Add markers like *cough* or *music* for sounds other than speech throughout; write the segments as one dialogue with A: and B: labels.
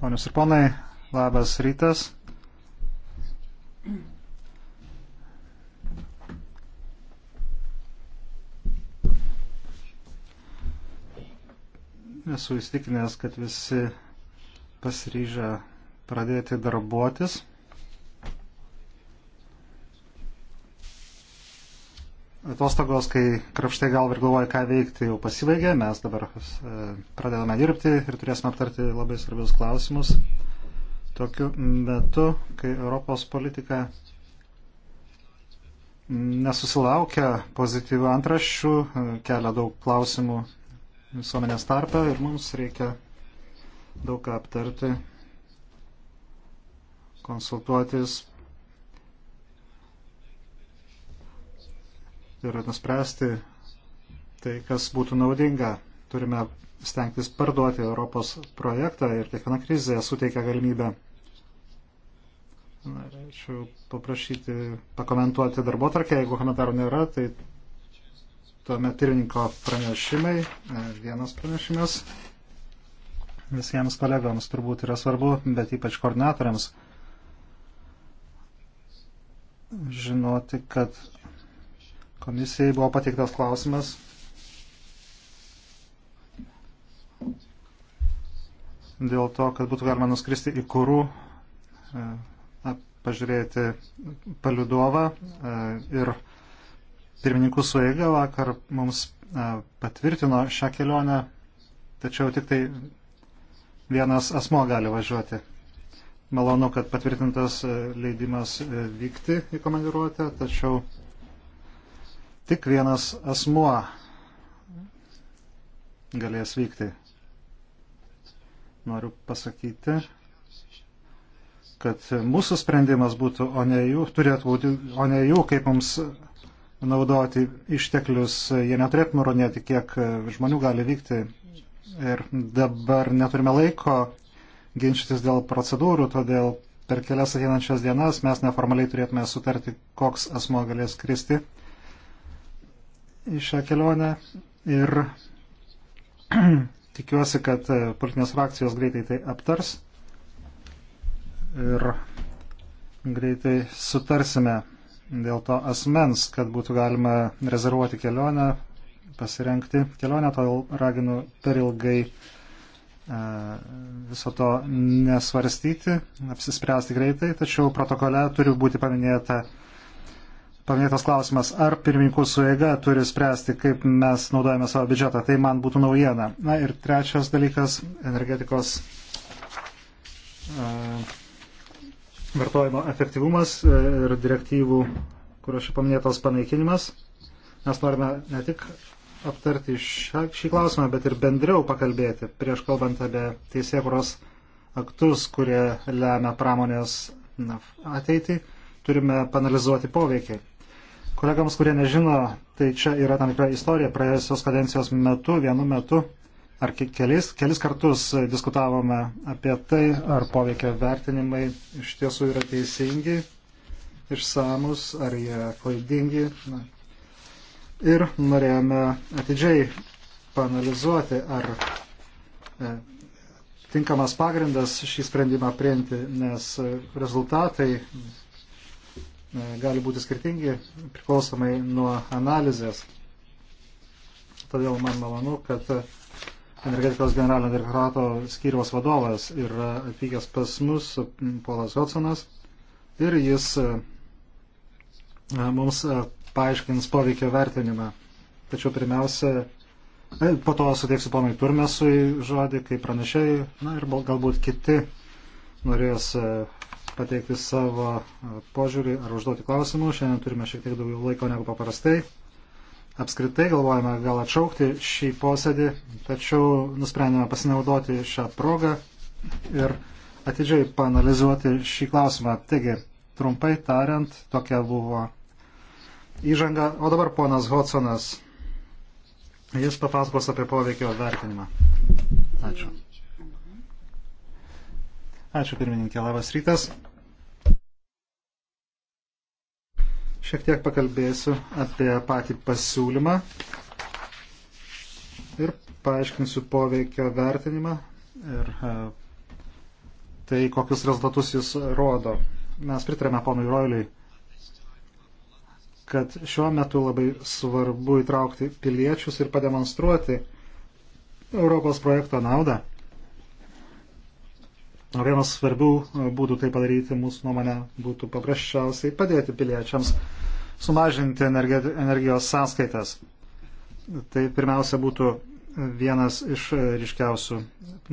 A: Ponius ir ponai, labas rytas. Esu įstikinęs, kad visi pasiryžę pradėti darbuotis. atostogos, kai krapštai gal ir galvoja, ką veikti, jau pasibaigė. Mes dabar e, pradedame dirbti ir turėsime aptarti labai svarbius klausimus. Tokiu metu, kai Europos politika nesusilaukia pozityvių antraščių, e, kelia daug klausimų visuomenės tarpe ir mums reikia daug ką aptarti, konsultuotis, ir nuspręsti tai, kas būtų naudinga. Turime stengtis parduoti Europos projektą ir kiekviena krizė suteikia galimybę. Norėčiau paprašyti pakomentuoti darbo tarkę, jeigu komentarų nėra, tai tuomet pirmininko pranešimai, vienas pranešimas visiems kolegams turbūt yra svarbu, bet ypač koordinatoriams žinoti, kad Komisijai buvo pateiktas klausimas. Dėl to, kad būtų galima nuskristi į kurų, e, pažiūrėti paliudovą e, ir pirmininkų sueiga vakar mums e, patvirtino šią kelionę, tačiau tik tai vienas asmo gali važiuoti malonu, kad patvirtintas leidimas vykti į komandiruotę, tačiau Tik vienas asmuo galės vykti. Noriu pasakyti, kad mūsų sprendimas būtų, o ne jų, turėtų būti, o ne jų, kaip mums naudoti išteklius. Jie neturėtų nurodinėti, kiek žmonių gali vykti. Ir dabar neturime laiko ginčytis dėl procedūrų, todėl per kelias ateinančias dienas mes neformaliai turėtume sutarti, koks asmo galės kristi į šią kelionę ir *clears throat* tikiuosi, kad e, politinės frakcijos greitai tai aptars ir greitai sutarsime dėl to asmens, kad būtų galima rezervuoti kelionę, pasirenkti kelionę, todėl raginu per ilgai e, viso to nesvarstyti, apsispręsti greitai, tačiau protokole turi būti paminėta paminėtas klausimas, ar pirmininkų suėga turi spręsti, kaip mes naudojame savo biudžetą, tai man būtų naujiena. Na ir trečias dalykas - energetikos uh, vartojimo efektyvumas e, ir direktyvų, kurios čia paminėtos panaikinimas. Mes norime ne tik aptarti šią, šį klausimą, bet ir bendriau pakalbėti prieš kalbant apie teisėkuros aktus, kurie lemia pramonės na, ateitį turime panalizuoti poveikiai. Kolegams, kurie nežino, tai čia yra tam tikra istorija. Praėjusios kadencijos metu, vienu metu ar kelis, kelis kartus diskutavome apie tai, ar poveikio vertinimai iš tiesų yra teisingi, išsamus, ar jie klaidingi. Na. Ir norėjome atidžiai panalizuoti, ar e, tinkamas pagrindas šį sprendimą priimti, nes rezultatai E, gali būti skirtingi priklausomai nuo analizės. Todėl man malonu, kad energetikos generalinio direktorato skyriaus vadovas yra atvykęs pas mus, Polas Hudsonas, ir jis e, e, mums paaiškins poveikio vertinimą. Tačiau pirmiausia, po to suteiksiu ponui Turmesui žodį, kaip pranešėjai, na ir galbūt kiti norės pateikti savo e, požiūrį ar užduoti klausimų. Šiandien turime šiek tiek daugiau laiko negu paprastai. Apskritai galvojame gal atšaukti šį posėdį, tačiau nusprendėme pasinaudoti šią progą ir atidžiai panalizuoti šį klausimą. Taigi, trumpai tariant, tokia buvo įžanga. O dabar ponas Hodsonas. Jis papasakos apie poveikio vertinimą. Ačiū. Ačiū pirmininkė, labas rytas. Šiek tiek pakalbėsiu apie patį pasiūlymą ir paaiškinsiu poveikio vertinimą ir e, tai, kokius rezultatus jis rodo. Mes pritarėme ponui Roiliui, kad šiuo metu labai svarbu įtraukti piliečius ir pademonstruoti Europos projekto naudą. Vienas svarbių e, būdų tai padaryti mūsų nuomonė būtų paprasčiausiai padėti piliečiams sumažinti energijos sąskaitas. Tai pirmiausia būtų vienas iš e, ryškiausių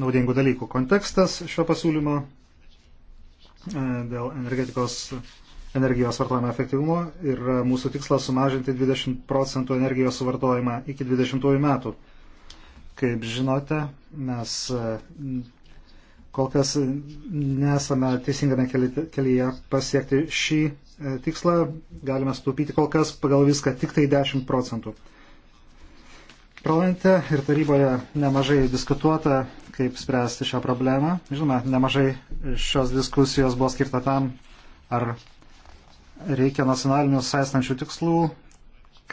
A: naudingų dalykų. Kontekstas šio pasiūlymo e, dėl energetikos energijos vartojimo efektyvumo ir mūsų tikslas sumažinti 20 procentų energijos suvartojimą iki 20 metų. Kaip žinote, mes Kol kas nesame teisingame kelyje pasiekti šį e, tikslą, galime sutaupyti kol kas pagal viską tik tai 10 procentų. Parlamente ir taryboje nemažai diskutuota, kaip spręsti šią problemą. Žinoma, nemažai šios diskusijos buvo skirta tam, ar reikia nacionalinių saistančių tikslų,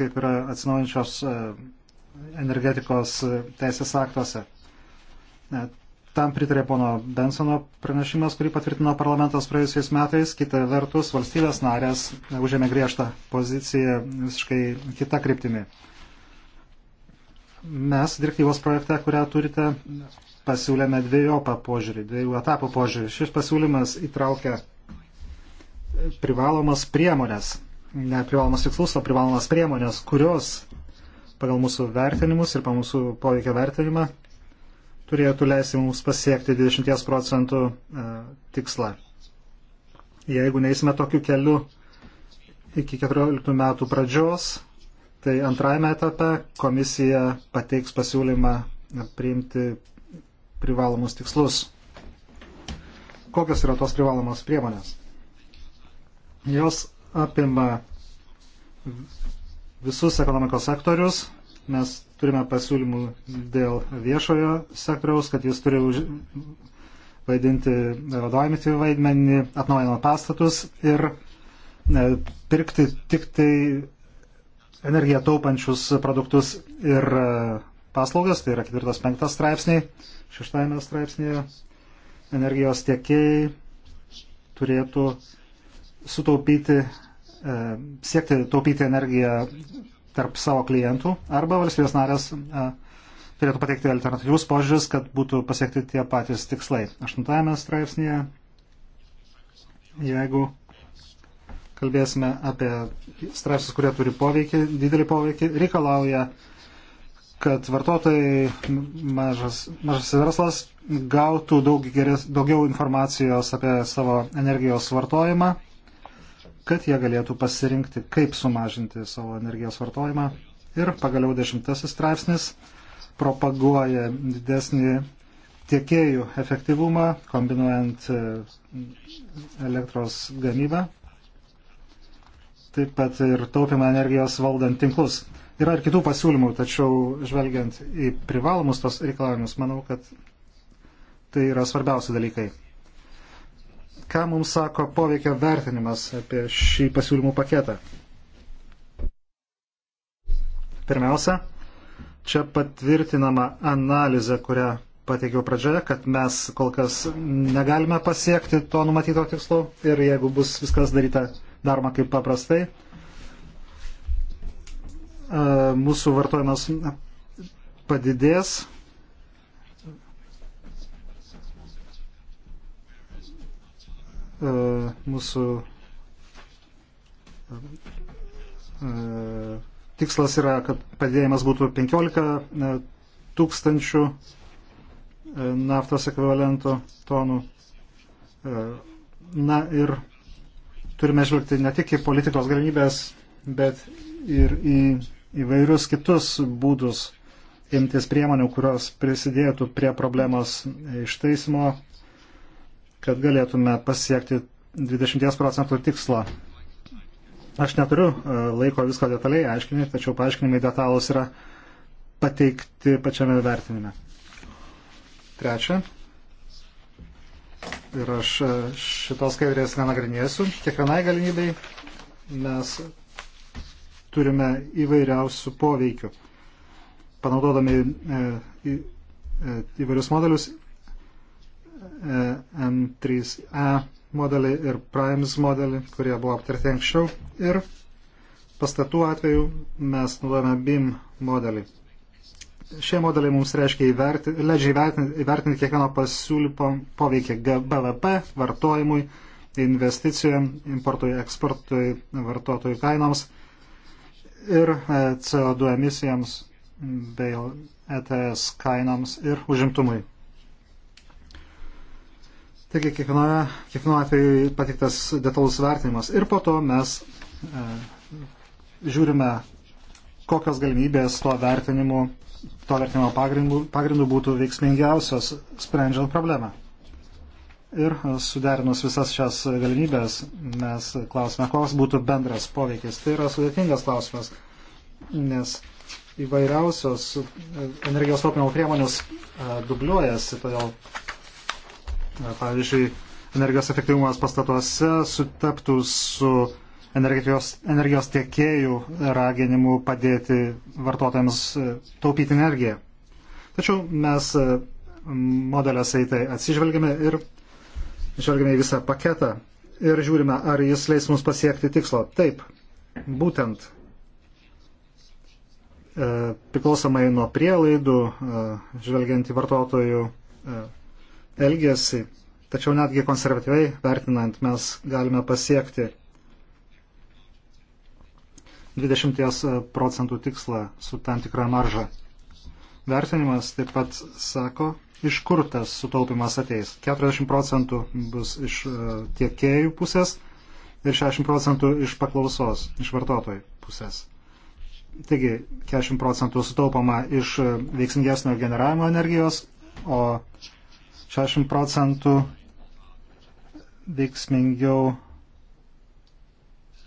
A: kaip yra atsinaujančios e, energetikos e, teisės aktuose. Tam pritarė pono Bensono pranešimas, kurį patvirtino parlamentas praėjusiais metais. Kita vertus, valstybės narės užėmė griežtą poziciją visiškai kita kryptimi. Mes direktyvos projekte, kurią turite, pasiūlėme dviejopą požiūrį, dviejų etapų požiūrį. Šis pasiūlymas įtraukia privalomas priemonės, ne privalomas tikslus, o privalomas priemonės, kurios pagal mūsų vertinimus ir pagal mūsų poveikio vertinimą turėtų leisti mums pasiekti 20 procentų e, tikslą. Jeigu neįsime tokiu keliu iki 14 metų pradžios, tai antrajame etape komisija pateiks pasiūlymą priimti privalomus tikslus. Kokios yra tos privalomos priemonės? Jos apima visus ekonomikos sektorius, mes Turime pasiūlymų dėl viešojo sektoriaus, kad jis turi už, vaidinti vadovavimį vaidmenį, atnaujinant pastatus ir ne, pirkti tik tai energiją taupančius produktus ir e, paslaugas, tai yra 4-5 straipsniai, 6 straipsnėje energijos tiekėjai turėtų sutaupyti, e, siekti taupyti energiją tarp savo klientų arba valstybės narės e, turėtų pateikti alternatyvus požiūris, kad būtų pasiekti tie patys tikslai. Aštuntajame straipsnėje, jeigu kalbėsime apie straipsnius, kurie turi poveikį, didelį poveikį, reikalauja, kad vartotojai, mažas, mažas verslas gautų daug geres, daugiau informacijos apie savo energijos vartojimą kad jie galėtų pasirinkti, kaip sumažinti savo energijos vartojimą. Ir pagaliau dešimtasis straipsnis propaguoja didesnį tiekėjų efektyvumą, kombinuojant e, elektros gamybą, taip pat ir taupimą energijos valdant tinklus. Yra ir kitų pasiūlymų, tačiau žvelgiant į privalomus tos reikalavimus, manau, kad tai yra svarbiausi dalykai ką mums sako poveikio vertinimas apie šį pasiūlymų paketą. Pirmiausia, čia patvirtinama analizė, kurią pateikiau pradžioje, kad mes kol kas negalime pasiekti to numatyto tikslo ir jeigu bus viskas daryta daroma kaip paprastai, e, mūsų vartojimas padidės E, mūsų e, tikslas yra, kad padėjimas būtų 15 e, tūkstančių naftos ekvivalento tonų. Na ir turime žvelgti ne tik į politikos galimybės, bet ir į įvairius kitus būdus imtis priemonių, kurios prisidėtų prie problemos išteismo kad galėtume pasiekti 20 procentų tikslą. Aš neturiu e, laiko visko detaliai aiškinti, tačiau paaiškinimai detalus yra pateikti pačiame vertinime. Trečia. Ir aš e, šitos skaidrės nenagrinėsiu. Kiekvienai galimybei mes turime įvairiausių poveikių. Panaudodami e, įvairius modelius M3E e modelį ir Primes modelį, kurie buvo aptarti anksčiau. Ir pastatų atveju mes naudojame BIM modelį. Šie modeliai mums reiškia įvertinti, leidžia įvertinti, įvertinti kiekvieno pasiūlymo poveikį BVP, vartojimui, investicijom, importui, eksportui, vartotojų kainoms ir e, CO2 emisijams bei ETS kainoms ir užimtumui. Taigi kiekvienoje, kiekvienoje atveju patiktas detalus vertinimas ir po to mes e, žiūrime, kokios galimybės tuo vertinimu, to vertinimo pagrindu, pagrindu būtų veiksmingiausios sprendžiant problemą. Ir e, suderinus visas šias galimybės, mes klausime, koks būtų bendras poveikis. Tai yra sudėtingas klausimas, nes įvairiausios e, energijos taupimo priemonės e, dubliuojasi, todėl pavyzdžiui, energijos efektyvumas pastatuose sutaptų su energijos, energijos tiekėjų raginimu padėti vartotojams e, taupyti energiją. Tačiau mes e, modeliuose į tai atsižvelgiame ir žvelgiame į visą paketą ir žiūrime, ar jis leis mums pasiekti tikslo. Taip, būtent e, priklausomai nuo prielaidų, žvelgiant į vartotojų elgesį. Tačiau netgi konservatyviai vertinant mes galime pasiekti 20 procentų tikslą su tam tikra marža. Vertinimas taip pat sako, iš kur tas sutaupimas ateis. 40 procentų bus iš e, tiekėjų pusės ir 60 procentų iš paklausos, iš vartotojų pusės. Taigi 40 procentų sutaupama iš e, veiksmingesnio generavimo energijos, o 60 procentų veiksmingiau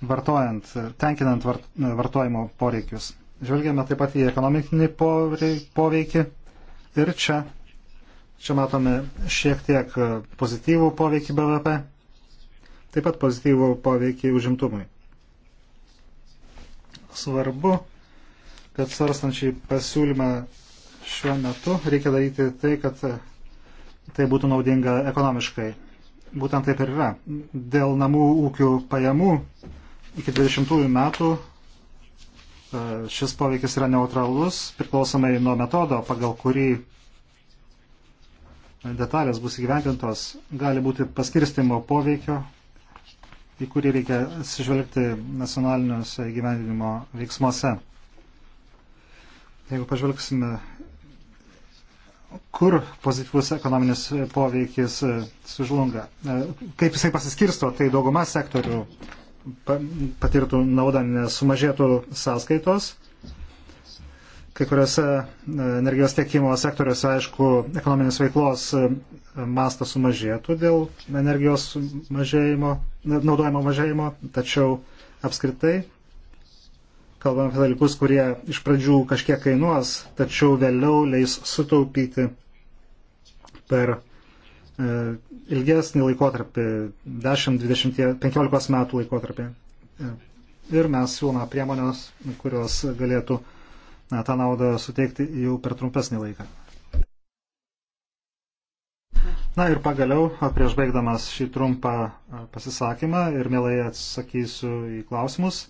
A: vartojant, tenkinant vartojimo poreikius. Žvelgiame taip pat į ekonominį poveikį ir čia, čia matome šiek tiek pozityvų poveikį BVP, taip pat pozityvų poveikį užimtumui. Svarbu, kad svarstant šį pasiūlymą šiuo metu reikia daryti tai, kad tai būtų naudinga ekonomiškai. Būtent taip ir yra. Dėl namų ūkių pajamų iki 20 metų e, šis poveikis yra neutralus, priklausomai nuo metodo, pagal kurį detalės bus įgyventintos, gali būti paskirstimo poveikio, į kurį reikia atsižvelgti nacionaliniuose įgyvendinimo veiksmuose. Jeigu pažvelgsime kur pozityvus ekonominis poveikis e, sužlunga. E, kaip jisai pasiskirsto, tai dauguma sektorių patirtų naudą, nes sumažėtų sąskaitos. Kai kuriuose e, energijos tiekimo sektoriuose, aišku, ekonominės veiklos mastas sumažėtų dėl energijos mažėjimo, naudojimo mažėjimo, tačiau apskritai Kalbame apie dalykus, kurie iš pradžių kažkiek kainuos, tačiau vėliau leis sutaupyti per e, ilgesnį laikotarpį, 10, 20, 15 metų laikotarpį. E, ir mes siūlome priemonės, kurios galėtų na, tą naudą suteikti jau per trumpesnį laiką. Na ir pagaliau, prieš baigdamas šį trumpą e, pasisakymą ir mielai atsakysiu į klausimus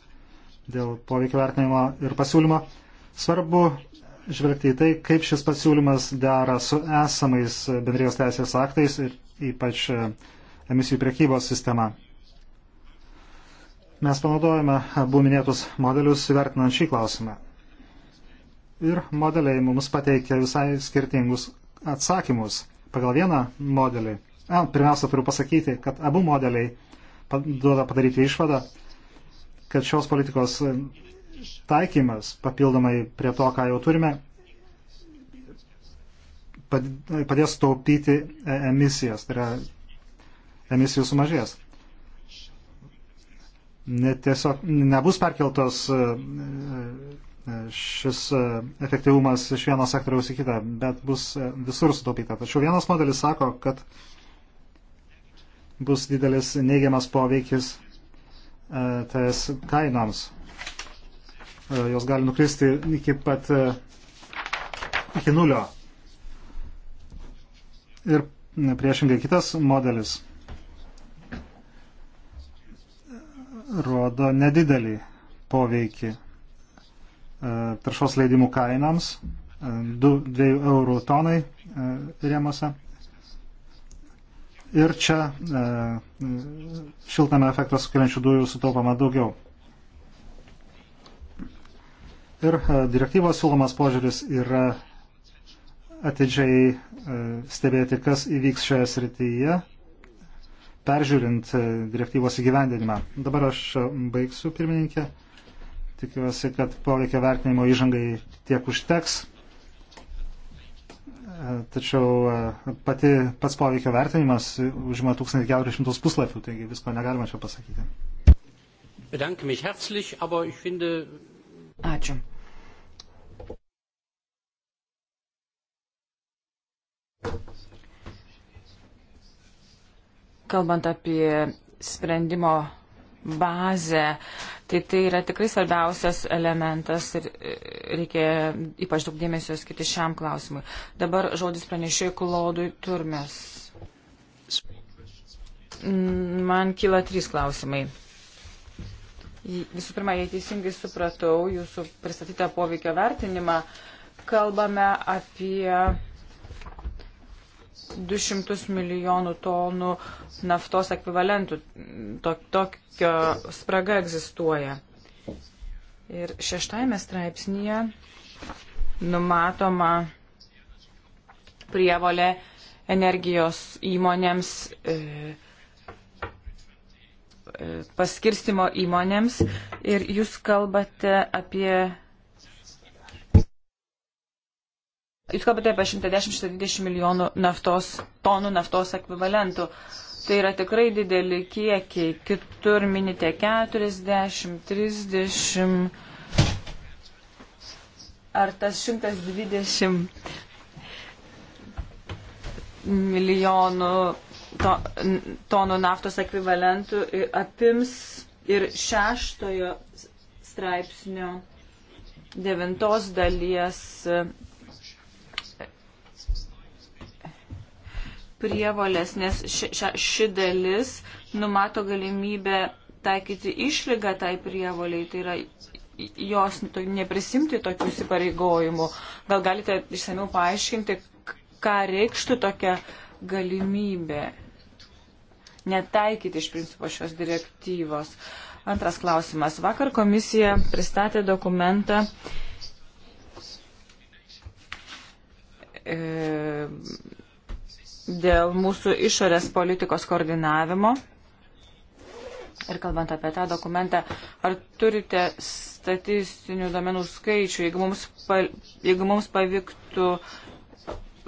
A: dėl poveikio vertinimo ir pasiūlymo. Svarbu žvelgti į tai, kaip šis pasiūlymas dera su esamais bendrijos teisės aktais ir ypač e, emisijų priekybos sistema. Mes panaudojame abu minėtus modelius įvertinant šį klausimą. Ir modeliai mums pateikia visai skirtingus atsakymus. Pagal vieną modelį, a, pirmiausia turiu pasakyti, kad abu modeliai duoda padaryti išvadą, kad šios politikos taikymas papildomai prie to, ką jau turime, padės taupyti e, emisijas, tai yra emisijų sumažės. Ne, tiesiog nebus perkeltos e, e, šis efektyvumas iš vieno sektoriaus į kitą, bet bus visur sutaupyta. Tačiau vienas modelis sako, kad bus didelis neigiamas poveikis ETS kainoms. E, jos gali nukristi iki pat e, iki nulio. Ir priešingai kitas modelis rodo nedidelį poveikį e, taršos leidimų kainams 2 eurų tonai rėmose ir čia e, šiltame efektą sukeliančių dujų sutaupama daugiau. Ir e, direktyvos siūlomas požiūris yra atidžiai e, stebėti, kas įvyks šioje srityje, peržiūrint e, direktyvos įgyvendinimą. Dabar aš baigsiu, pirmininkė. Tikiuosi, kad poveikia vertinimo įžangai tiek užteks tačiau e, pati pats poveikio vertinimas užima 1400 puslapių, taigi visko negalima čia pasakyti. Ačiū.
B: Kalbant apie sprendimo bazę, Tai tai yra tikrai svarbiausias elementas ir e, reikia ypač daug dėmesio skirti šiam klausimui. Dabar žodis pranešėjai Klaudui Turmes. Man kyla trys klausimai. Visų pirma, jei teisingai supratau jūsų pristatytą poveikio vertinimą, kalbame apie 200 milijonų tonų naftos ekvivalentų. Tok, tokio spraga egzistuoja. Ir šeštajame straipsnėje numatoma prievolė energijos įmonėms, e, e paskirstimo įmonėms. Ir jūs kalbate apie Jūs kalbate apie 110-120 milijonų naftos, tonų naftos ekvivalentų. Tai yra tikrai dideli kiekiai. Kitur minite 40, 30. Ar tas 120 milijonų to, tonų naftos ekvivalentų apims ir šeštojo straipsnio devintos dalies prievolės, nes ši, ši, ši dalis numato galimybę taikyti išlygą tai prievoliai, tai yra jos to, neprisimti tokių įsipareigojimų. Gal galite išsamiau paaiškinti, ką reikštų tokia galimybė netaikyti iš principo šios direktyvos. Antras klausimas. Vakar komisija pristatė dokumentą e, dėl mūsų išorės politikos koordinavimo. Ir kalbant apie tą dokumentą, ar turite statistinių domenų skaičių, jeigu mums, pa, jeigu mums pavyktų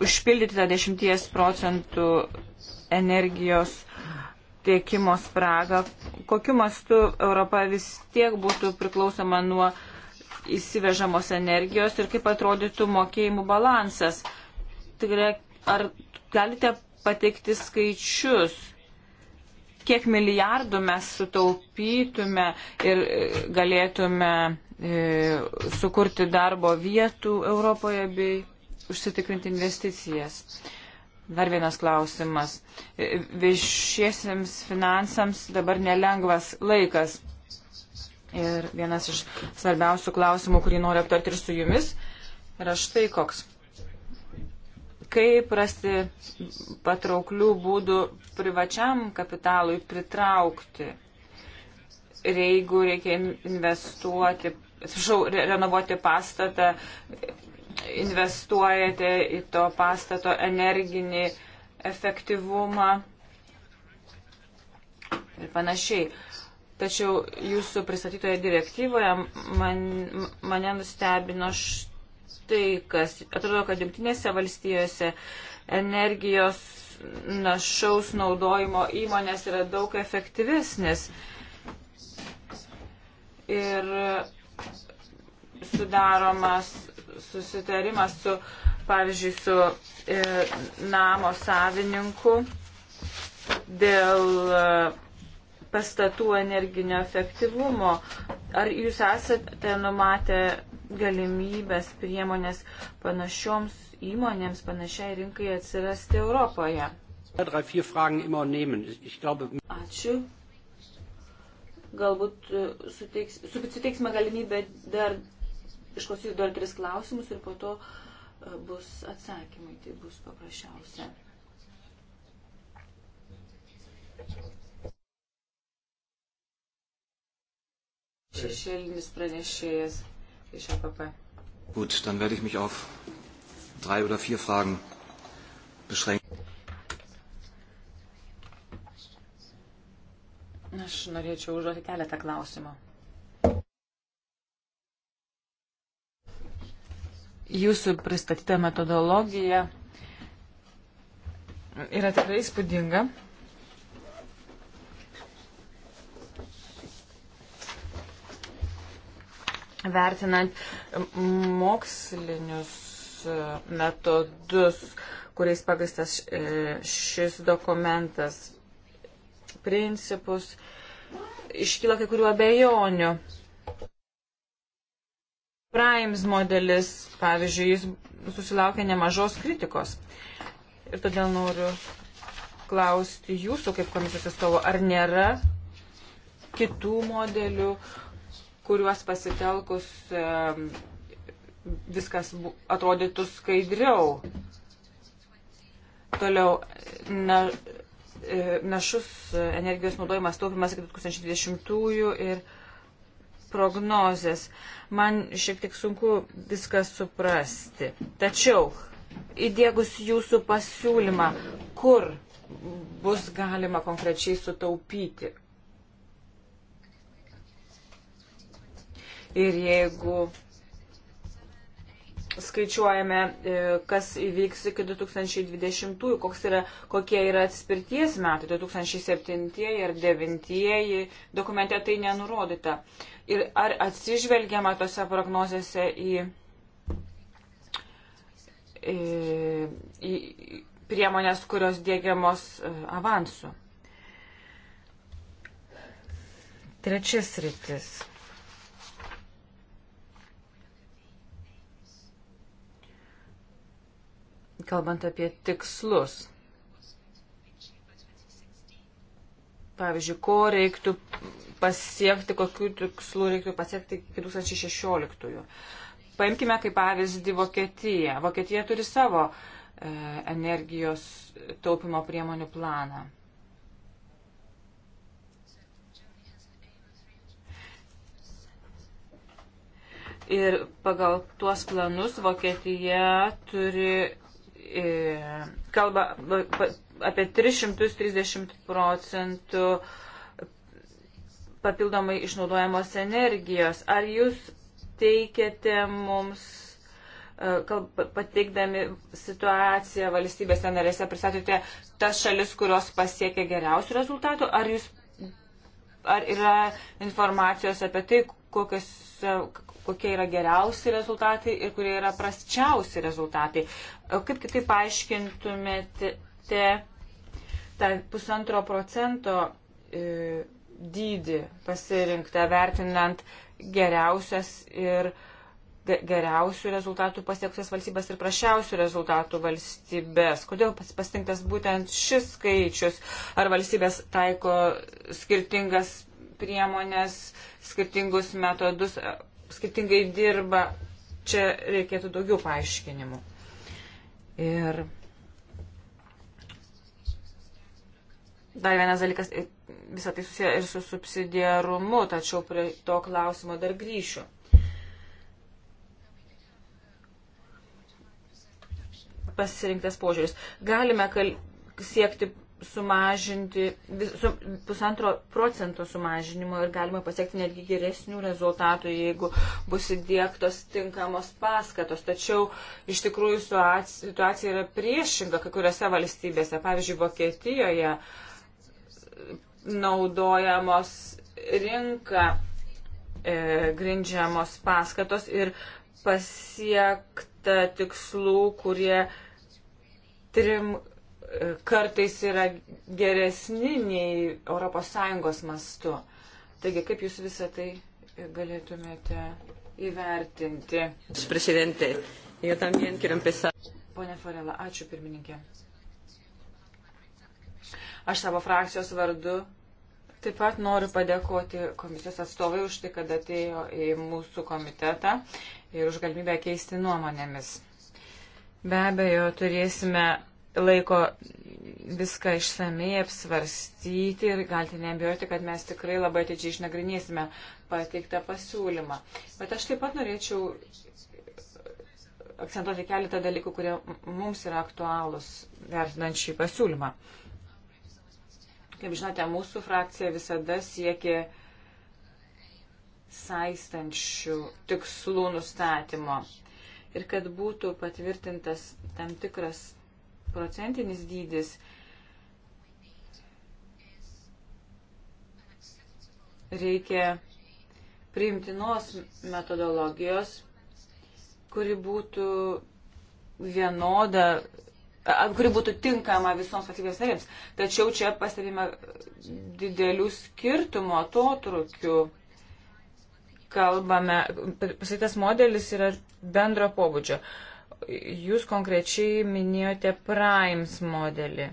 B: užpildyti tą 10 procentų energijos tiekimo spragą, kokiu mastu Europa vis tiek būtų priklausoma nuo įsivežamos energijos ir kaip atrodytų mokėjimų balansas. Tai yra, ar galite pateikti skaičius, kiek milijardų mes sutaupytume ir e, galėtume e, sukurti darbo vietų Europoje bei užsitikrinti investicijas. Dar vienas klausimas. E, viešiesiems finansams dabar nelengvas laikas. Ir vienas iš svarbiausių klausimų, kurį noriu aptarti ir su jumis, yra štai koks kaip rasti patrauklių būdų privačiam kapitalui pritraukti. Ir jeigu reikia investuoti, atsiprašau, renovuoti pastatą, investuojate į to pastato energinį efektyvumą ir panašiai. Tačiau jūsų pristatytoje direktyvoje man, mane nustebino štai štai kas. Atrodo, kad jungtinėse valstijose energijos našaus naudojimo įmonės yra daug efektyvesnės. Ir sudaromas susitarimas su, pavyzdžiui, su e, namo savininku dėl e, pastatų energinio efektyvumo. Ar jūs esate numatę galimybės, priemonės panašioms įmonėms, panašiai rinkai atsirasti Europoje?
C: Ačiū.
B: Galbūt e, suteiks, suteiksime galimybę dar išklausyti dar tris klausimus ir po to e, bus atsakymai. Tai bus paprasčiausia. šešėlinis pranešėjas iš APP.
A: Gut, dann werde ich mich auf drei oder vier Fragen beschränken.
B: Aš norėčiau užduoti keletą klausimų. Jūsų pristatyta metodologija yra tikrai spūdinga. vertinant mokslinius metodus, kuriais pagristas e, šis dokumentas, principus, iškyla kai kurių abejonių. Primes modelis, pavyzdžiui, jis susilaukė nemažos kritikos. Ir todėl noriu klausti jūsų kaip komisijos atstovo, ar nėra kitų modelių, kuriuos pasitelkus viskas atrodytų skaidriau. Toliau, na, e, našus energijos naudojimas taupimas iki 2020-ųjų ir prognozės. Man šiek tiek sunku viską suprasti. Tačiau, įdėgus jūsų pasiūlymą, kur bus galima konkrečiai sutaupyti Ir jeigu skaičiuojame, e, kas įvyks iki 2020-ųjų, yra, kokie yra atspirties metai, 2007-ieji ar 2009-ieji, dokumente tai nenurodyta. Ir ar atsižvelgiama tose prognozėse į, į, e, į priemonės, kurios dėgiamos e, avansu? Trečias rytis. kalbant apie tikslus. Pavyzdžiui, ko reiktų pasiekti, kokiu tikslu reiktų pasiekti iki 2016. Paimkime kaip pavyzdį Vokietiją. Vokietija turi savo e, energijos taupimo priemonių planą. Ir pagal tuos planus Vokietija turi kalba apie 330 procentų papildomai išnaudojamos energijos. Ar jūs teikiate mums, e, pateikdami situaciją valstybėse narėse, pristatote tas šalis, kurios pasiekia geriausių rezultatų, ar, jūs, ar yra informacijos apie tai, kokios, kokie yra geriausi rezultatai ir kurie yra prasčiausi rezultatai. Kaip kitaip paaiškintumėte tą pusantro procento e, dydį pasirinktą vertinant geriausias ir geriausių rezultatų pasiekusias valstybės ir prašiausių rezultatų valstybės. Kodėl pasitinktas būtent šis skaičius? Ar valstybės taiko skirtingas priemonės, skirtingus metodus, skirtingai dirba, čia reikėtų daugiau paaiškinimų. Ir dar vienas dalykas, visą tai susiję ir su subsidiarumu, tačiau prie to klausimo dar grįšiu. Pasirinktas požiūris. Galime kal siekti sumažinti, su, pusantro procento sumažinimo ir galima pasiekti netgi geresnių rezultatų, jeigu bus įdėktos tinkamos paskatos. Tačiau iš tikrųjų situacija yra priešinga kai kuriuose valstybėse. Pavyzdžiui, Vokietijoje naudojamos rinka e, grindžiamos paskatos ir pasiekta tikslų, kurie trim kartais yra geresni nei ES mastu. Taigi, kaip Jūs visą tai galėtumėte įvertinti? Prezidentė, jau tam vien kiriam pisa. Pone Forela, ačiū pirmininkė. Aš savo frakcijos vardu taip pat noriu padėkoti komisijos atstovai už tai, kad atėjo į mūsų komitetą ir už galimybę keisti nuomonėmis. Be abejo, turėsime laiko viską išsamei apsvarstyti ir galite nebijoti, kad mes tikrai labai atidžiai išnagrinėsime pateiktą pasiūlymą. Bet aš taip pat norėčiau akcentuoti keletą dalykų, kurie mums yra aktualūs vertinant šį pasiūlymą. Kaip žinote, mūsų frakcija visada siekė saistančių tikslų nustatymo ir kad būtų patvirtintas tam tikras procentinis dydis reikia priimtinos metodologijos, kuri būtų vienoda, kuri būtų tinkama visoms valstybės narėms. Tačiau čia pastebime didelių skirtumų, atotrukių. Kalbame, pasakytas modelis yra bendro pobūdžio. Uh, jūs konkrečiai minėjote Primes modelį.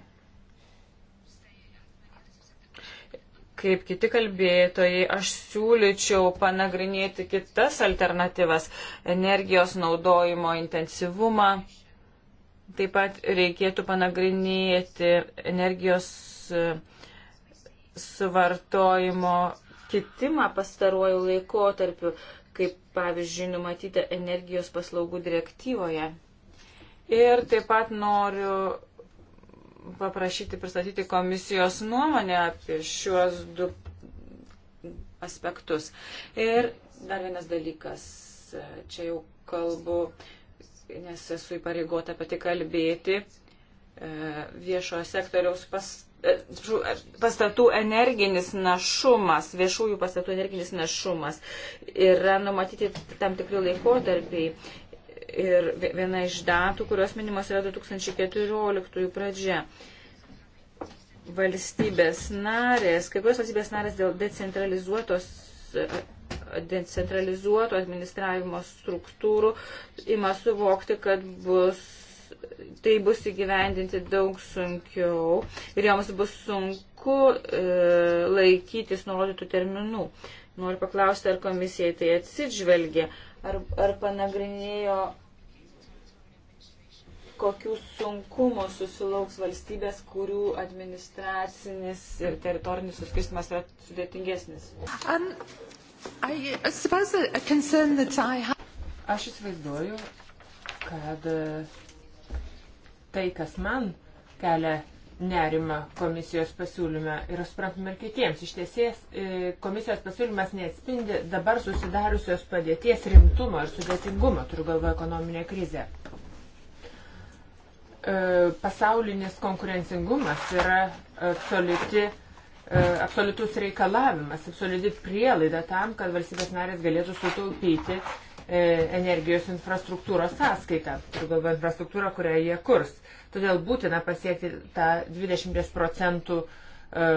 B: Kaip kiti kalbėtojai, aš siūlyčiau panagrinėti kitas alternatyvas - energijos naudojimo intensyvumą. Taip pat reikėtų panagrinėti energijos e, suvartojimo kitimą pastaruoju laikotarpiu kaip pavyzdžiui numatyta energijos paslaugų direktyvoje. Ir taip pat noriu paprašyti pristatyti komisijos nuomonę apie šiuos du aspektus. Ir dar vienas dalykas, čia jau kalbu, nes esu įpareigota apie tai kalbėti, e, viešojo sektoriaus pas, E, e, pastatų energinis našumas, viešųjų pastatų energinis našumas yra numatyti tam tikri laikotarpiai. Ir viena iš datų, kurios minimas yra 2014 pradžia. Valstybės narės, kai kurios valstybės narės dėl decentralizuotos e, decentralizuoto administravimo struktūrų ima suvokti, kad bus tai bus įgyvendinti daug sunkiau ir joms bus sunku e, laikytis nurodytų terminų. Noriu paklausti, ar komisijai tai atsižvelgė, ar, ar panagrinėjo, kokių sunkumų susilauks valstybės, kurių administracinis ir teritorinis suskirstimas yra sudėtingesnis.
D: Um, I, I Aš įsivaizduoju, kad uh, tai, kas man kelia nerima komisijos pasiūlyme ir suprantame ir kitiems. Iš tiesies e, komisijos pasiūlymas neatspindi dabar susidariusios padėties rimtumo ir sudėtingumo, turiu galvoje ekonominę krizę. E, pasaulinis konkurencingumas yra absoliuti, e, absoliutus reikalavimas, absoliuti prielaida tam, kad valstybės narės galėtų sutaupyti E, energijos infrastruktūros sąskaitą, turiu galvoje infrastruktūrą, kurią jie kurs. Todėl būtina pasiekti tą 20 procentų e,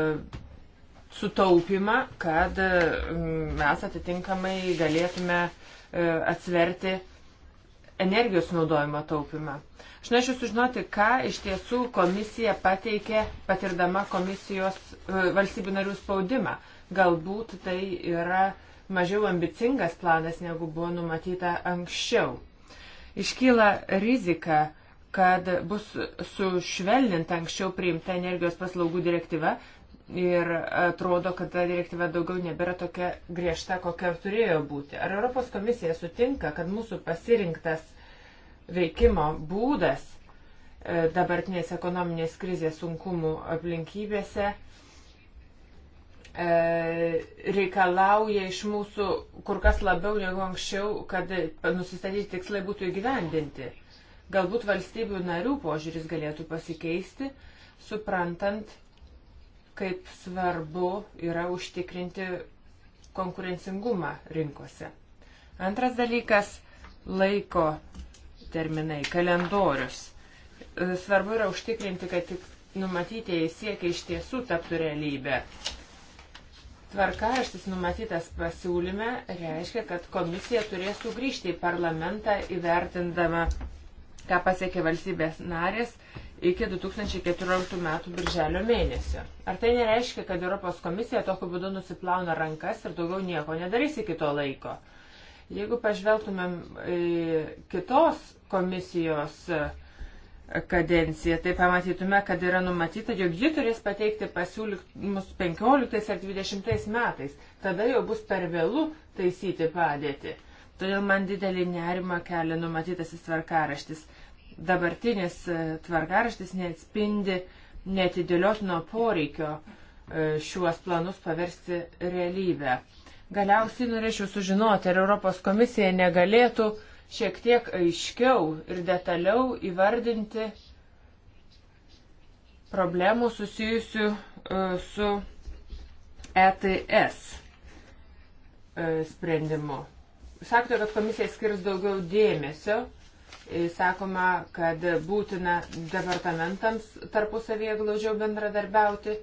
D: sutaupimą, kad e, mes atitinkamai galėtume atsverti energijos naudojimo taupimą. Aš norėčiau sužinoti, ką iš tiesų komisija pateikė patirdama komisijos valstybių narių spaudimą. Galbūt tai yra uh, mažiau ambicingas planas, negu buvo numatyta anksčiau. Iškyla rizika, kad bus sušvelninta anksčiau priimta energijos paslaugų direktyva ir atrodo, kad ta direktyva daugiau nebėra tokia griežta, kokia turėjo būti. Ar Europos komisija sutinka, kad mūsų pasirinktas veikimo būdas e, dabartinės ekonominės krizės sunkumų aplinkybėse E, reikalauja iš mūsų kur kas labiau negu anksčiau, kad nusistatyti tikslai būtų įgyvendinti. Galbūt valstybių narių požiūris galėtų pasikeisti, suprantant, kaip svarbu yra užtikrinti konkurencingumą rinkose. Antras dalykas - laiko terminai, kalendorius. E, svarbu yra užtikrinti, kad numatytieji siekiai iš tiesų taptų realybę. Tvarkaraštis numatytas pasiūlyme reiškia, kad komisija turės sugrįžti į parlamentą įvertindama, ką pasiekė valstybės narės iki 2014 metų birželio mėnesio. Ar tai nereiškia, kad Europos komisija tokiu būdu nusiplauna rankas ir daugiau nieko nedarys iki to laiko? Jeigu pažvelgtumėm kitos komisijos uh, kadenciją, tai pamatytume, kad yra numatyta, jog ji turės pateikti pasiūlymus 15 ar 20 metais. Tada jau bus per vėlų taisyti padėtį. Todėl man didelį nerimą kelia numatytasis tvarkaraštis. Dabartinis e, tvarkaraštis neatspindi netidėliotino poreikio e, šiuos planus paversti realybę. Galiausiai norėčiau sužinoti, ar Europos komisija negalėtų uh, šiek tiek aiškiau ir detaliau įvardinti problemų susijusių e, su ETS e, sprendimu. Sakote, kad komisija skirs daugiau dėmesio. E, sakoma, kad būtina departamentams tarpusavėje glaudžiau bendradarbiauti.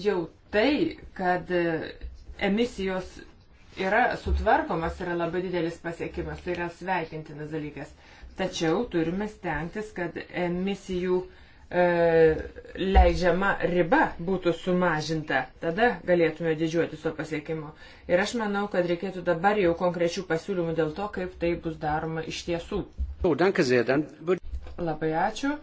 D: Jau tai, kad emisijos yra sutvarkomas, yra labai didelis pasiekimas, tai yra sveikintinas dalykas. Tačiau turime stengtis, kad emisijų e, leidžiama riba būtų sumažinta. Tada galėtume didžiuoti su pasiekimu. Ir aš manau, kad reikėtų dabar jau konkrečių pasiūlymų dėl to, kaip tai bus daroma iš tiesų.
C: Oh,
D: labai ačiū.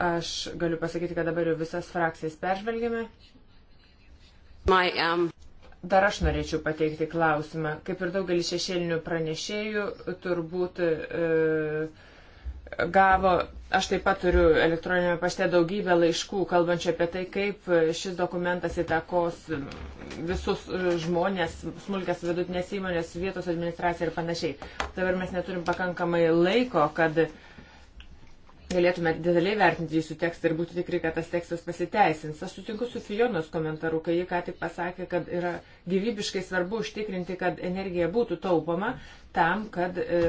D: Aš galiu pasakyti, kad dabar jau visas frakcijas peržvelgėme. My, um... Dar aš norėčiau pateikti klausimą. Kaip ir daugelis šešėlinių pranešėjų, turbūt e, gavo, aš taip pat turiu elektroninėme pašte daugybę laiškų, kalbančių apie tai, kaip šis dokumentas įtakos visus žmonės, smulkės vidutinės įmonės, vietos administraciją ir panašiai. Dabar mes neturim pakankamai laiko, kad galėtume detaliai vertinti jūsų tekstą ir būti tikri, kad tas tekstas pasiteisins. Aš sutinku su Fijonos komentaru, kai ji ką tik pasakė, kad yra gyvybiškai svarbu užtikrinti, kad energija būtų taupoma tam, kad e,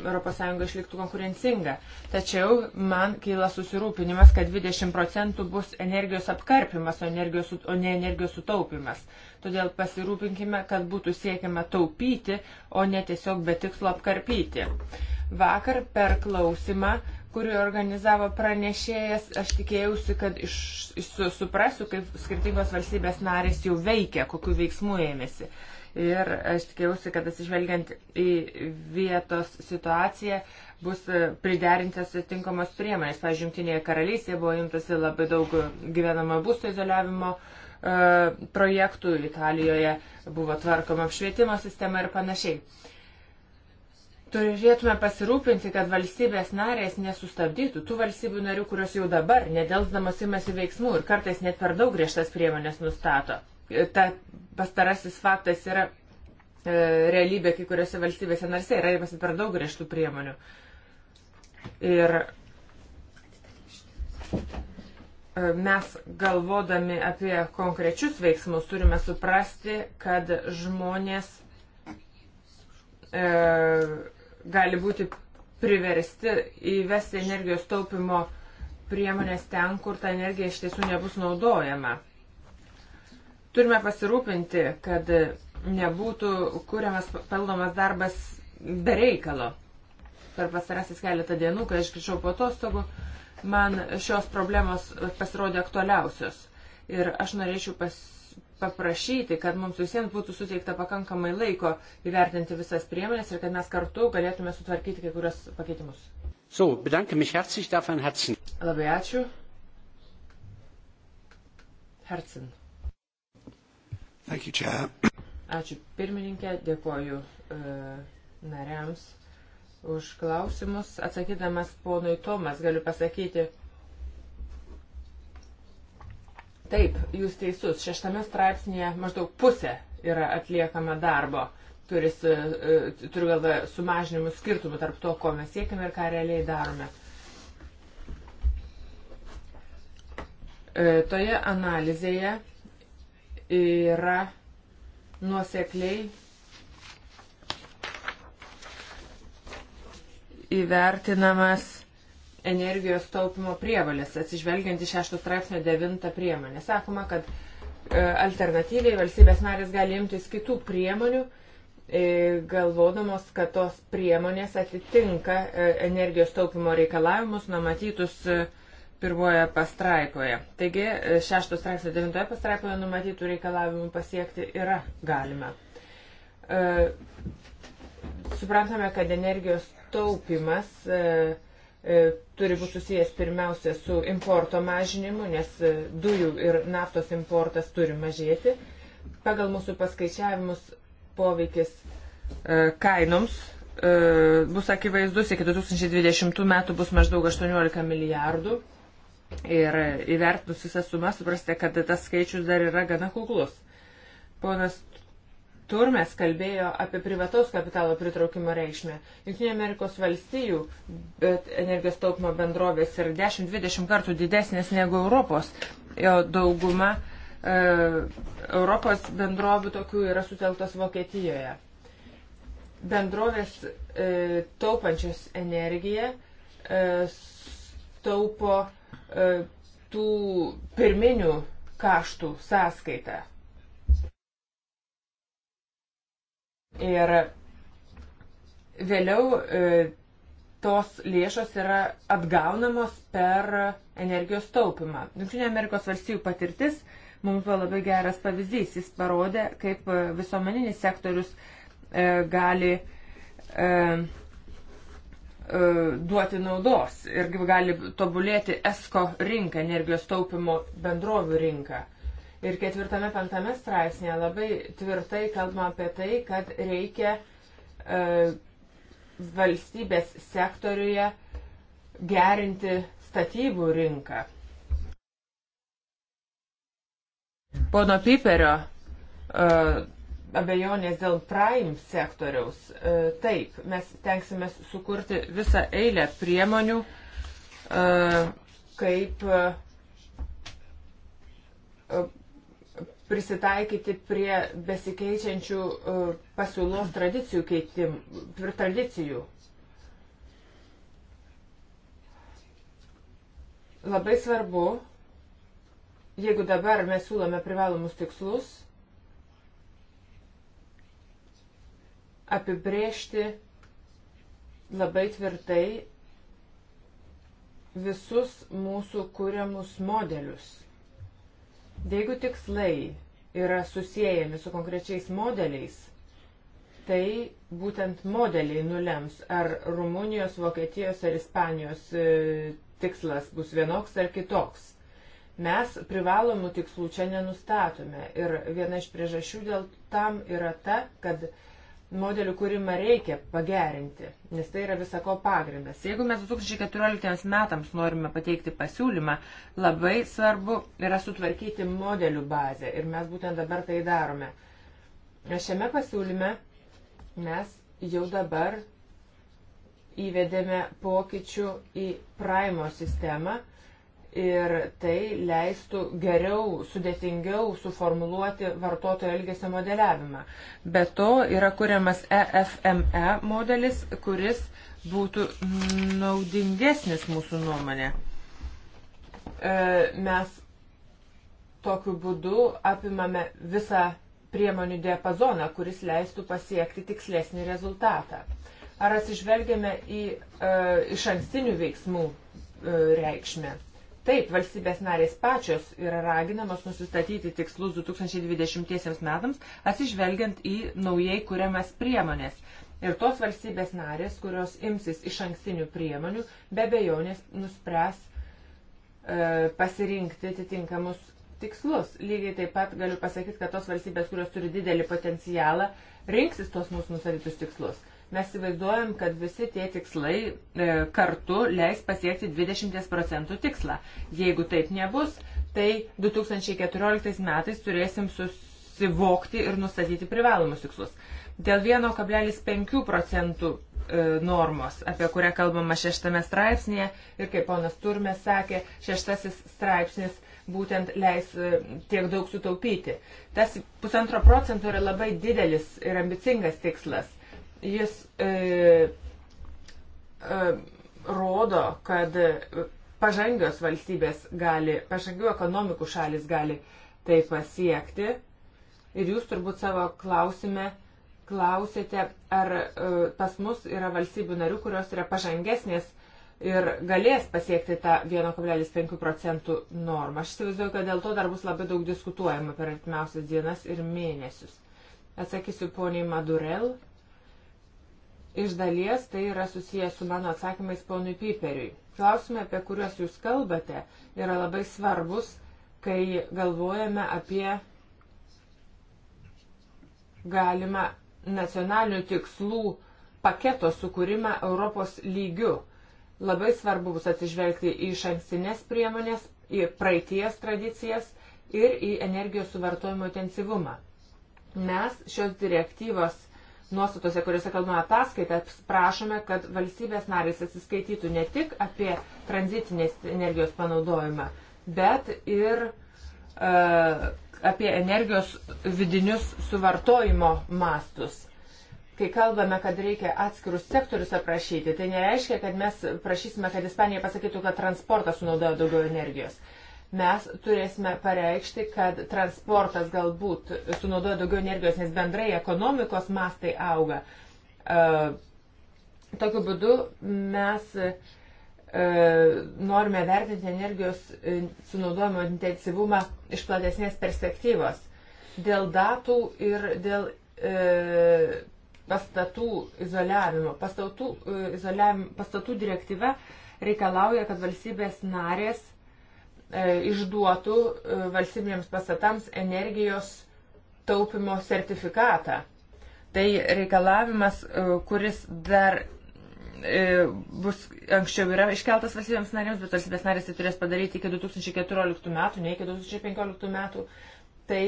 D: ES išliktų konkurencinga. Tačiau man kyla susirūpinimas, kad 20 procentų bus energijos apkarpimas, o, energijos, o ne energijos sutaupimas. Todėl pasirūpinkime, kad būtų siekiama taupyti, o ne tiesiog be tikslo apkarpyti. Vakar per klausimą kurį organizavo pranešėjas, aš tikėjausi, kad iš, iš, suprasiu, kaip skirtingos valstybės narės jau veikia, kokiu veiksmu ėmėsi. Ir aš tikėjausi, kad atsižvelgiant į vietos situaciją bus priderintas atitinkamos priemonės. Pavyzdžiui, Junktinėje karalystėje buvo imtasi labai daug gyvenamojo būsto izoliavimo e, projektų, Italijoje buvo tvarkoma apšvietimo sistema ir panašiai turėtume pasirūpinti, kad valstybės narės nesustabdytų tų valstybių narių, kurios jau dabar nedelsdamas imasi veiksmų ir kartais net per daug griežtas priemonės nustato. E, ta pastarasis faktas yra e, realybė kai kuriuose valstybėse narse yra imasi per daug griežtų priemonių. Ir e, mes galvodami apie konkrečius veiksmus turime suprasti, kad žmonės e, gali būti priversti įvesti energijos taupimo priemonės ten, kur ta energija iš tiesų nebus naudojama. Turime pasirūpinti, kad nebūtų kuriamas pelnomas darbas be reikalo. Per pastarasis keletą dienų, kai aš grįžau po atostogų, man šios problemos pasirodė aktualiausios. Ir aš norėčiau pas, paprašyti, kad mums visiems būtų suteikta pakankamai laiko įvertinti visas priemonės ir kad mes kartu galėtume sutvarkyti kai kurios pakeitimus.
C: So, bedanke mich herzlich davon Herzen.
D: Labai ačiū. Herzen. Thank you, Chair. Ačiū pirmininkė, dėkoju uh, nariams už klausimus. Atsakydamas ponui Tomas galiu pasakyti, Taip, jūs teisus. Šeštame straipsnėje maždaug pusė yra atliekama darbo. Turis, e, turiu galvoje, sumažinimų skirtumų tarp to, ko mes siekime ir ką realiai darome. E, toje analizėje yra nuosekliai įvertinamas energijos taupimo prievalės, atsižvelgiant į 6 straipsnio 9 priemonę. Sakoma, kad e, alternatyviai valstybės narės gali imtis kitų priemonių, e, galvodamos, kad tos priemonės atitinka e, energijos taupimo reikalavimus numatytus pirmoje pastraipoje. Taigi, 6 straipsnio 9 pastraipoje numatytų reikalavimų pasiekti yra galima. Suprantame, kad energijos taupimas uh, E, turi būti susijęs pirmiausia su importo mažinimu, nes e, dujų ir naftos importas turi mažėti. Pagal mūsų paskaičiavimus poveikis e, kainoms bus akivaizdus, iki 2020 metų bus maždaug 18 milijardų. Ir įvertinus visą sumą, suprasite, kad tas skaičius dar yra gana kuklus. Ponas Turmes kalbėjo apie privataus kapitalo pritraukimo reikšmę. Junktinė Amerikos valstijų energijos taupimo bendrovės yra 10-20 kartų didesnės negu Europos. Jo dauguma e, Europos bendrovių tokių yra suteltos Vokietijoje. Bendrovės e, taupančios energiją e, taupo e, tų pirminių kaštų sąskaitą Ir vėliau e, tos lėšos yra atgaunamos per energijos taupimą. Junktinė Amerikos valstybių patirtis mums buvo labai geras pavyzdys. Jis parodė, kaip e, visuomeninis sektorius e, gali duoti naudos ir gali tobulėti ESCO rinką, energijos taupimo bendrovių rinką. Ir ketvirtame, penktame straipsnėje labai tvirtai kalbama apie tai, kad reikia e, valstybės sektoriuje gerinti statybų rinką. Pono Piperio e, abejonės dėl prime sektoriaus. E, taip, mes tenksime sukurti visą eilę priemonių, e, kaip e, prisitaikyti prie besikeičiančių e, pasiūlos tradicijų keitim, prie tradicijų. Labai svarbu, jeigu dabar mes siūlome privalomus tikslus, apibrėžti labai tvirtai visus mūsų kūriamus modelius. Jeigu tikslai yra susijęjami su konkrečiais modeliais, tai būtent modeliai nulems, ar Rumunijos, Vokietijos ar Ispanijos e, tikslas bus vienoks ar kitoks. Mes privalomų tikslų čia nenustatome ir viena iš priežasčių dėl tam yra ta, kad modelių kūrimą reikia pagerinti, nes tai yra visako pagrindas. Jeigu mes 2014 metams norime pateikti pasiūlymą, labai svarbu yra sutvarkyti modelių bazę ir mes būtent dabar tai darome. Šiame pasiūlyme mes jau dabar įvedėme pokyčių į Primo sistemą ir tai leistų geriau, sudėtingiau suformuluoti vartotojo elgesio modeliavimą. Be to yra kuriamas EFME e modelis, kuris būtų naudingesnis mūsų nuomonė. E, mes tokiu būdu apimame visą priemonių diapazoną, kuris leistų pasiekti tikslesnį rezultatą. Ar atsižvelgiame į e, iš ankstinių veiksmų e, reikšmę? Taip, valstybės narės pačios yra raginamos nusistatyti tikslus 2020 metams, atsižvelgiant į naujai kuriamas priemonės. Ir tos valstybės narės, kurios imsis iš ankstinių priemonių, be bejonės nuspręs e, pasirinkti atitinkamus tikslus. Lygiai taip pat galiu pasakyti, kad tos valstybės, kurios turi didelį potencialą, rinksis tos mūsų nusatytus tikslus. Mes įvaizduojam, kad visi tie tikslai e, kartu leis pasiekti 20 procentų tikslą. Jeigu taip nebus, tai 2014 metais turėsim susivokti ir nustatyti privalomus tikslus. Dėl 1,5 procentų e, normos, apie kurią kalbama šeštame straipsnėje ir kaip ponas Turmė sakė, šeštasis straipsnis būtent leis e, tiek daug sutaupyti. Tas pusantro procento yra labai didelis ir ambicingas tikslas. Jis e, e, rodo, kad pažangios valstybės gali, pažangių ekonomikų šalis gali tai pasiekti. Ir jūs turbūt savo klausime klausėte, ar e, pas mus yra valstybių narių, kurios yra pažangesnės ir galės pasiekti tą 1,5 procentų normą. Aš įsivaizduoju, kad dėl to dar bus labai daug diskutuojama per artimiausias dienas ir mėnesius. Atsakysiu poniai Madurel Iš dalies tai yra susijęs su mano atsakymais ponui Piperiui. Klausimai, apie kuriuos jūs kalbate, yra labai svarbus, kai galvojame apie galimą nacionalinių tikslų paketo sukūrimą Europos lygiu. Labai svarbu bus atsižvelgti į iš ankstinės priemonės, į praeities tradicijas ir į energijos suvartojimo intensyvumą. Mes šios direktyvos nuostatose, kuriuose kalbame ataskaitą, prašome, kad valstybės narės atsiskaitytų ne tik apie tranzitinės energijos panaudojimą, bet ir uh, apie energijos vidinius suvartojimo mastus. Kai kalbame, kad reikia atskirus sektorius aprašyti, tai nereiškia, kad mes prašysime, kad Ispanija pasakytų, kad transportas sunaudoja daugiau energijos. Uh, mes turėsime pareikšti, kad transportas galbūt sunaudoja daugiau energijos, nes bendrai ekonomikos mastai auga. E, tokiu būdu mes e, norime vertinti energijos e, sunaudojimo intensyvumą iš platesnės perspektyvos. Dėl datų ir dėl e, pastatų izoliavimo. Pastatų, izoliavimo, pastatų direktyva reikalauja, kad valstybės narės e, E, išduotų e, valstybinėms pastatams energijos taupimo sertifikatą. Tai reikalavimas, e, kuris dar bus anksčiau yra iškeltas valstybėms narėms, bet valstybės narės tai turės padaryti iki 2014 metų, ne iki 2015 metų. Tai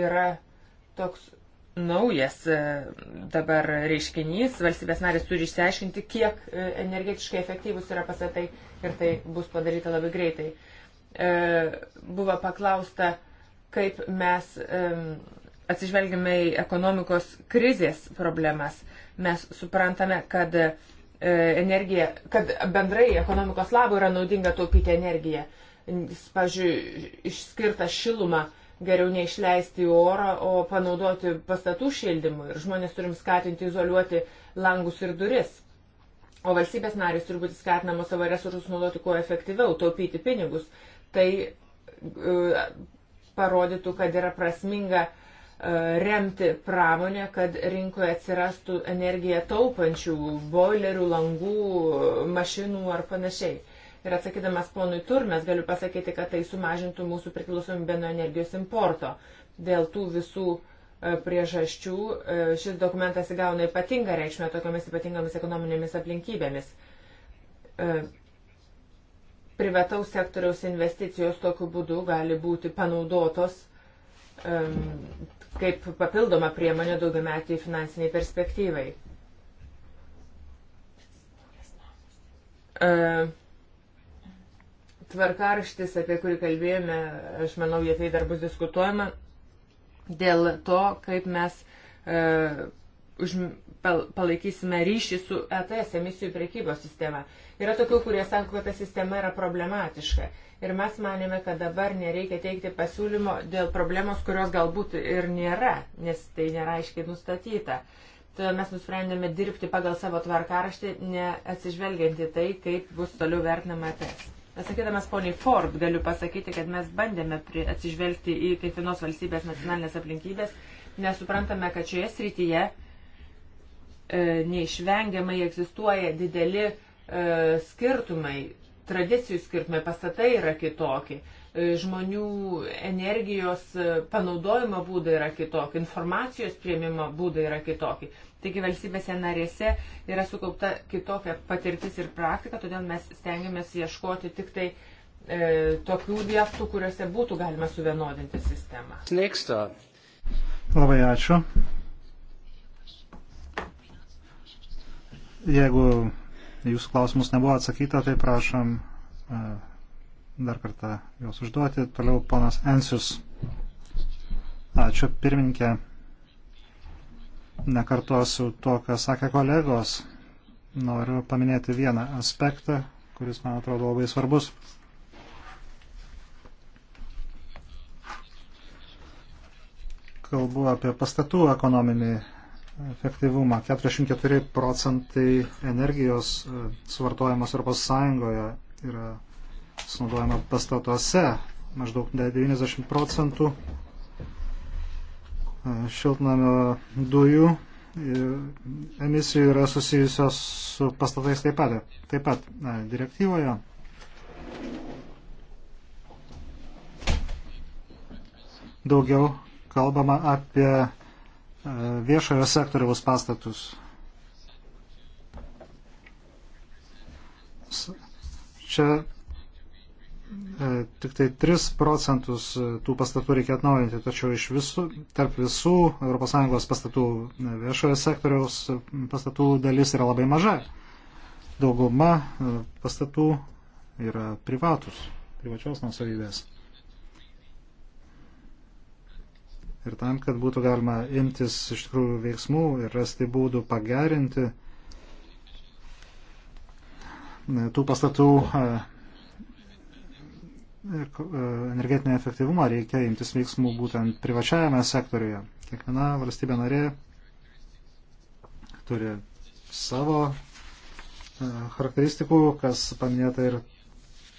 D: yra toks naujas e, dabar reiškinys. Valstybės narės turi išsiaiškinti, kiek e, energetiškai efektyvus yra pastatai ir tai bus padaryta labai greitai. E, buvo paklausta, kaip mes atsižvelgime į ekonomikos krizės problemas. Mes suprantame, kad energija, kad bendrai ekonomikos labo yra naudinga taupyti energiją. Pavyzdžiui, išskirtą šilumą geriau neišleisti į orą, o panaudoti pastatų šildymui. Ir žmonės turim skatinti izoliuoti langus ir duris. O valstybės narės turi būti skatinamos savo resursus naudoti kuo efektyviau, taupyti pinigus. Tai uh, parodytų, kad yra prasminga uh, remti pramonę, kad rinkoje atsirastų energiją taupančių boilerių, langų, e, mašinų ar panašiai. Ir atsakydamas ponui Turmes, galiu pasakyti, kad tai sumažintų mūsų priklausomybę nuo energijos importo. Dėl tų visų e, priežasčių e, šis dokumentas įgauna ypatingą reikšmę tokiamis ypatingomis ekonominėmis aplinkybėmis e, privataus sektoriaus investicijos tokiu būdu gali būti panaudotos um, kaip papildoma priemonė daugiametį finansiniai perspektyvai. Uh, tvarkarštis, apie kurį kalbėjome, aš manau, jie tai dar bus diskutuojama, dėl to, kaip mes e, už, pal, palaikysime ryšį su ETS emisijų priekybos sistema. Yra tokių, kurie sako, kad ta sistema yra problematiška. Ir mes manėme, kad dabar nereikia teikti pasiūlymo dėl problemos, kurios galbūt ir nėra, nes tai nėra aiškiai nustatyta. Todėl mes nusprendėme dirbti pagal savo tvarkaraštį, neatsižvelgiant į tai, kaip bus toliau vertinama ETS. Atsakydamas poniai Ford, galiu pasakyti, kad mes bandėme atsižvelgti į kiekvienos valstybės nacionalinės aplinkybės, nesuprantame, kad šioje srityje e, neišvengiamai egzistuoja dideli e, skirtumai, tradicijų skirtumai, pastatai yra kitokie, e, žmonių energijos e, panaudojimo būdai yra kitokie, informacijos prieimimo būdai yra kitokie. Taigi valstybėse narėse yra sukaupta kitokia patirtis ir praktika, todėl mes stengiamės ieškoti tik tai e, tokių vietų, kuriuose būtų galima suvienodinti sistemą.
C: Nexta.
A: Labai ačiū. Jeigu jūsų klausimus nebuvo atsakyta, tai prašom e, dar kartą juos užduoti. Toliau ponas Ensius. Ačiū pirmininkė nekartosiu to, ką sakė kolegos. Noriu paminėti vieną aspektą, kuris man atrodo labai svarbus. Kalbu apie pastatų ekonominį efektyvumą. 44 procentai energijos e, suvartojamos Europos Sąjungoje yra sunaudojama pastatuose. Maždaug 90 procentų šiltnamio dujų e, emisijų yra susijusios su pastatais taip pat. Taip pat na, direktyvoje daugiau kalbama apie e, viešojo sektoriaus pastatus. Čia E, tik tai 3 procentus e, tų pastatų reikia atnaujinti, tačiau iš visų, tarp visų ES pastatų e, viešojo sektoriaus pastatų dalis yra labai maža. Dauguma pastatų yra privatus, privačios nusavybės. Ir tam, kad būtų galima imtis iš tikrųjų veiksmų ir rasti būdų pagerinti tų pastatų E, energetinį efektyvumą reikia imtis veiksmų būtent privačiajame sektoriuje. Kiekviena valstybė narė turi savo e, charakteristikų, kas paminėta ir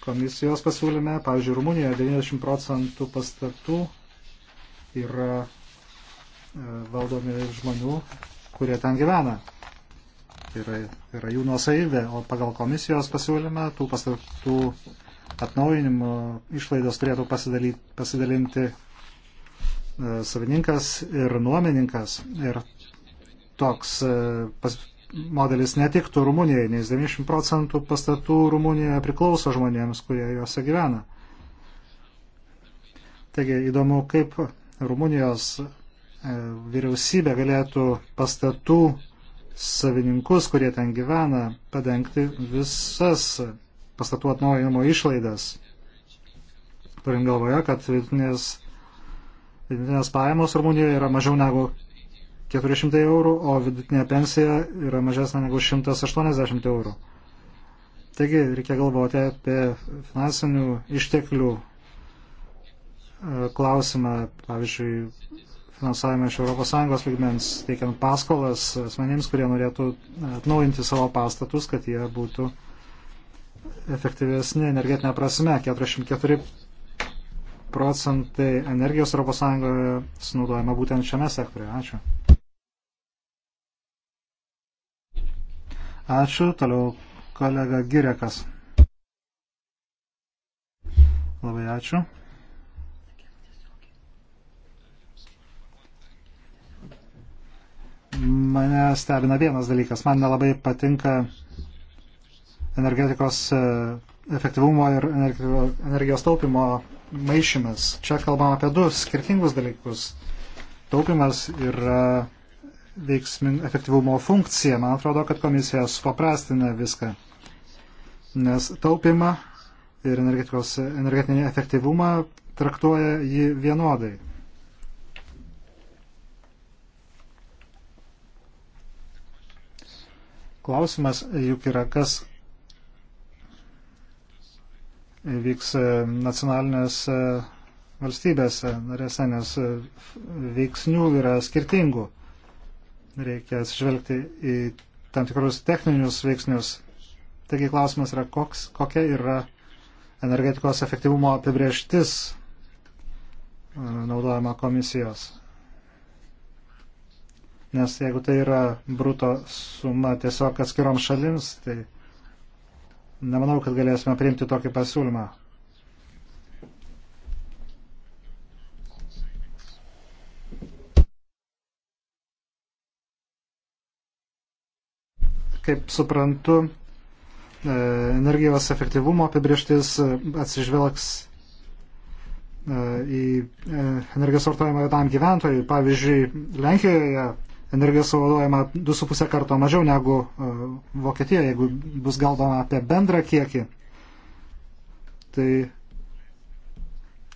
A: komisijos pasiūlyme. Pavyzdžiui, Rumunijoje 90 procentų pastatų yra e, valdomi žmonių, kurie ten gyvena. Tai yra, yra jų nuosaivė, o pagal komisijos pasiūlymą tų pastatų atnaujinimo išlaidos turėtų pasidalinti e, savininkas ir nuomininkas. Ir toks e, pas, modelis netiktų Rumunijai, nes 90 procentų pastatų Rumunijoje priklauso žmonėms, kurie juose gyvena. Taigi įdomu, kaip Rumunijos e, vyriausybė galėtų pastatų savininkus, kurie ten gyvena, padengti visas pastatų atnaujinimo išlaidas. Turint galvoje, kad vidutinės, vidutinės pajamos Rumunijoje yra mažiau negu 400 eurų, o vidutinė pensija yra mažesnė negu 180 eurų. Taigi reikia galvoti apie finansinių išteklių e, klausimą, pavyzdžiui, finansavimą iš ES lygmens, teikiant paskolas asmenims, kurie norėtų atnaujinti savo pastatus, kad jie būtų uh, efektyvesni energetinė prasme. 44 procentai energijos ES sunaudojama būtent šiame sektoriuje. Ačiū. Ačiū. Toliau kolega Girekas. Labai ačiū. Mane stebina vienas dalykas. Man nelabai patinka energetikos e, efektyvumo ir energijos taupimo maišymas. Čia kalbam apie du skirtingus dalykus. Taupimas ir e, veiksmin, efektyvumo funkcija. Man atrodo, kad komisija supaprastina viską. Nes taupimą ir energetinį efektyvumą traktuoja jį vienodai. Klausimas juk yra, kas vyks e, nacionalinės e, valstybėse narėse, nes e, veiksnių yra skirtingų. Reikia atsižvelgti į tam tikrus techninius veiksnius. Taigi klausimas yra, koks, kokia yra energetikos efektyvumo apibrieštis naudojama komisijos. Nes jeigu tai yra bruto suma tiesiog atskiroms šalims, tai nemanau, kad galėsime priimti tokį pasiūlymą. Kaip suprantu, e, energijos efektyvumo apibrieštis e, atsižvelgs e, į energijos vartojimą vienam gyventojui. Pavyzdžiui, Lenkijoje energijos sunaudojama 2,5 karto mažiau negu e, Vokietija, jeigu bus galvoma apie bendrą kiekį, tai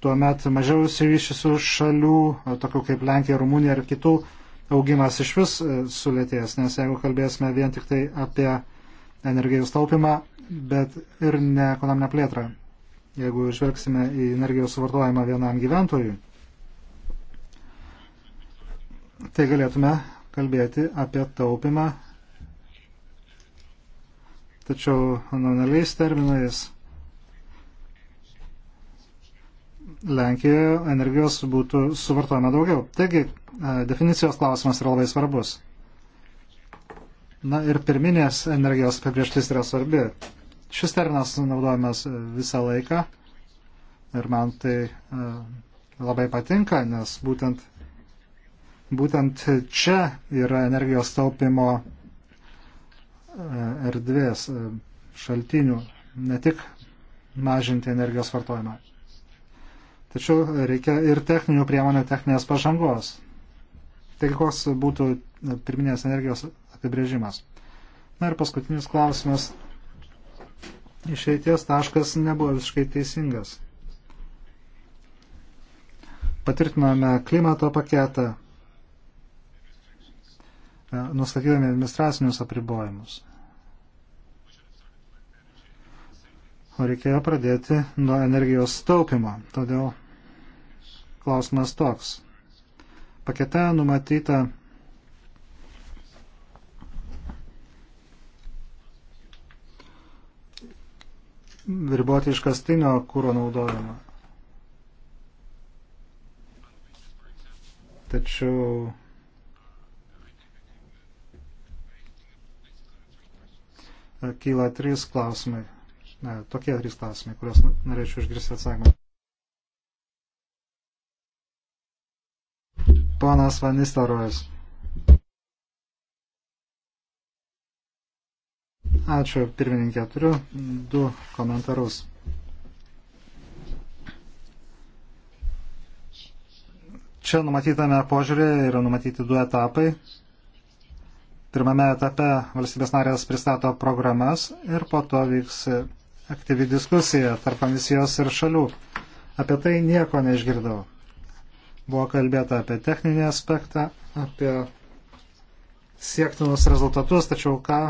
A: tuomet mažiau įsivyšusių šalių, e, tokių kaip Lenkija, Rumunija ir kitų, augimas iš vis e, sulėtės, nes jeigu kalbėsime vien tik tai apie energijos taupimą, bet ir ne ekonominę plėtrą, jeigu žvelgsime į energijos suvartojimą vienam gyventojui, tai galėtume kalbėti apie taupimą, tačiau nominaliais terminais Lenkijoje energijos būtų suvartojama daugiau. Taigi, e, definicijos klausimas yra labai svarbus. Na ir pirminės energijos apibrieštis yra svarbi. Šis terminas naudojamas visą laiką ir man tai e, labai patinka, nes būtent Būtent čia yra energijos taupimo e, erdvės e, šaltinių, ne tik mažinti energijos vartojimą. Tačiau reikia ir techninių priemonių, techninės pažangos. Taigi, koks būtų e, pirminės energijos apibrėžimas. Na ir paskutinis klausimas. Išeities taškas nebuvo visiškai teisingas. Patvirtinome klimato paketą, E, nustatydami administracinius apribojimus. O reikėjo pradėti nuo energijos taupimo. Todėl klausimas toks. Pakete numatyta riboti iškastinio kūro naudojimą. Tačiau kyla trys klausimai. Ne, tokie trys klausimai, kuriuos norėčiau išgirsti atsakymą. Ponas Vanistarojas. Ačiū, pirmininkė, turiu du komentarus. Čia numatytame požiūrė yra numatyti du etapai. Pirmame etape valstybės narės pristato programas ir po to vyks aktyvi diskusija tarp komisijos ir šalių. Apie tai nieko neišgirdau. Buvo kalbėta apie techninį aspektą, apie siektinus rezultatus, tačiau ką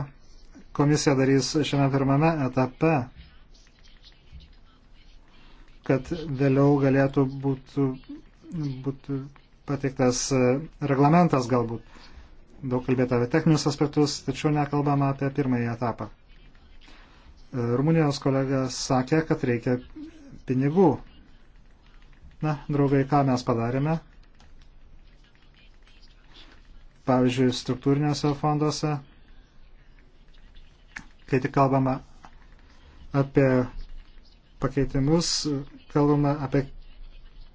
A: komisija darys šiame pirmame etape, kad vėliau galėtų būtų, būtų pateiktas reglamentas galbūt daug kalbėta apie techninius aspektus, tačiau nekalbama apie pirmąjį etapą. E, Rumunijos kolega sakė, kad reikia pinigų. Na, draugai, ką mes padarėme? Pavyzdžiui, struktūrinėse fonduose, kai tik kalbama apie pakeitimus, kalbame apie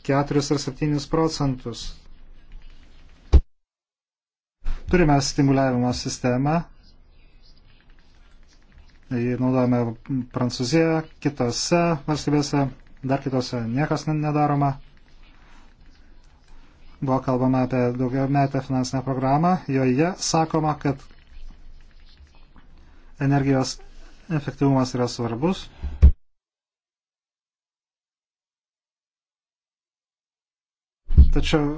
A: 4 ar 7 procentus Turime stimuliavimo sistemą. Jį naudojame Prancūzijoje, kitose valstybėse, dar kitose niekas nedaroma. Buvo kalbama apie daugiametę finansinę programą. Joje sakoma, kad energijos efektyvumas yra svarbus. Tačiau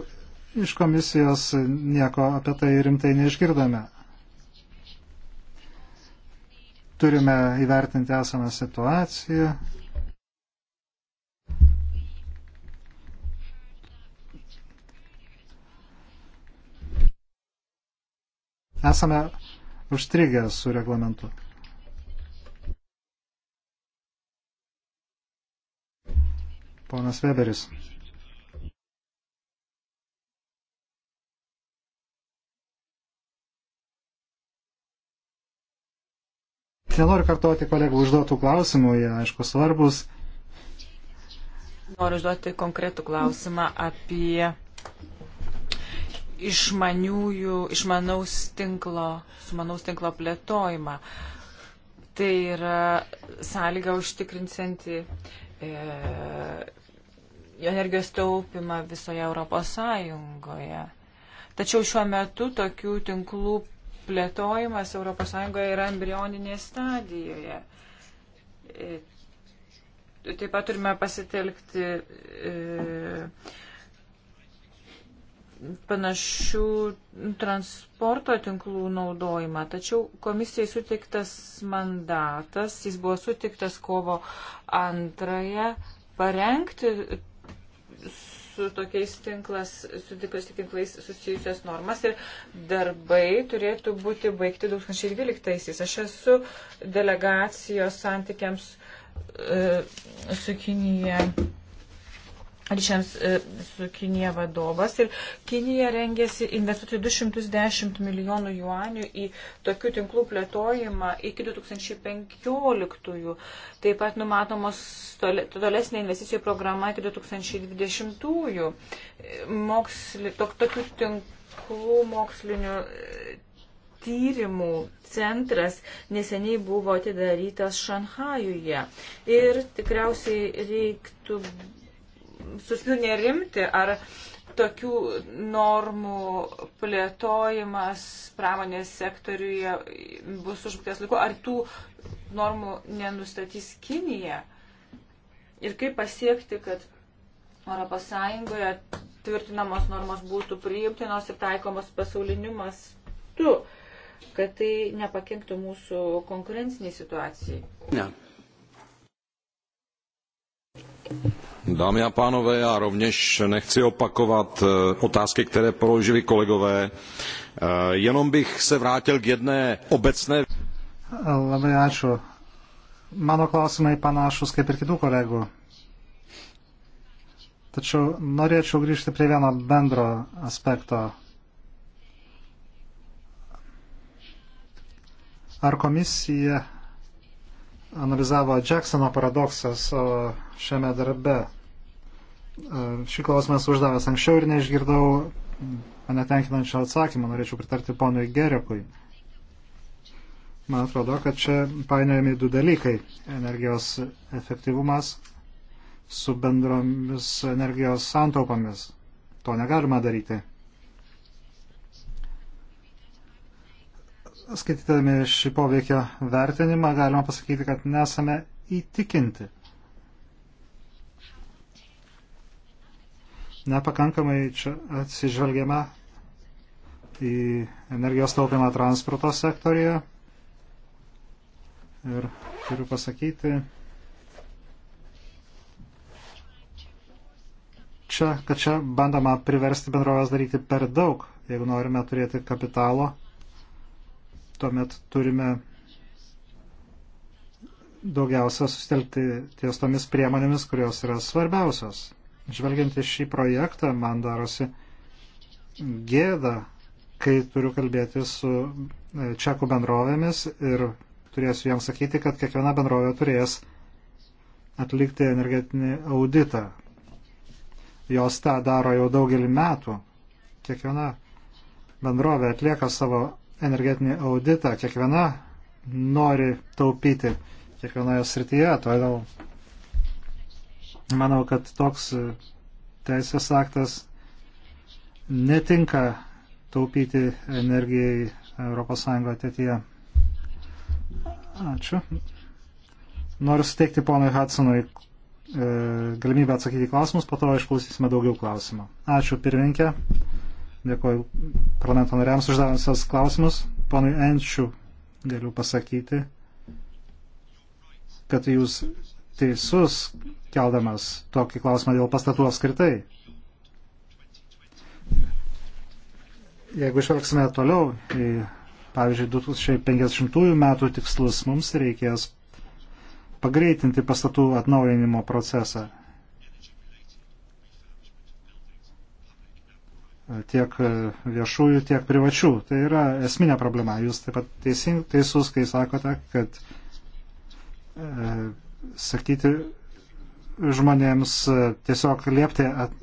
A: iš komisijos nieko apie tai rimtai neišgirdome. Turime įvertinti esamą situaciją. Esame užstrigę su reglamentu. Ponas Weberis. nenoriu kartuoti kolegų užduotų klausimų, jie aišku svarbus.
B: Noriu užduoti konkretų klausimą apie išmaniųjų, išmanaus tinklo, sumanaus tinklo plėtojimą. Tai yra sąlyga užtikrinsianti e, energijos taupimą visoje Europos Sąjungoje. Tačiau šiuo metu tokių tinklų plėtojimas ES yra embrioninėje stadijoje. E, taip pat turime pasitelkti e, panašių transporto tinklų naudojimą. Tačiau komisijai sutiktas mandatas, jis buvo sutiktas kovo antrąją, parengti su tokiais tinklas, su tinklais susijusios normas ir darbai turėtų būti baigti 2012-aisiais. Aš esu delegacijos santykiams e, su Kinija ryšiams e, su Kinija vadovas. Ir Kinija rengėsi investuoti 210 milijonų juanių į tokių tinklų plėtojimą iki 2015. Taip pat numatomos tolesnė investicijų programa iki 2020. Moksli, tok, tokių tinklų mokslinių e, tyrimų centras neseniai buvo atidarytas Šanhajuje. Ir tikriausiai reiktų susinerimti, ar tokių normų plėtojimas pramonės sektoriuje bus užbūktas laiku, ar tų normų nenustatys Kinija. Ir kaip pasiekti, kad ES tvirtinamos normos būtų priimtinos ir taikomos pasauliniu mastu, kad tai nepakenktų mūsų konkurenciniai situacijai.
C: Ne.
A: Dámy a pánové, já rovněž nechci opakovat eh, otázky, které položili kolegové. Eh, jenom bych se vrátil k jedné obecné. Labai ačiū. Mano klausimai panašus kaip ir kitų kolegų. Tačiau norėčiau grįžti prie vieno bendro aspekto. Ar komisija analizavo Jacksono paradoksas eh, šiame darbe? šį klausimą esu uždavęs anksčiau ir neišgirdau mane tenkinančio atsakymą. Norėčiau pritarti ponui Gerikui. Man atrodo, kad čia painiojami du dalykai - energijos efektyvumas su bendromis energijos santaupomis. To negalima daryti. Skaitydami šį poveikio vertinimą galima pasakyti, kad nesame įtikinti nepakankamai čia atsižvelgiame į energijos taupimą transporto sektorijoje. Ir turiu pasakyti, čia, kad čia bandoma priversti bendrovės daryti per daug. Jeigu norime turėti kapitalo, tuomet turime daugiausia sustelkti ties tomis priemonėmis, kurios yra svarbiausios. Žvelgiant į šį projektą, man darosi gėda, kai turiu kalbėti su e, čekų bendrovėmis ir turėsiu jiems sakyti, kad kiekviena bendrovė turės atlikti energetinį auditą. Jos tą daro jau daugelį metų. Kiekviena bendrovė atlieka savo energetinį auditą, kiekviena nori taupyti kiekvienoje srityje, todėl Manau, kad toks e, teisės aktas netinka taupyti energijai ES ateityje. Ačiū. Noriu suteikti ponui Hudsonui e, galimybę atsakyti klausimus, po to išklausysime daugiau klausimų. Ačiū pirmininkė. Dėkuoju parlamento nariams uždavusios klausimus. Ponui Enčiu galiu pasakyti, kad jūs teisus, keldamas tokį klausimą dėl pastatų apskritai. Jeigu išvelgsime toliau į, pavyzdžiui, 2050 metų tikslus, mums reikės pagreitinti pastatų atnaujinimo procesą. tiek viešųjų, tiek privačių. Tai yra esminė problema. Jūs taip pat teisus, kai sakote, kad e, sakyti žmonėms e, tiesiog liepti at,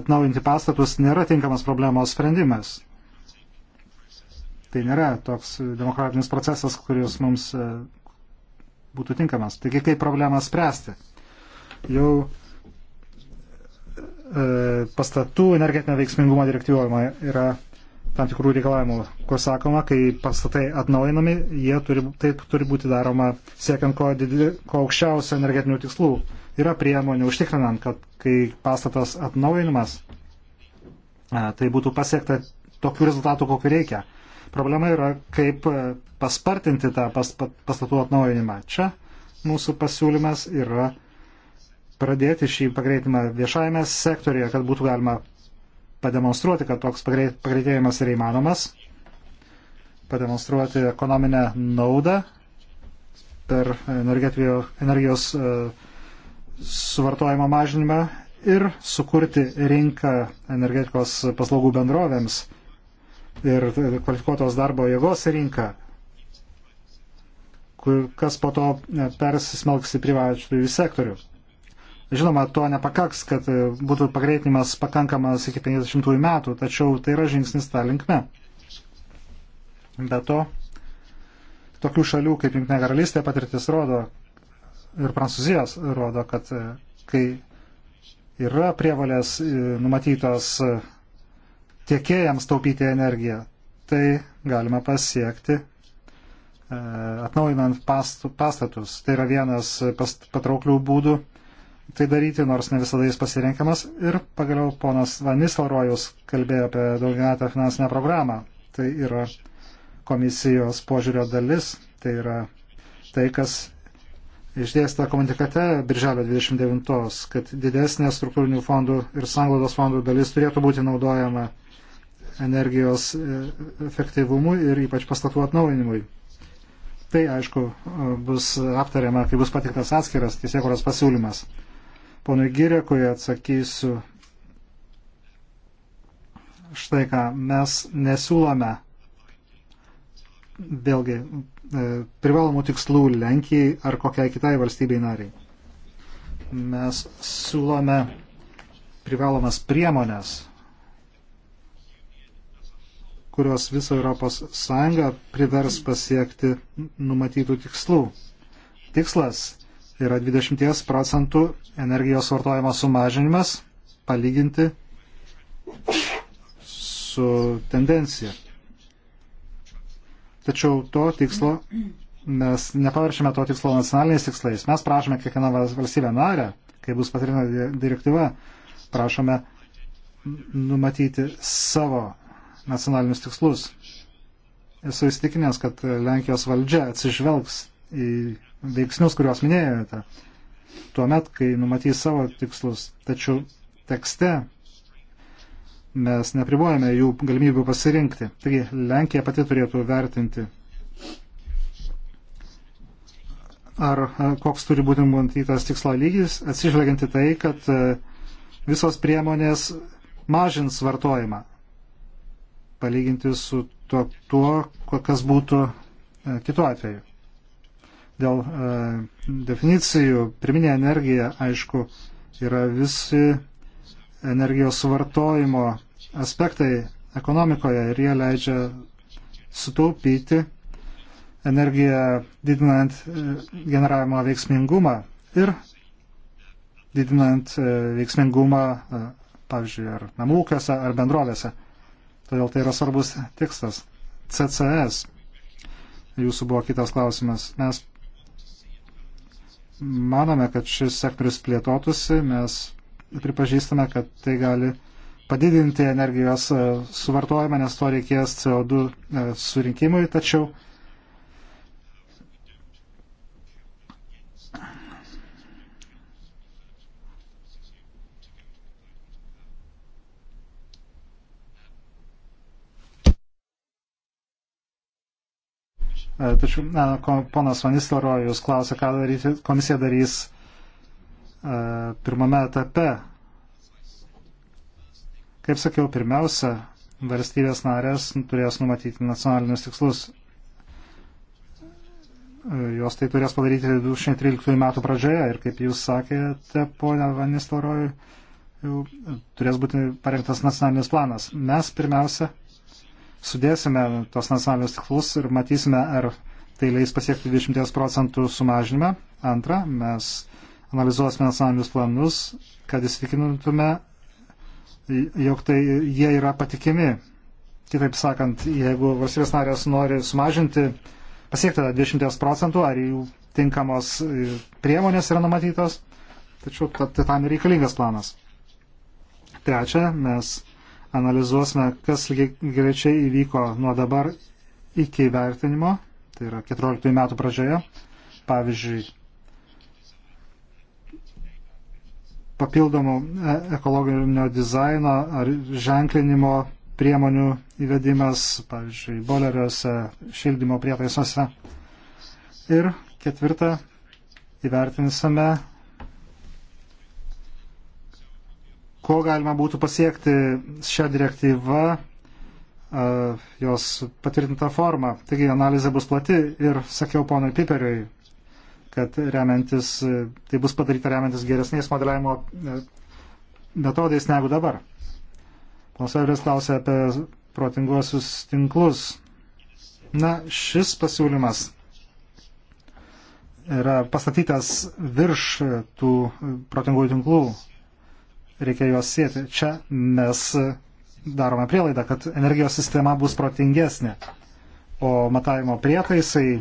A: atnaujinti pastatus nėra tinkamas problemos sprendimas. Tai nėra toks demokratinis procesas, kuris mums e, būtų tinkamas. Taigi kaip problemą spręsti? Jau e, pastatų energetinio veiksmingumo direktyvoje yra tam tikrų reikalavimų, kur sakoma, kai pastatai atnaujinami, turi, tai turi būti daroma siekiant ko, dideli, ko aukščiausio energetinių tikslų. Yra priemonių užtikrinant, kad kai pastatas atnaujinimas, tai būtų pasiekta tokių rezultatų, kokiu reikia. Problema yra, kaip paspartinti tą pas, pastatų atnaujinimą. Čia mūsų pasiūlymas yra pradėti šį pagreitimą viešajame sektorėje, kad būtų galima pademonstruoti, kad toks pagreitėjimas yra įmanomas, pademonstruoti ekonominę naudą per energijos e, suvartojimo mažinimą ir sukurti rinką energetikos paslaugų bendrovėms ir kvalifikuotos darbo jėgos rinką, kas po to e, persismelks į privačių sektorių. Žinoma, to nepakaks, kad e, būtų pagreitinimas pakankamas iki 50 metų, tačiau tai yra žingsnis tą linkme. Be to, tokių šalių kaip Junktinė karalystė patirtis rodo ir Prancūzijos rodo, kad e, kai yra prievalės e, numatytos tiekėjams taupyti energiją, tai galima pasiekti atnaujinant pastatus. Tai yra vienas patrauklių būdų tai daryti, nors ne visada jis pasirinkiamas. Ir pagaliau ponas Vanislarojus kalbėjo apie daugiametę finansinę programą. Tai yra komisijos požiūrio dalis, tai yra tai, kas išdėsta komunikate Birželio 29, kad didesnė struktūrinių fondų ir sanglaudos fondų dalis turėtų būti naudojama energijos e, efektyvumui ir ypač pastatų atnaujinimui. Tai, aišku, e, bus aptariama, kai bus patiktas atskiras tiesiekuros pasiūlymas. Ponui Girekui atsakysiu štai ką. Mes nesiūlome vėlgi e, privalomų tikslų Lenkijai ar kokiai kitai valstybei nariai. Mes siūlome privalomas priemonės, kurios visą Europos Sąjungą privers pasiekti numatytų tikslų. Tikslas Tai yra 20 procentų energijos vartojimo sumažinimas palyginti su tendencija. Tačiau to tikslo mes nepaviršime to tikslo nacionaliniais tikslais. Mes prašome kiekvieną valstybę narę, kai bus patrina direktyva, prašome numatyti savo nacionalinius tikslus. Esu įstikinęs, kad Lenkijos valdžia atsižvelgs į veiksnius, kuriuos minėjote, tuomet, kai numatys savo tikslus. Tačiau tekste mes nepribuojame jų galimybių pasirinkti. Taigi Lenkija pati turėtų vertinti, ar koks turi būti matytas tikslo lygis, atsižvelgianti tai, kad visos priemonės mažins vartojimą, palyginti su tuo, tuo kas būtų kitu atveju. Dėl e, definicijų pirminė energija, aišku, yra visi energijos vartojimo aspektai ekonomikoje ir jie leidžia sutaupyti energiją didinant e, generavimo veiksmingumą ir didinant e, veiksmingumą, e, pavyzdžiui, ar namų ūkiuose, ar bendrovėse. Todėl tai yra svarbus tikslas. CCS. Jūsų buvo kitas klausimas. Mes manome, kad šis sektorius plėtotųsi, mes pripažįstame, kad tai gali padidinti energijos e, suvartojimą, nes to reikės CO2 e, surinkimui, tačiau E, tačiau na, ponas Vanistoro jūs klausė, ką daryti, komisija darys uh, pirmame etape. Kaip sakiau, pirmiausia, valstybės narės turės numatyti nacionalinius tikslus. E, jos tai turės padaryti 2013 metų pradžioje ir, kaip jūs sakėte, ponia Vanistoroj, turės būti parengtas nacionalinis planas. Mes pirmiausia sudėsime tos nacionalinius tikslus ir matysime, ar tai leis pasiekti 20 procentų sumažinimą. Antra, mes analizuosime nacionalinius planus, kad įsitikintume, jog tai jie yra patikimi. Kitaip sakant, jeigu valstybės narės nori sumažinti, pasiekti 20 procentų, ar jų tinkamos priemonės yra numatytos, tačiau tai tam reikalingas planas. Trečia, mes analizuosime, kas greičiai įvyko nuo dabar iki vertinimo, tai yra 14 metų pradžioje. Pavyzdžiui, papildomų e, ekologinio dizaino ar ženklinimo priemonių įvedimas, pavyzdžiui, boleriuose, šildymo prietaisuose. Ir ketvirta, įvertinsime ko galima būtų pasiekti šią direktyvą, jos patvirtinta forma. Taigi analizė bus plati ir sakiau ponui Piperiui, kad remiantis, tai bus padaryta remiantis geresniais modeliavimo e, metodais negu dabar. Ponas Vėlės klausė apie protinguosius tinklus. Na, šis pasiūlymas yra pastatytas virš tų protingųjų tinklų reikia juos sėti. Čia mes darome prielaidą, kad energijos sistema bus protingesnė, o matavimo prietaisai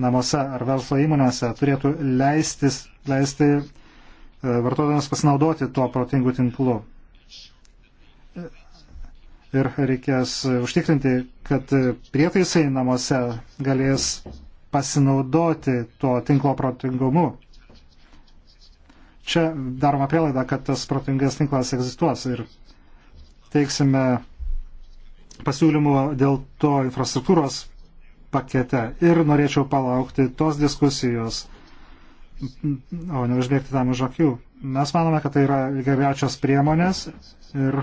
A: namuose ar verslo įmonėse turėtų leistis, leisti e, vartotojams pasinaudoti tuo protingu tinklu. Ir reikės užtikrinti, kad prietaisai namuose galės pasinaudoti tuo tinklo protingumu Čia daroma prielaida, kad tas protingas tinklas egzistuos ir teiksime pasiūlymų dėl to infrastruktūros pakete. Ir norėčiau palaukti tos diskusijos, o neužbėgti tam už akių. Mes manome, kad tai yra geriausios priemonės ir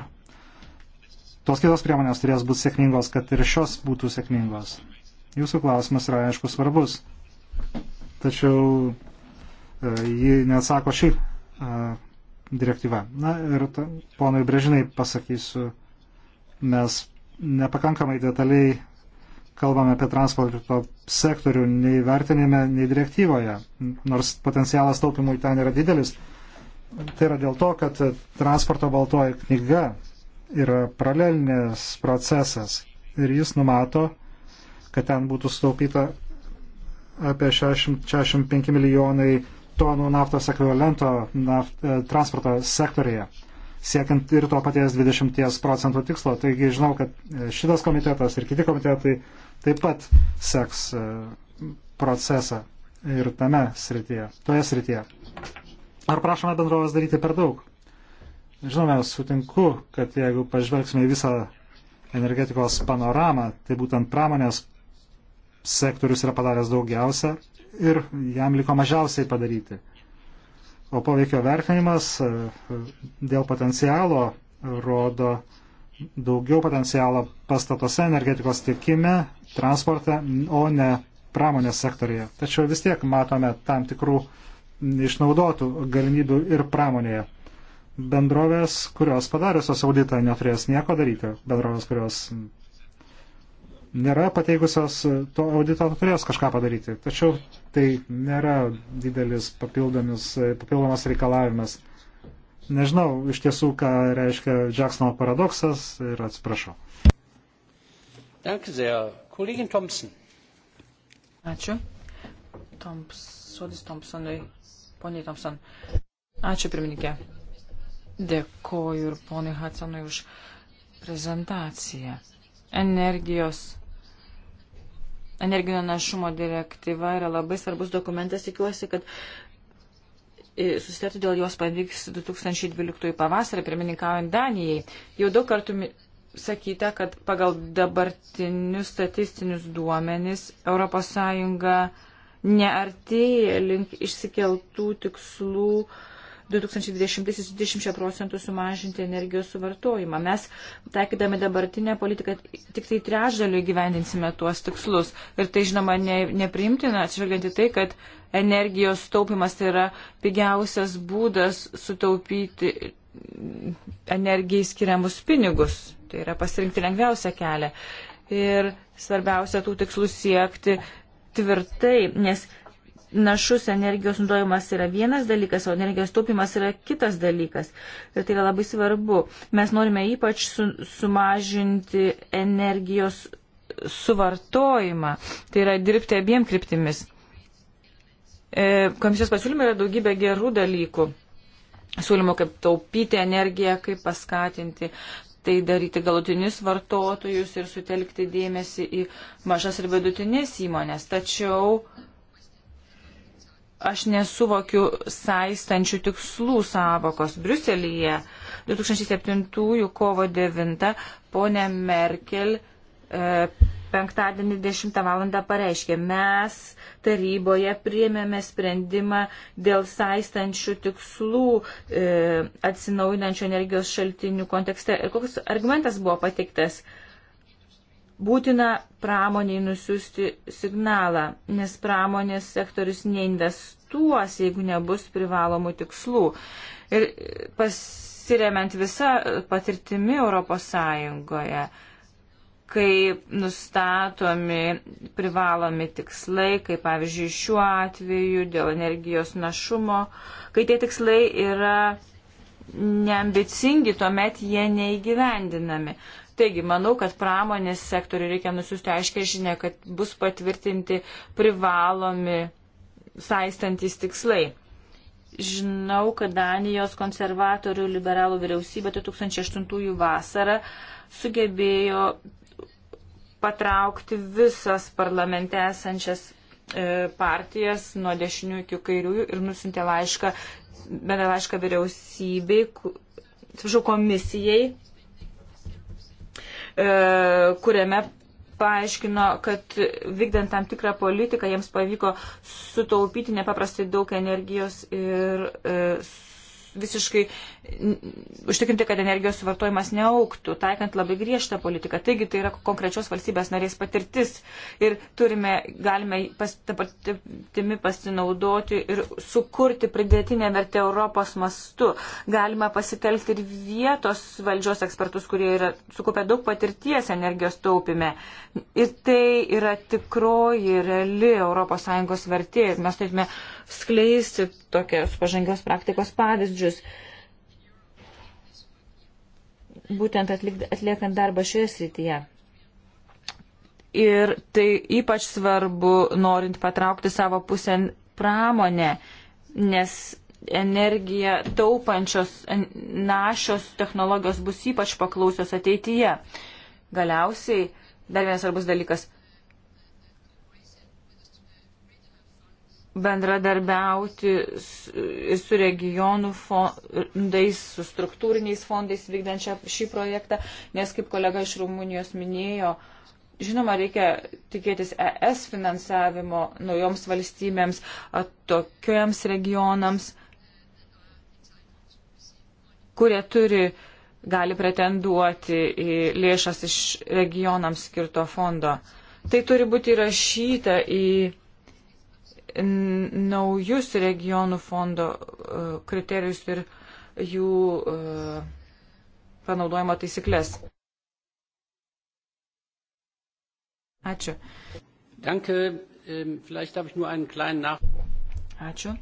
A: tos kitos priemonės turės būti sėkmingos, kad ir šios būtų sėkmingos. Jūsų klausimas yra aišku svarbus, tačiau e, ji neatsako šį direktyva. Na ir ta, ponui Brežinai pasakysiu, mes nepakankamai detaliai kalbame apie transporto sektorių nei vertinime, nei direktyvoje, nors potencialas taupimui ten yra didelis. Tai yra dėl to, kad transporto baltoji knyga yra paralelinės procesas ir jis numato, kad ten būtų sutaupyta apie 60, 65 milijonai tonų naftos ekvivalento naft, e, transporto sektorėje, siekiant ir to paties 20 procentų tikslo. Taigi žinau, kad e, šitas komitetas ir kiti komitetai taip pat seks e, procesą ir tame srityje, toje srityje. Ar prašome bendrovės daryti per daug? Žinome, sutinku, kad jeigu pažvelgsime į visą energetikos panoramą, tai būtent pramonės sektorius yra padaręs daugiausia ir jam liko mažiausiai padaryti. O poveikio vertinimas e, dėl potencialo rodo daugiau potencialo pastatuose, energetikos tiekime, transporte, o ne pramonės sektorėje. Tačiau vis tiek matome tam tikrų išnaudotų galimybių ir pramonėje. Bendrovės, kurios padariusios auditą, neturės nieko daryti. Bendrovės, kurios nėra pateikusios to audito, turės kažką padaryti. Tačiau tai nėra didelis papildomas reikalavimas. Nežinau iš tiesų, ką reiškia Jacksono paradoksas ir atsiprašau.
B: Ačiū. Toms, sodis Thompsonui. Poniai Thompson. Ačiū, pirmininkė. Dėkoju ir ponui Hudsonui už prezentaciją energijos. Energinio našumo direktyva yra labai svarbus dokumentas. Tikiuosi, kad e, susitarti dėl jos pavyks 2012 pavasarį, pirmininkaujant Danijai. Jau daug kartų sakyta, kad pagal dabartinius statistinius duomenis ES neartėja link išsikeltų tikslų uh, 2020-20 procentų sumažinti energijos suvartojimą. Mes, taikydami dabartinę politiką, tik tai trešdaliu gyvendinsime tuos tikslus. Ir tai, žinoma, ne, nepriimtina, atsižvelgiant į tai, kad energijos taupimas yra pigiausias būdas sutaupyti energijai skiriamus pinigus. Tai yra pasirinkti lengviausią kelią. Ir svarbiausia tų tikslų siekti tvirtai, nes našus energijos naudojimas yra vienas dalykas, o energijos taupimas yra kitas dalykas. Ir tai yra labai svarbu. Mes norime ypač su, sumažinti energijos suvartojimą. Tai yra dirbti abiem kryptimis. E, komisijos pasiūlymai yra daugybė gerų dalykų. Siūlymų, kaip taupyti energiją, kaip paskatinti tai daryti galutinius vartotojus ir sutelkti dėmesį į mažas ir vidutinės įmonės. Tačiau uh, aš nesuvokiu saistančių tikslų savokos. Briuselyje 2007 kovo 9 ponė Merkel e, penktadienį 10 val. pareiškė, mes taryboje priėmėme sprendimą dėl saistančių tikslų e, atsinaujinančių energijos šaltinių kontekste. Ir koks argumentas buvo pateiktas? E, Būtina pramoniai nusiųsti signalą, nes pramonės sektorius neinvestuos, jeigu nebus privalomų tikslų. Ir pasiremiant visą patirtimi Europos Sąjungoje, kai nustatomi privalomi tikslai, kaip pavyzdžiui šiuo atveju dėl energijos našumo, kai tie tikslai yra neambicingi, tuomet jie neįgyvendinami. Taigi, manau, kad pramonės sektoriui reikia nusiųsti aiškę žinę, kad bus patvirtinti privalomi saistantis tikslai. Žinau, kad Danijos konservatorių liberalų vyriausybė 2008 vasarą sugebėjo patraukti visas parlamente esančias e, partijas nuo dešinių iki kairiųjų ir nusintė laišką, bendrą laišką vyriausybei, atsiprašau, komisijai E, kuriame paaiškino, kad vykdant tam tikrą politiką jiems pavyko sutaupyti nepaprastai daug energijos ir e, visiškai užtikrinti, kad energijos suvartojimas neauktų, taikant labai griežtą politiką. Taigi tai yra konkrečios valstybės narės patirtis ir turime, galime pas, tą patirtimi pasinaudoti ir sukurti pridėtinę vertę Europos mastu. Galima pasitelkti ir vietos valdžios ekspertus, kurie yra sukupę daug patirties energijos taupime. Ir tai yra tikroji, reali ES vertė ir mes turėtume tai skleisti tokios pažangios praktikos pavyzdžius. Būtent atliekant darbą šioje srityje. Ir tai ypač svarbu, norint patraukti savo pusę pramonę, nes energiją taupančios našios technologijos bus ypač paklausios ateityje. Galiausiai, dar vienas svarbus dalykas bendradarbiauti ir su regionų fondais, su struktūriniais fondais vykdančią šį projektą, nes kaip kolega iš Rumunijos minėjo, žinoma, reikia tikėtis ES finansavimo naujoms valstybėms, tokiojams regionams, kurie turi gali pretenduoti į lėšas iš regionams skirto fondo. Tai turi būti įrašyta į naujus regionų fondo e, kriterijus ir jų e, panaudojimo taisyklės. Ačiū.
C: Danke. Ähm, vielleicht habe ich nur einen kleinen Nach.
B: Ačiū.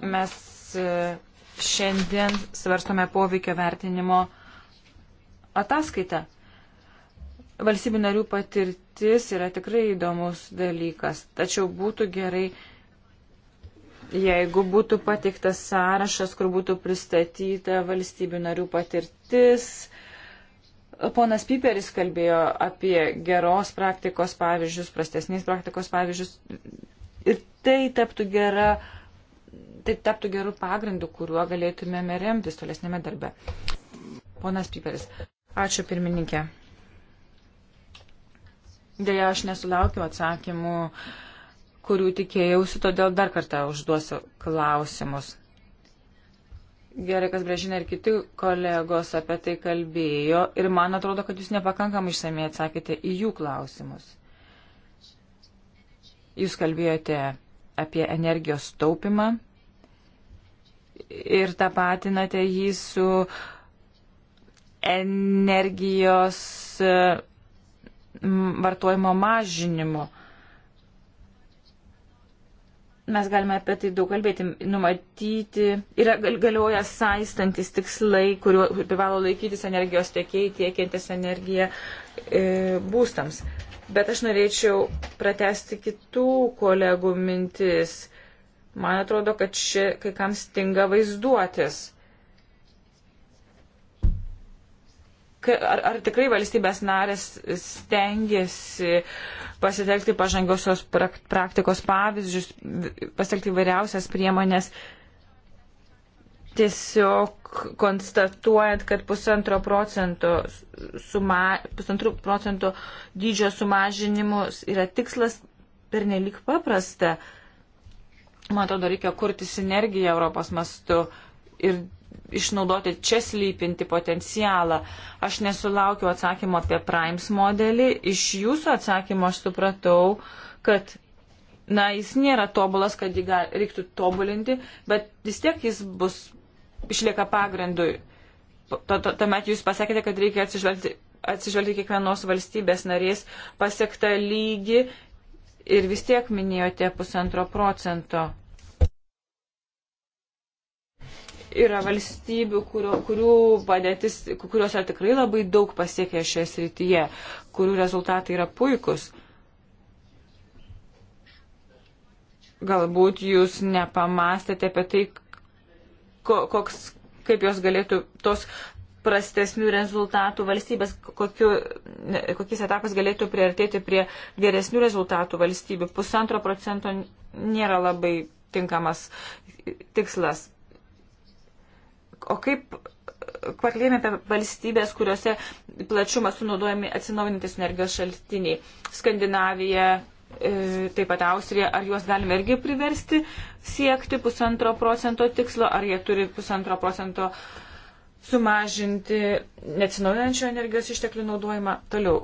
B: Mes e, šiandien svarstome poveikio vertinimo ataskaitą valstybių narių patirtis yra tikrai įdomus dalykas, tačiau būtų gerai, jeigu būtų pateiktas sąrašas, kur būtų pristatyta valstybių narių patirtis. Ponas Piperis kalbėjo apie geros praktikos pavyzdžius, prastesnės praktikos pavyzdžius ir tai taptų gera tai taptų gerų pagrindų, kuriuo galėtumėme remtis tolesnėme darbe. Ponas Piperis. Ačiū pirmininkė. Deja, aš nesulaukiu atsakymų, kurių tikėjausi, todėl dar kartą užduosiu klausimus. Gerai, kas Brežinė ir kiti kolegos apie tai kalbėjo ir man atrodo, kad jūs nepakankamai išsamei atsakėte į jų klausimus. Jūs kalbėjote apie energijos taupimą ir tapatinate jį su energijos vartojimo mažinimu. Mes galime apie tai daug kalbėti, numatyti, yra galioja saistantis tikslai, kuriuo privalo laikytis energijos tiekėjai, tiekiantis energiją e, būstams. Bet aš norėčiau pratesti kitų kolegų mintis. Man atrodo, kad čia kai kam stinga vaizduotis ar, ar tikrai valstybės narės stengiasi pasitelkti pažangiosios praktikos pavyzdžius, pasitelkti vairiausias priemonės, tiesiog konstatuojant, kad pusantro procento, suma, pusantro procento dydžio sumažinimus yra tikslas per nelik paprasta. Man atrodo, reikia kurti sinergiją Europos mastu ir išnaudoti čia slypinti potencialą. Aš nesulaukiu atsakymo apie Primes modelį. Iš jūsų atsakymo aš supratau, kad na, jis nėra tobulas, kad jį gal, reiktų tobulinti, bet vis tiek jis bus, išlieka pagrindu. Tuomet jūs pasakėte, kad reikia atsižvelgti, atsižvelgti kiekvienos valstybės narės pasiektą lygį ir vis tiek minėjote pusantro procento. Yra valstybių, kurio, kurių padėtis, kurios yra tikrai labai daug pasiekę šioje srityje, kurių rezultatai yra puikus. Galbūt jūs nepamastėte apie tai, koks, kaip jos galėtų tos prastesnių rezultatų valstybės, kokiu, kokiais etapais galėtų priartėti prie geresnių rezultatų valstybių. Pusantro procento nėra labai tinkamas tikslas. O kaip kvartalienė apie valstybės, kuriuose plačiumas sunaudojami atsinaujantis energijos šaltiniai. Skandinavija, e, taip pat Austrija, ar juos galime irgi priversti siekti pusantro procento tikslo, ar jie turi pusantro procento sumažinti neatsinaujančio energijos išteklių naudojimą. Toliau,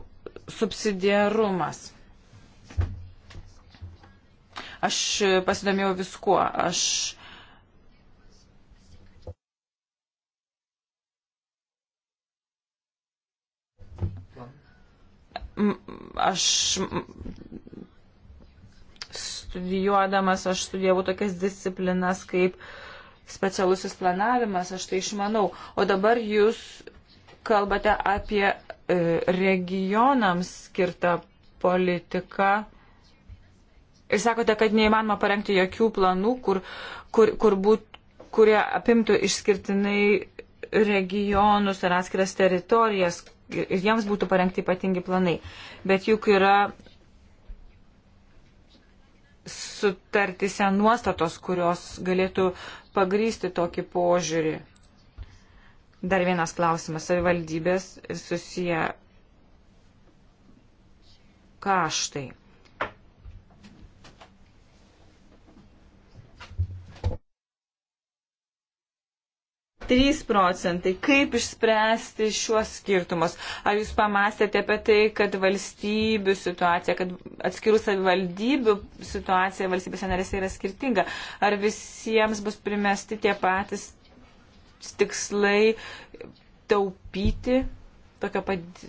B: subsidiarumas. Aš pasidomėjau viskuo. Aš aš studijuodamas, aš studijavau tokias disciplinas kaip specialusis planavimas, aš tai išmanau. O dabar jūs kalbate apie e, regionams skirtą politiką ir sakote, kad neįmanoma parengti jokių planų, kur, kur, kur būt, kurie apimtų išskirtinai regionus ar atskiras teritorijas, ir jiems būtų parengti ypatingi planai. Bet juk yra sutartise nuostatos, kurios galėtų pagrysti tokį požiūrį. Dar vienas klausimas. Savivaldybės susiję kaštai. 3 procentai. Kaip išspręsti šiuos skirtumus? Ar jūs pamastėte apie tai, kad valstybių situacija, kad atskirų savivaldybių situacija valstybėse narėse yra skirtinga? Ar visiems bus primesti tie patys tikslai taupyti tokio pat.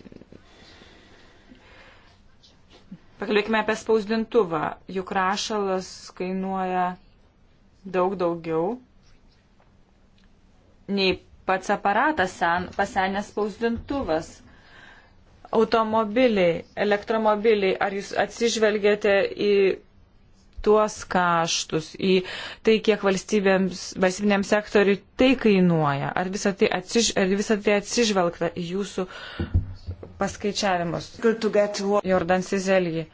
B: Pakalbėkime apie spausdintuvą. Juk rašalas kainuoja daug daugiau nei pats aparatas sen, pasenęs spausdintuvas. Automobiliai, elektromobiliai, ar jūs atsižvelgėte į tuos kaštus, į tai, kiek valstybiniam sektoriui tai kainuoja? Ar visą tai, atsiž, ar visą tai atsižvelgta į jūsų paskaičiavimus? Jordan Sizelgi.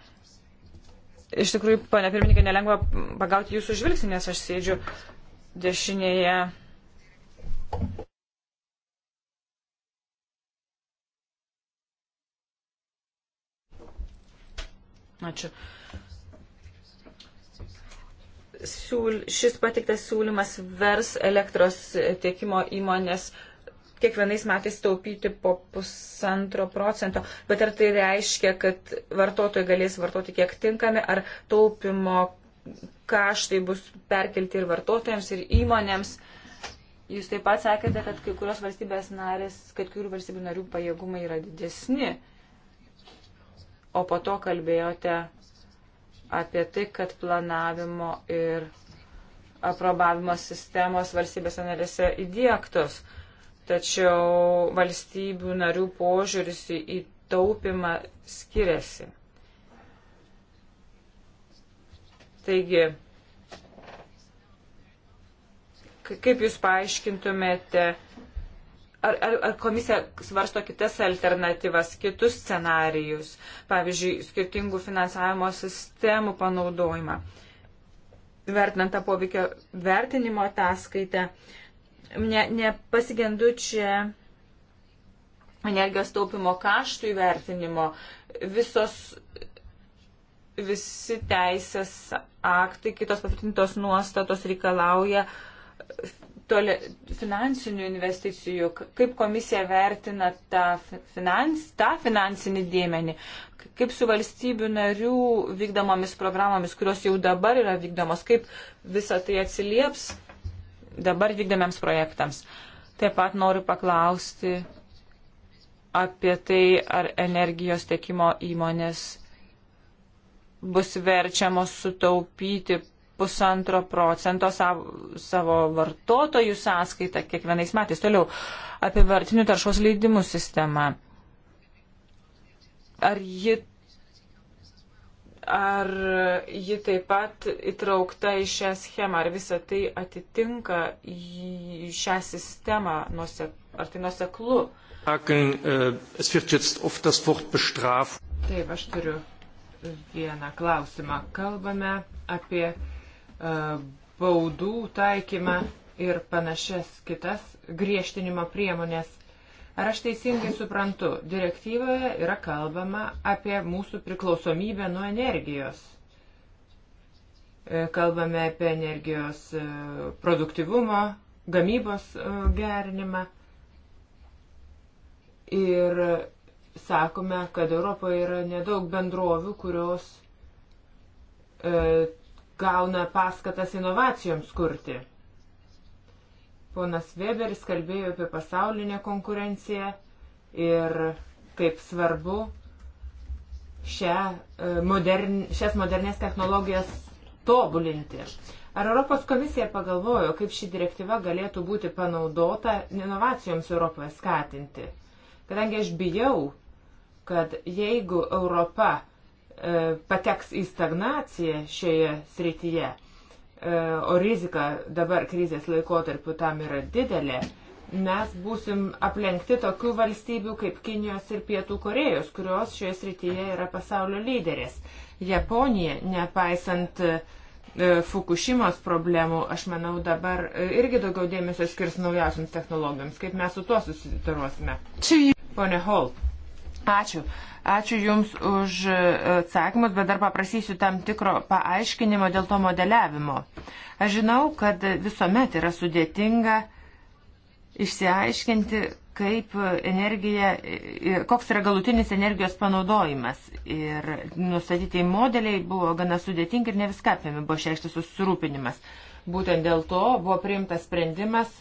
B: Iš tikrųjų, pane pirmininkai, nelengva pagauti jūsų žvilgsnį, nes aš sėdžiu dešinėje Ačiū. Siūl, šis patiktas siūlymas vers elektros tiekimo įmonės kiekvienais metais taupyti po pusantro procento. Bet ar tai reiškia, kad vartotojai galės vartoti kiek tinkami, ar taupimo kaštai bus perkelti ir vartotojams, ir įmonėms? Uh, Jūs taip pat sakėte, kad kai kurios valstybės narės, kad kurių valstybių narių pajėgumai yra didesni. O po to kalbėjote apie tai, kad planavimo ir aprobavimo sistemos valstybės narėse įdėktos. Tačiau valstybių narių požiūris į taupimą skiriasi. Taigi, Kaip Jūs paaiškintumėte, ar, ar, ar komisija svarsto kitas alternatyvas, kitus scenarijus, pavyzdžiui, skirtingų finansavimo sistemų panaudojimą? Vertinant tą poveikio vertinimo ataskaitę, ne, nepasigendu čia energijos taupimo kaštų įvertinimo. Visos, visi teisės aktai, kitos patvirtintos nuostatos reikalauja uh, tole, finansinių investicijų, kaip komisija vertina tą, finans, tą finansinį dėmenį, kaip su valstybių narių vykdomomis programomis, kurios jau dabar yra vykdomos, kaip visa tai atsilieps dabar vykdomiams projektams. Taip pat noriu paklausti apie tai, ar energijos tiekimo įmonės bus verčiamos sutaupyti pusantro procento savo, savo vartotojų sąskaitą kiekvienais metais. Toliau apie vartinių taršos leidimų sistemą. Ar ji, ar ji taip pat įtraukta į šią schemą, ar visa tai atitinka į šią sistemą,
D: ar tai nuseklu? Äh, taip, aš turiu vieną klausimą. Kalbame apie E, baudų taikymą ir panašias kitas griežtinimo priemonės. Ar aš teisingai suprantu, direktyvoje yra kalbama apie mūsų priklausomybę nuo energijos. E, kalbame apie energijos e, produktivumo, gamybos gerinimą. Ir sakome, kad Europoje yra nedaug bendrovių, kurios e, gauna paskatas inovacijoms kurti. Ponas Weberis kalbėjo apie pasaulinę konkurenciją ir kaip svarbu šią, e, modern, šias modernės technologijas tobulinti. Ar Europos komisija pagalvojo, kaip ši direktyva galėtų būti panaudota inovacijoms Europoje skatinti? Kadangi aš bijau, kad jeigu Europa E, pateks į stagnaciją šioje srityje, e, o rizika dabar krizės laikotarpiu tam yra didelė, mes būsim aplenkti tokių valstybių kaip Kinijos ir Pietų Korejos, kurios šioje srityje yra pasaulio lyderės. Japonija, nepaisant e, Fukushimos problemų, aš manau, dabar irgi daugiau dėmesio skirs naujausiams technologijoms. Kaip mes su tuo susidarosime? Pone Holt. Ačiū. Ačiū Jums už e, atsakymus, bet dar paprasysiu tam tikro paaiškinimo dėl to modeliavimo. Aš žinau, kad visuomet yra sudėtinga išsiaiškinti, kaip energija, e, koks yra galutinis energijos panaudojimas. Ir nustatyti modeliai buvo gana sudėtingi ir ne viską apėmė, buvo šeštas susirūpinimas. Būtent dėl to buvo priimtas sprendimas,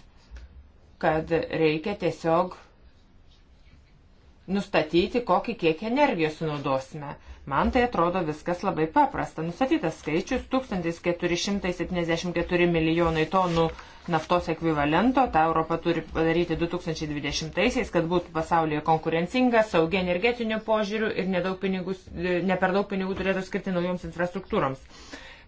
D: kad reikia tiesiog nustatyti, kokį kiekį energijos sunaudosime. Man tai atrodo viskas labai paprasta. Nustatytas skaičius 1474 milijonai tonų naftos ekvivalento, tą Europą turi padaryti 2020-aisiais, kad būtų pasaulyje konkurencinga, saugi energetiniu požiūriu ir ne per daug pinigų turėtų skirti naujoms infrastruktūroms.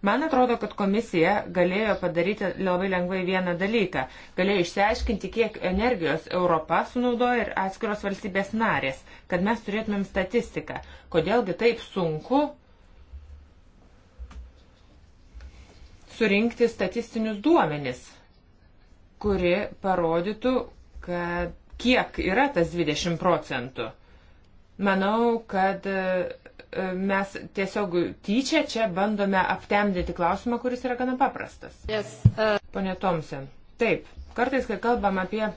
D: Man atrodo, kad komisija galėjo padaryti labai lengvai vieną dalyką. Galėjo išsiaiškinti, kiek energijos Europa sunaudoja ir atskiros valstybės narės, kad mes turėtumėm statistiką. Kodėlgi taip sunku surinkti statistinius duomenis, kuri parodytų, kad kiek yra tas 20 procentų. Manau, kad mes tiesiog tyčia čia bandome aptemdyti klausimą, kuris yra gana paprastas. Yes, uh... Pone Tomsen, taip, kartais, kai kalbam apie.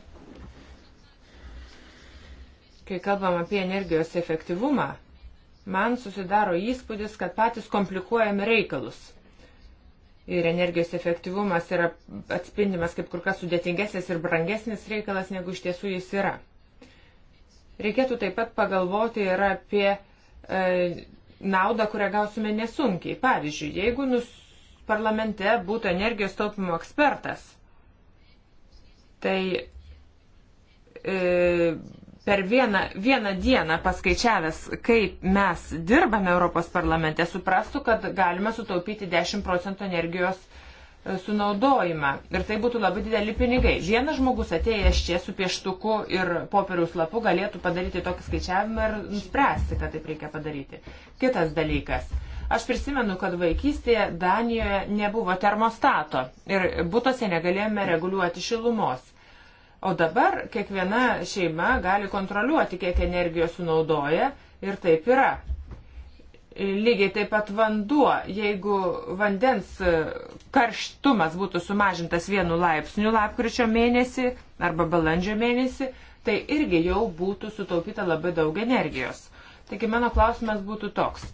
D: Kai kalbam apie energijos efektyvumą, man susidaro įspūdis, kad patys komplikuojame reikalus. Ir energijos efektyvumas yra atspindimas kaip kur kas sudėtingesnis ir brangesnis reikalas, negu iš tiesų jis yra. Reikėtų taip pat pagalvoti ir apie E, naudą, kurią gausime nesunkiai. Pavyzdžiui, jeigu nus parlamente būtų energijos taupimo ekspertas, tai e, per vieną, vieną dieną paskaičiavęs, kaip mes dirbame Europos parlamente, suprastų, kad galime sutaupyti 10 procentų energijos E, sunaudojimą. Ir tai būtų labai dideli pinigai. Vienas žmogus atėjęs čia su pieštuku ir popieriaus lapu galėtų padaryti tokį skaičiavimą ir nuspręsti, kad taip reikia padaryti. Kitas dalykas. Aš prisimenu, kad vaikystėje Danijoje nebuvo termostato ir būtose negalėjome reguliuoti šilumos. O dabar kiekviena šeima gali kontroliuoti, kiek energijos sunaudoja ir taip yra. Lygiai taip pat vanduo, jeigu vandens e, karštumas būtų sumažintas vienu laipsniu lapkričio mėnesį arba balandžio mėnesį, tai irgi jau būtų sutaupyta labai daug energijos. Taigi mano klausimas būtų toks.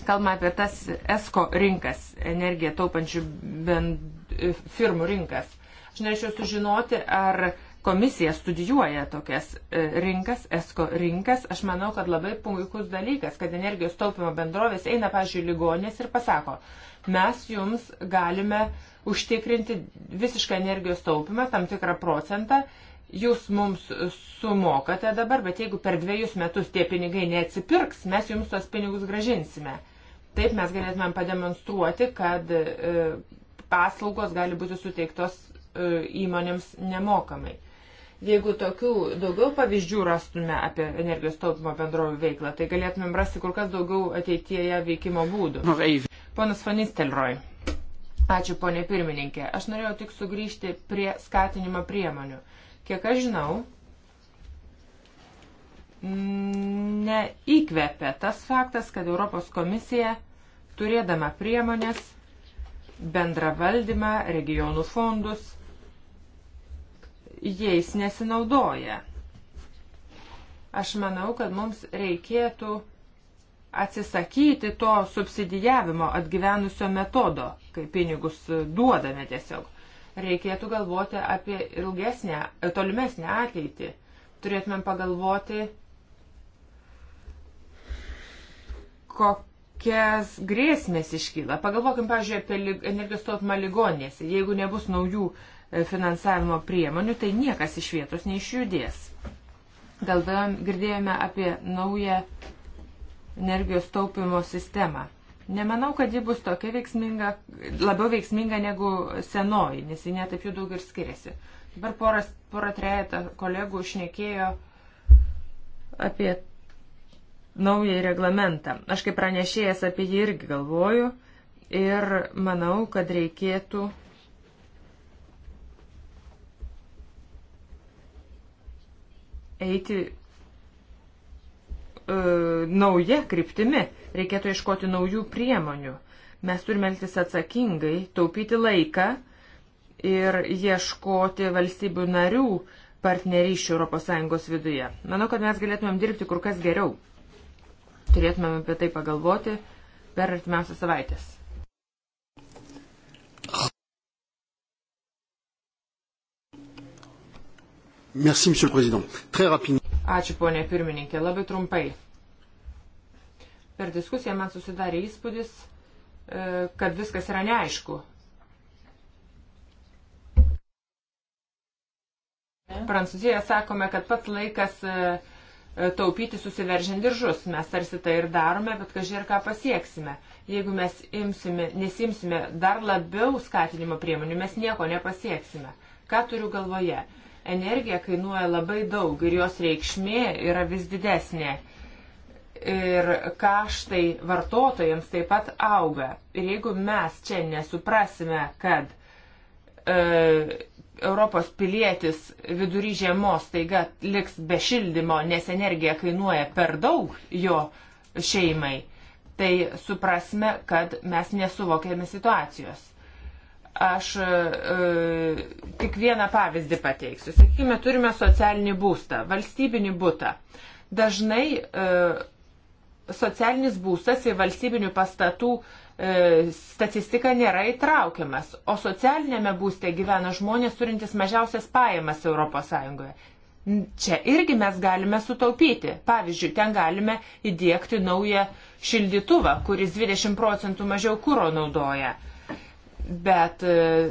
D: Kalbame apie tas ESCO rinkas, energiją taupančių bend, e, firmų rinkas. Aš norėčiau sužinoti, ar Komisija studijuoja tokias e, rinkas, ESCO rinkas. Aš manau, kad labai puikus dalykas, kad energijos taupimo bendrovės eina, pažiūrėjau, ligonės ir pasako, mes jums galime užtikrinti visišką energijos taupimą, tam tikrą procentą. Jūs mums sumokate dabar, bet jeigu per dviejus metus tie pinigai neatsipirks, mes jums tuos pinigus gražinsime. Taip mes galėtumėm pademonstruoti, kad e, paslaugos gali būti suteiktos e, įmonėms nemokamai. Jeigu tokių daugiau pavyzdžių rastume apie energijos taupimo bendrovių veiklą, tai galėtumėm rasti kur kas daugiau ateityje veikimo būdų. Nu, Ponas Fanistelroj. Ačiū, ponė pirmininkė. Aš norėjau tik sugrįžti prie skatinimo priemonių. Kiek aš žinau, neįkvepia tas faktas, kad Europos komisija, turėdama priemonės, bendravaldymą, regionų fondus, jais nesinaudoja. Aš manau, kad mums reikėtų atsisakyti to subsidijavimo atgyvenusio metodo, kai pinigus duodame tiesiog. Reikėtų galvoti apie ilgesnę, tolimesnę ateitį. Turėtumėm pagalvoti, kokias grėsmės iškyla. Pagalvokim, pavyzdžiui, apie energijos taupimą ligonėse. Jeigu nebus naujų uh, finansavimo priemonių, tai niekas iš vietos neišjudės. Galvėjom, girdėjome apie naują energijos taupimo sistemą. Nemanau, kad ji bus tokia veiksminga, labiau veiksminga negu senoji, nes ji netaip jų daug ir skiriasi. Dabar poras, pora trejata kolegų išnekėjo apie naują reglamentą. Aš kaip pranešėjas apie jį irgi galvoju ir manau, kad reikėtų eiti e, nauja kryptimi, reikėtų ieškoti naujų priemonių. Mes turime elgtis atsakingai, taupyti laiką ir ieškoti valstybių narių partnerysčių ES viduje. Manau, kad mes galėtumėm dirbti kur kas geriau. Turėtumėm apie tai pagalvoti per artimiausias savaitės.
C: Merci, monsieur le président. Très rapidement.
D: Ačiū, ponė pirmininkė, labai trumpai. Per diskusiją man susidarė įspūdis, e, kad viskas yra neaišku. Prancūzijoje sakome, kad pats laikas e, e, taupyti susiveržiant diržus. Mes tarsi tai ir darome, bet kažkai ir ką pasieksime. Jeigu mes imsime, nesimsime dar labiau skatinimo priemonių, mes nieko nepasieksime. Ką turiu galvoje? Energija kainuoja labai daug ir jos reikšmė yra vis didesnė. Ir kaštai vartotojams taip pat auga. Ir jeigu mes čia nesuprasime, kad e, Europos pilietis vidury žiemos taiga liks be šildymo, nes energija kainuoja per daug jo šeimai, tai suprasme, kad mes nesuvokėme situacijos. Aš e, tik vieną pavyzdį pateiksiu. Sakykime, turime socialinį būstą, valstybinį būtą. Dažnai e, socialinis būstas į valstybinių pastatų e, statistiką nėra įtraukiamas, o socialinėme būste gyvena žmonės turintys mažiausias pajamas ES. Čia irgi mes galime sutaupyti. Pavyzdžiui, ten galime įdėkti naują šildytuvą, kuris 20 procentų mažiau kūro naudoja bet e,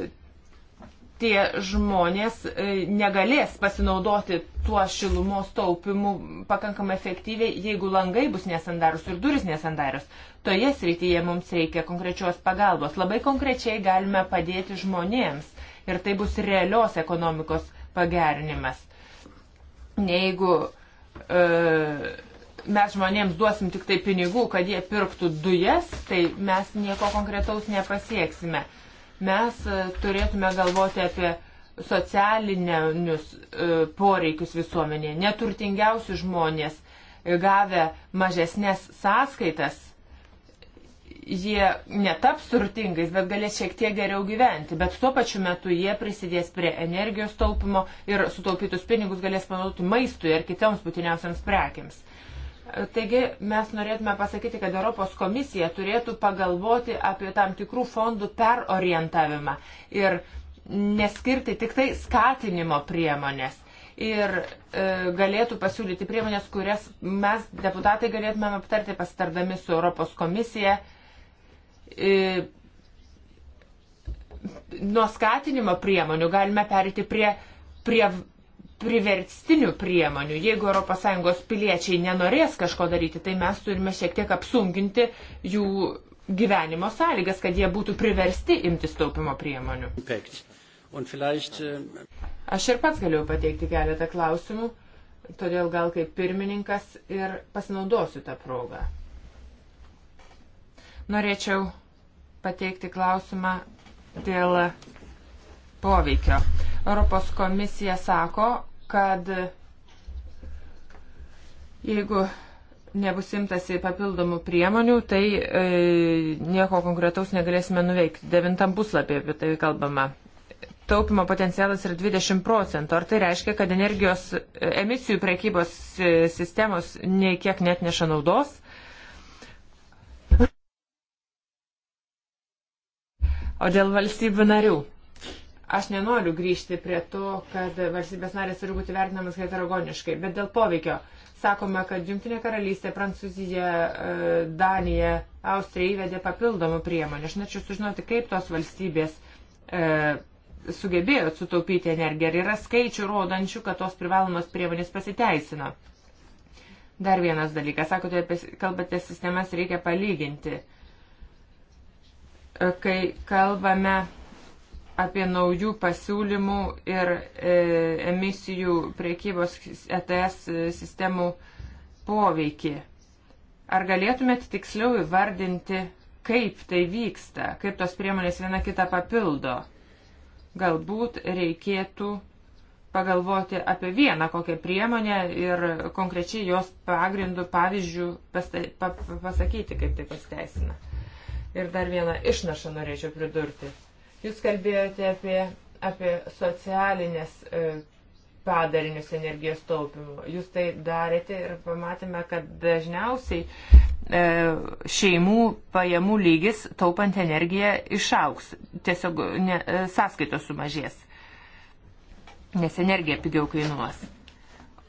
D: tie žmonės e, negalės pasinaudoti tuo šilumos taupimu pakankamai efektyviai, jeigu langai bus nesandarus ir duris nesandarus. Toje srityje mums reikia konkrečios pagalbos. Labai konkrečiai galime padėti žmonėms ir tai bus realios ekonomikos pagerinimas. Ne jeigu e, mes žmonėms duosim tik tai pinigų, kad jie pirktų dujas, tai mes nieko konkretaus nepasieksime. E, Mes e, turėtume galvoti apie socialinius e, poreikius visuomenėje. Neturtingiausi žmonės e, gavę mažesnės sąskaitas, jie netaps turtingais, bet galės šiek tiek geriau gyventi. Bet tuo pačiu metu jie prisidės prie energijos taupimo ir sutaupytus pinigus galės panaudoti maistui ar kitiems būtiniausiams prekiams. Taigi mes norėtume pasakyti, kad Europos komisija turėtų pagalvoti apie tam tikrų fondų perorientavimą ir neskirti tik tai skatinimo priemonės. Ir e, galėtų pasiūlyti priemonės, kurias mes deputatai galėtume aptarti pasitardami su Europos komisija. E, nuo skatinimo priemonių galime perėti prie, prie priverstinių priemonių. Jeigu ES piliečiai nenorės kažko daryti, tai mes turime šiek tiek apsunkinti jų gyvenimo sąlygas, kad jie būtų priversti imtis taupimo priemonių. Äh, Aš ir pats galėjau pateikti keletą klausimų, todėl gal kaip pirmininkas ir pasinaudosiu tą progą. Norėčiau pateikti klausimą dėl poveikio. Europos komisija sako, kad jeigu nebus imtasi papildomų priemonių, tai e, nieko konkretaus negalėsime nuveikti. Devintam puslapį apie tai kalbama. Taupimo potencialas yra 20 procentų. Ar tai reiškia, kad energijos e, emisijų prekybos e, sistemos nei kiek net neša naudos? O dėl valstybių narių. Aš nenoriu grįžti prie to, kad valstybės narės turi būti vertinamas heterogoniškai, bet dėl poveikio. Sakome, kad Junktinė karalystė, Prancūzija, e, Danija, Austrija įvedė papildomų priemonių. Aš norėčiau sužinoti, kaip tos valstybės e, sugebėjo sutaupyti energiją. Ar yra skaičių rodančių, kad tos privalomos priemonės pasiteisino? Dar vienas dalykas. Sakote, kalbate, sistemas reikia palyginti. E, kai kalbame apie naujų pasiūlymų ir e, emisijų priekybos ETS e e, sistemų poveikį. Ar galėtumėt tiksliau įvardinti, kaip tai vyksta, kaip tos priemonės viena kitą papildo? Galbūt reikėtų pagalvoti apie vieną kokią priemonę ir konkrečiai jos pagrindų pavyzdžių pasta, pa, pasakyti, kaip tai pasiteisina. Ir dar vieną išnašą norėčiau pridurti. Jūs kalbėjote apie, apie socialinės e, padarinius energijos taupimo. Jūs tai darėte ir pamatėme, kad dažniausiai e, šeimų pajamų lygis taupant energiją išauks, tiesiog ne, e, sąskaitos sumažės, nes energija pigiau kainuos.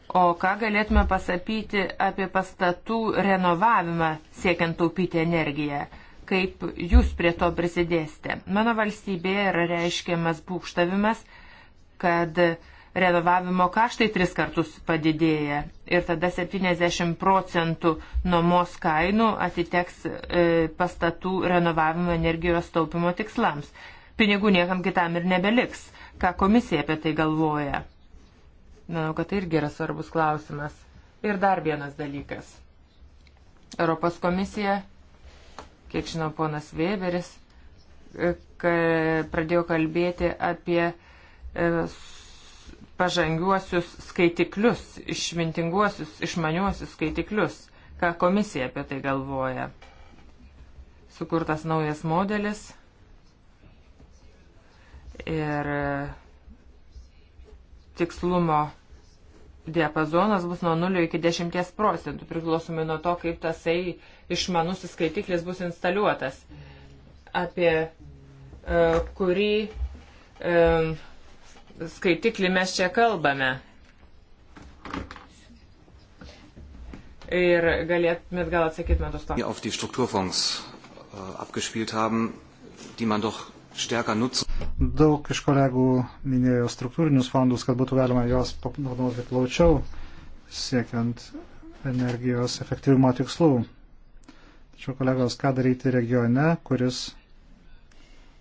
D: O ką galėtume pasakyti apie pastatų renovavimą siekiant taupyti energiją? Kaip jūs prie to prisidėsite? Mano valstybėje yra reiškiamas būkštavimas, kad renovavimo kaštai tris kartus padidėja ir tada 70 procentų nuomos kainų atiteks e, pastatų renovavimo energijos taupimo tikslams. Pinigų niekam kitam ir nebeliks. Ką komisija apie tai galvoja? Manau, kad tai irgi yra svarbus klausimas. Ir dar vienas dalykas. Europos komisija, kiek žinau, ponas Weberis pradėjo kalbėti apie e, pažangiuosius skaitiklius, išmintinguosius, išmaniuosius skaitiklius, ką komisija apie tai galvoja. Sukurtas naujas modelis ir e, tikslumo diapazonas bus nuo 0 iki 10 procentų, priklausomai nuo to, kaip tasai išmanusis skaitiklis bus instaliuotas. Mhm apie e, kurį e, skaitiklį mes čia kalbame. Ir galėtumėt gal atsakyti man tos to. Auf
A: die Strukturfonds äh, abgespielt haben, die man doch stärker nutzen. Daug iš kolegų minėjo struktūrinius fondus, kad būtų galima juos panaudoti plaučiau, siekiant energijos efektyvumo tikslų. Tačiau kolegos, ką daryti regione, kuris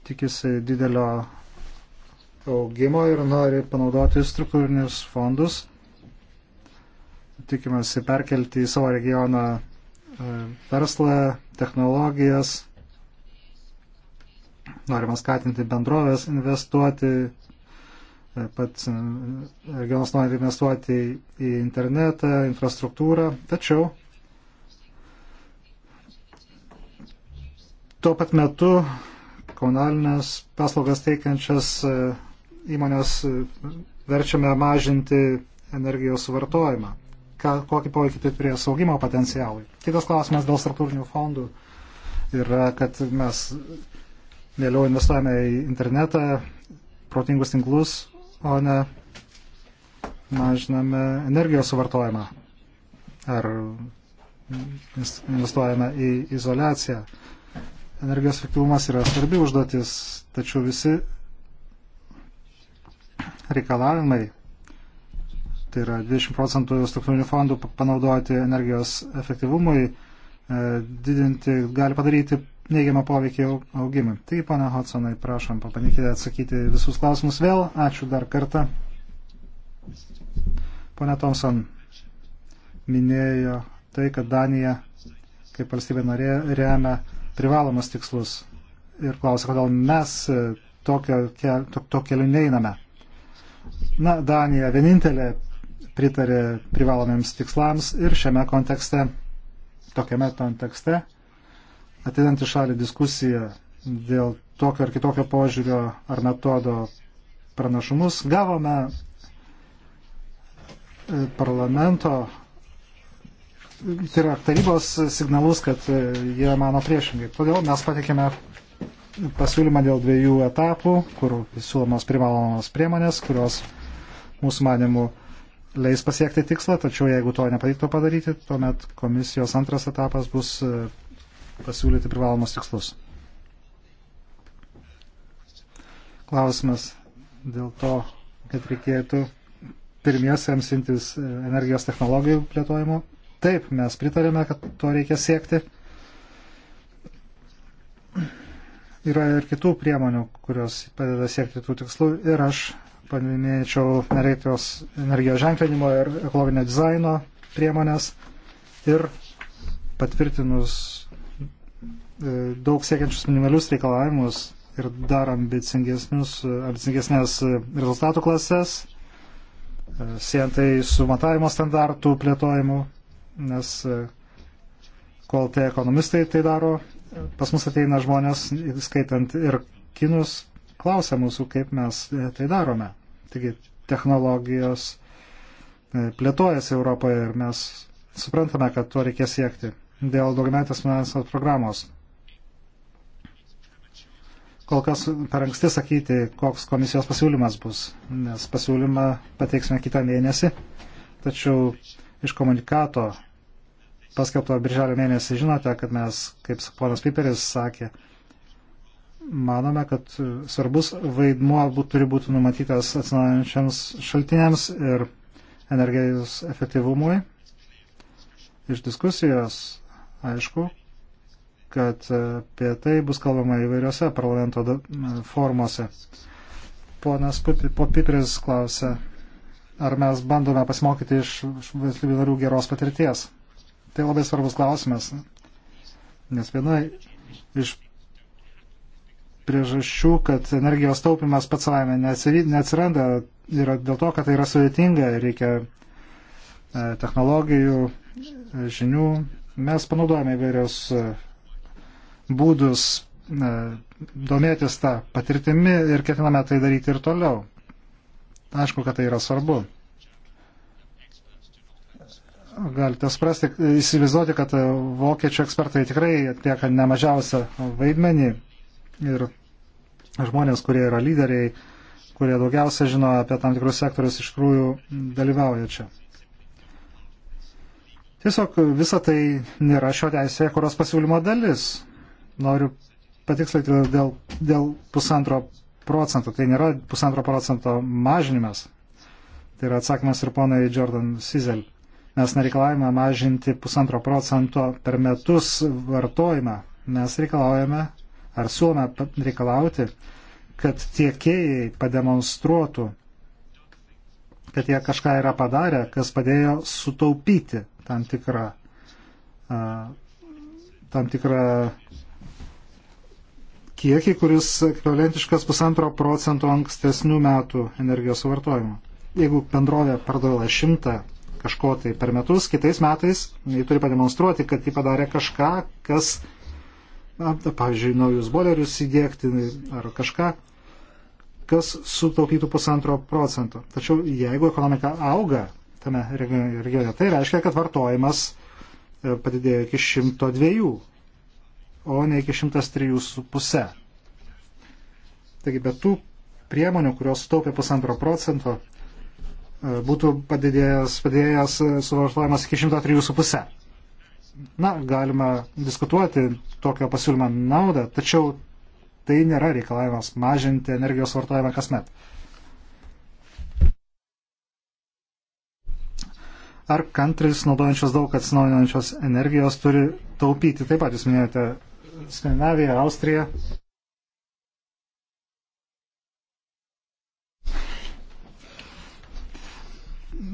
A: tikisi didelio augimo ir nori panaudoti struktūrinius fondus. Tikimasi perkelti į savo regioną e, verslą, technologijas. Norima skatinti bendrovės investuoti, e, pats e, regionas nori investuoti į internetą, infrastruktūrą, tačiau tuo pat metu komunalinės paslaugas teikiančias e, įmonės e, verčiame mažinti energijos suvartojimą. Ką, kokį poveikį tai turės augimo potencialui. Kitas klausimas dėl struktūrinių fondų yra, kad mes vėliau investuojame į internetą, protingus tinklus, o ne mažiname energijos suvartojimą ar investuojame į izolaciją. Energijos efektyvumas yra svarbi užduotis, tačiau visi reikalavimai, tai yra 20 procentų struktūrinių fondų panaudoti energijos efektyvumui, e, didinti gali padaryti neigiamą poveikį augimui. Taigi, pana Hotsonai, prašom, papandykite atsakyti visus klausimus vėl. Ačiū dar kartą. Pone Thompson minėjo tai, kad Danija kaip valstybė norė remia privalomus tikslus ir klausia, kodėl mes e, tokio, to, to keliu neiname. Na, Danija vienintelė pritarė privalomiems tikslams ir šiame kontekste, tokiame kontekste, atidant į šalį diskusiją dėl tokio ar kitokio požiūrio ar metodo pranašumus, gavome e, parlamento tai yra tarybos signalus, kad e, jie mano priešingai. Todėl mes patikėme pasiūlymą dėl dviejų etapų, kur siūlomos privalomos priemonės, kurios mūsų manimų leis pasiekti tikslą, tačiau jeigu to nepavyktų padaryti, tuomet komisijos antras etapas bus e, pasiūlyti privalomus tikslus. Klausimas dėl to, kad reikėtų pirmiesiems imtis e, energijos technologijų plėtojimo Taip, mes pritarėme, kad to reikia siekti. Yra ir kitų priemonių, kurios padeda siekti tų tikslų ir aš paminėčiau energijos ženklinimo ir ekologinio dizaino priemonės ir patvirtinus e, daug siekiančius minimalius reikalavimus ir dar e, ambicingesnės e, rezultatų klases, siejantai su matavimo standartų plėtojimu, nes e, kol tie ekonomistai tai daro, e, pas mus ateina žmonės, skaitant ir kinus, klausia mūsų, kaip mes e, tai darome. Taigi technologijos plėtojasi Europoje ir mes suprantame, kad to reikės siekti dėl daugiametės finansinės programos. Kol kas per anksti sakyti, koks komisijos pasiūlymas bus, nes pasiūlymą pateiksime kitą mėnesį, tačiau iš komunikato paskelbto birželio mėnesį, žinote, kad mes, kaip ponas Piperis sakė, manome, kad svarbus vaidmuo būt, turi būti numatytas atsinaujančiams šaltiniams ir energijos efektyvumui. Iš diskusijos aišku, kad apie tai bus kalbama įvairiose parlamento formuose. Ponas Popipris klausė, ar mes bandome pasimokyti iš valstybių narių geros patirties. Tai labai svarbus klausimas, nes viena iš priežasčių, kad energijos taupimas pats savame neatsiranda, yra dėl to, kad tai yra sudėtinga, reikia e, technologijų, e, žinių. Mes panaudojame įvairios e, būdus domėtis tą patirtimi ir ketiname tai daryti ir toliau. Aišku, kad tai yra svarbu galite suprasti, įsivaizduoti, kad e, vokiečių ekspertai tikrai atlieka nemažiausią vaidmenį ir žmonės, kurie yra lyderiai, kurie daugiausia žino apie tam tikrus sektorius, iš tikrųjų dalyvauja čia. Tiesiog visa tai nėra šio teisėje, kurios pasiūlymo dalis. Noriu patikslinti dėl, dėl pusantro procento. Tai nėra pusantro procento mažinimas. Tai yra atsakymas ir ponai Jordan Sizel. Mes nereikalavime mažinti pusantro procento per metus vartojimą. Mes reikalaujame, ar siūlome reikalauti, kad tiekėjai pademonstruotų, kad jie kažką yra padarę, kas padėjo sutaupyti tam tikrą, tam tikrą kiekį, kuris ekvivalentiškas pusantro procento ankstesnių metų energijos suvartojimo. Jeigu bendrovė parduoda šimtą kažko tai per metus, kitais metais jie turi pademonstruoti, kad jie padarė kažką, kas, na, pavyzdžiui, naujus bolerius įdėkti ar kažką, kas sutaupytų pusantro procento. Tačiau jeigu ekonomika auga tame regione, tai reiškia, kad vartojimas e, padidėjo iki 102, o ne iki 103,5. Taigi, bet tų priemonių, kurios sutaupė pusantro procento, E, būtų padidėjęs, padidėjęs suvartojimas iki 103,5. Na, galima diskutuoti tokio pasiūlymo naudą, tačiau tai nėra reikalavimas mažinti energijos vartojimą kasmet. Ar kantris naudojančios daug atsinaujinančios energijos turi taupyti? Taip pat jūs minėjote Skandinaviją, Austriją.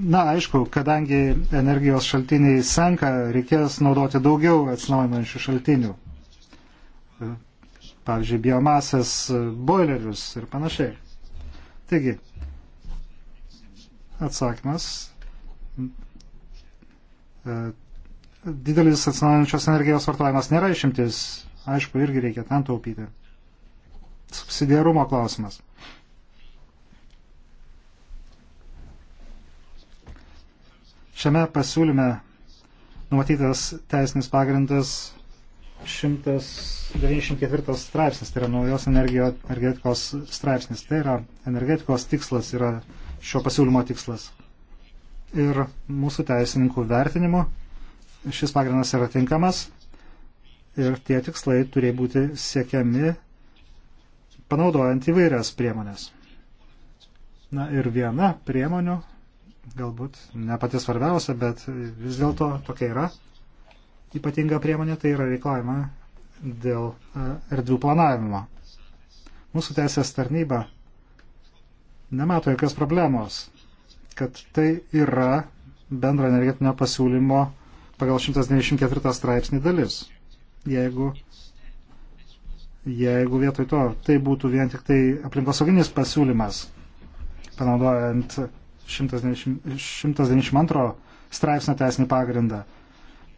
A: Na, aišku, kadangi energijos šaltiniai senka, reikės naudoti daugiau atsinaujinančių šaltinių. Pavyzdžiui, biomasės, boilerius ir panašiai. Taigi, atsakymas. Didelis atsinaujinančios energijos vartojimas nėra išimtis. Aišku, irgi reikia ten taupyti. Subsidiarumo klausimas. Šiame pasiūlyme numatytas teisinis pagrindas 194 straipsnis, tai yra naujos energetikos straipsnis. Tai yra energetikos tikslas, yra šio pasiūlymo tikslas. Ir mūsų teisininkų vertinimu šis pagrindas yra tinkamas ir tie tikslai turėjo būti siekiami panaudojant įvairias priemonės. Na ir viena priemonių galbūt ne pati svarbiausia, bet vis dėlto tokia yra ypatinga priemonė, tai yra reikalavimą dėl e, erdvių planavimo. Mūsų teisės tarnyba nemato jokios problemos, kad tai yra bendro energetinio pasiūlymo pagal 194 straipsnį dalis. Jeigu, jeigu vietoj to tai būtų vien tik tai aplinkosauginis pasiūlymas, panaudojant 192 straipsnio teisinį pagrindą.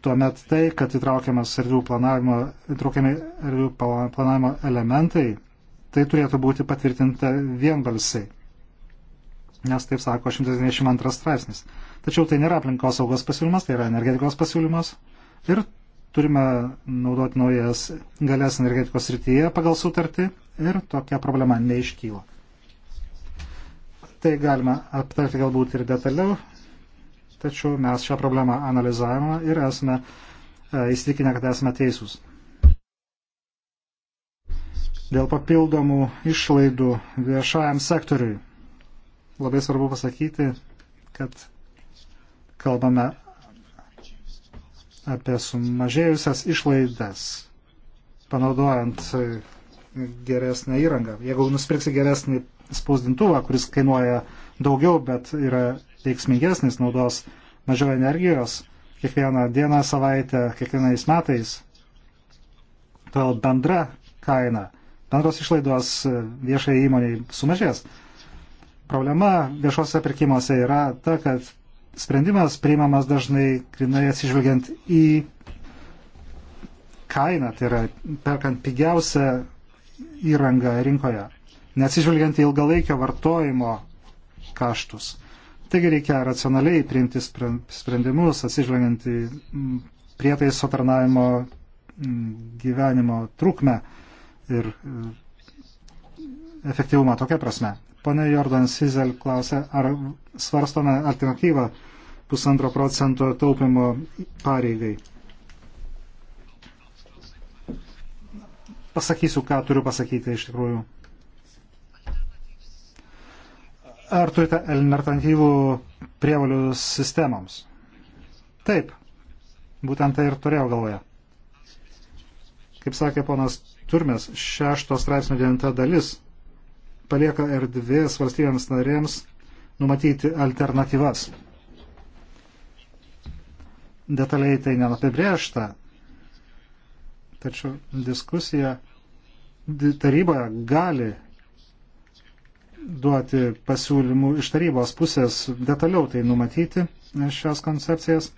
A: Tuomet tai, kad įtraukiamas erdvių planavimo, įtraukiami erdvių planavimo elementai, tai turėtų būti patvirtinta vienbalsiai. Nes taip sako 192 straipsnis. Tačiau tai nėra aplinkos saugos pasiūlymas, tai yra energetikos pasiūlymas. Ir turime naudoti naujas galės energetikos rytyje pagal sutartį ir tokia problema neiškyla. Tai galima aptarti galbūt ir detaliau, tačiau mes šią problemą analizavome ir esame e, įsitikinę, kad esame teisūs. Dėl papildomų išlaidų viešajam sektoriui labai svarbu pasakyti, kad kalbame apie sumažėjusias išlaidas, panaudojant geresnę įrangą. Jeigu nusipirksi geresnį spausdintuvą, kuris kainuoja daugiau, bet yra veiksmingesnis, naudos mažiau energijos kiekvieną dieną, savaitę, kiekvienais metais. Todėl bendra kaina, bendros išlaidos viešai įmoniai sumažės. Problema viešuose pirkimuose yra ta, kad sprendimas priimamas dažnai grinai atsižvelgiant į kainą, tai yra perkant pigiausią įrangą rinkoje neatsižvelgiant į ilgalaikio vartojimo kaštus. Taigi reikia racionaliai priimti sprendimus, atsižvelgiant į prietaiso tarnavimo gyvenimo trukmę ir e, efektyvumą tokia prasme. Pane Jordan Sizel klausė, ar svarstome alternatyvą pusantro procento taupimo pareigai. Pasakysiu, ką turiu pasakyti iš tikrųjų. Ar turite alternatyvų prievalių sistemoms? Taip, būtent tai ir turėjau galvoje. Kaip sakė ponas Turmės, šešto straipsnio devinta dalis palieka erdvės valstybėms narėms numatyti alternatyvas. Detaliai tai nenapibriešta, tačiau diskusija taryboje gali duoti pasiūlymų iš tarybos pusės detaliau tai numatyti e, šias koncepcijas.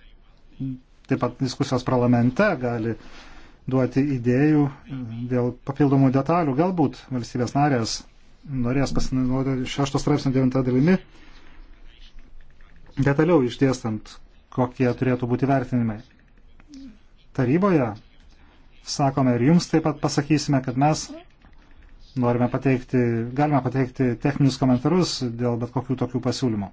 A: Taip pat diskusijos parlamente gali duoti idėjų e, dėl papildomų detalių. Galbūt valstybės narės norės pasinaudoti 6 straipsnio 9 dalimi, detaliau išdėstant, kokie turėtų būti vertinimai. Taryboje sakome ir jums taip pat pasakysime, kad mes norime pateikti, galime pateikti techninius komentarus dėl bet kokių tokių pasiūlymų.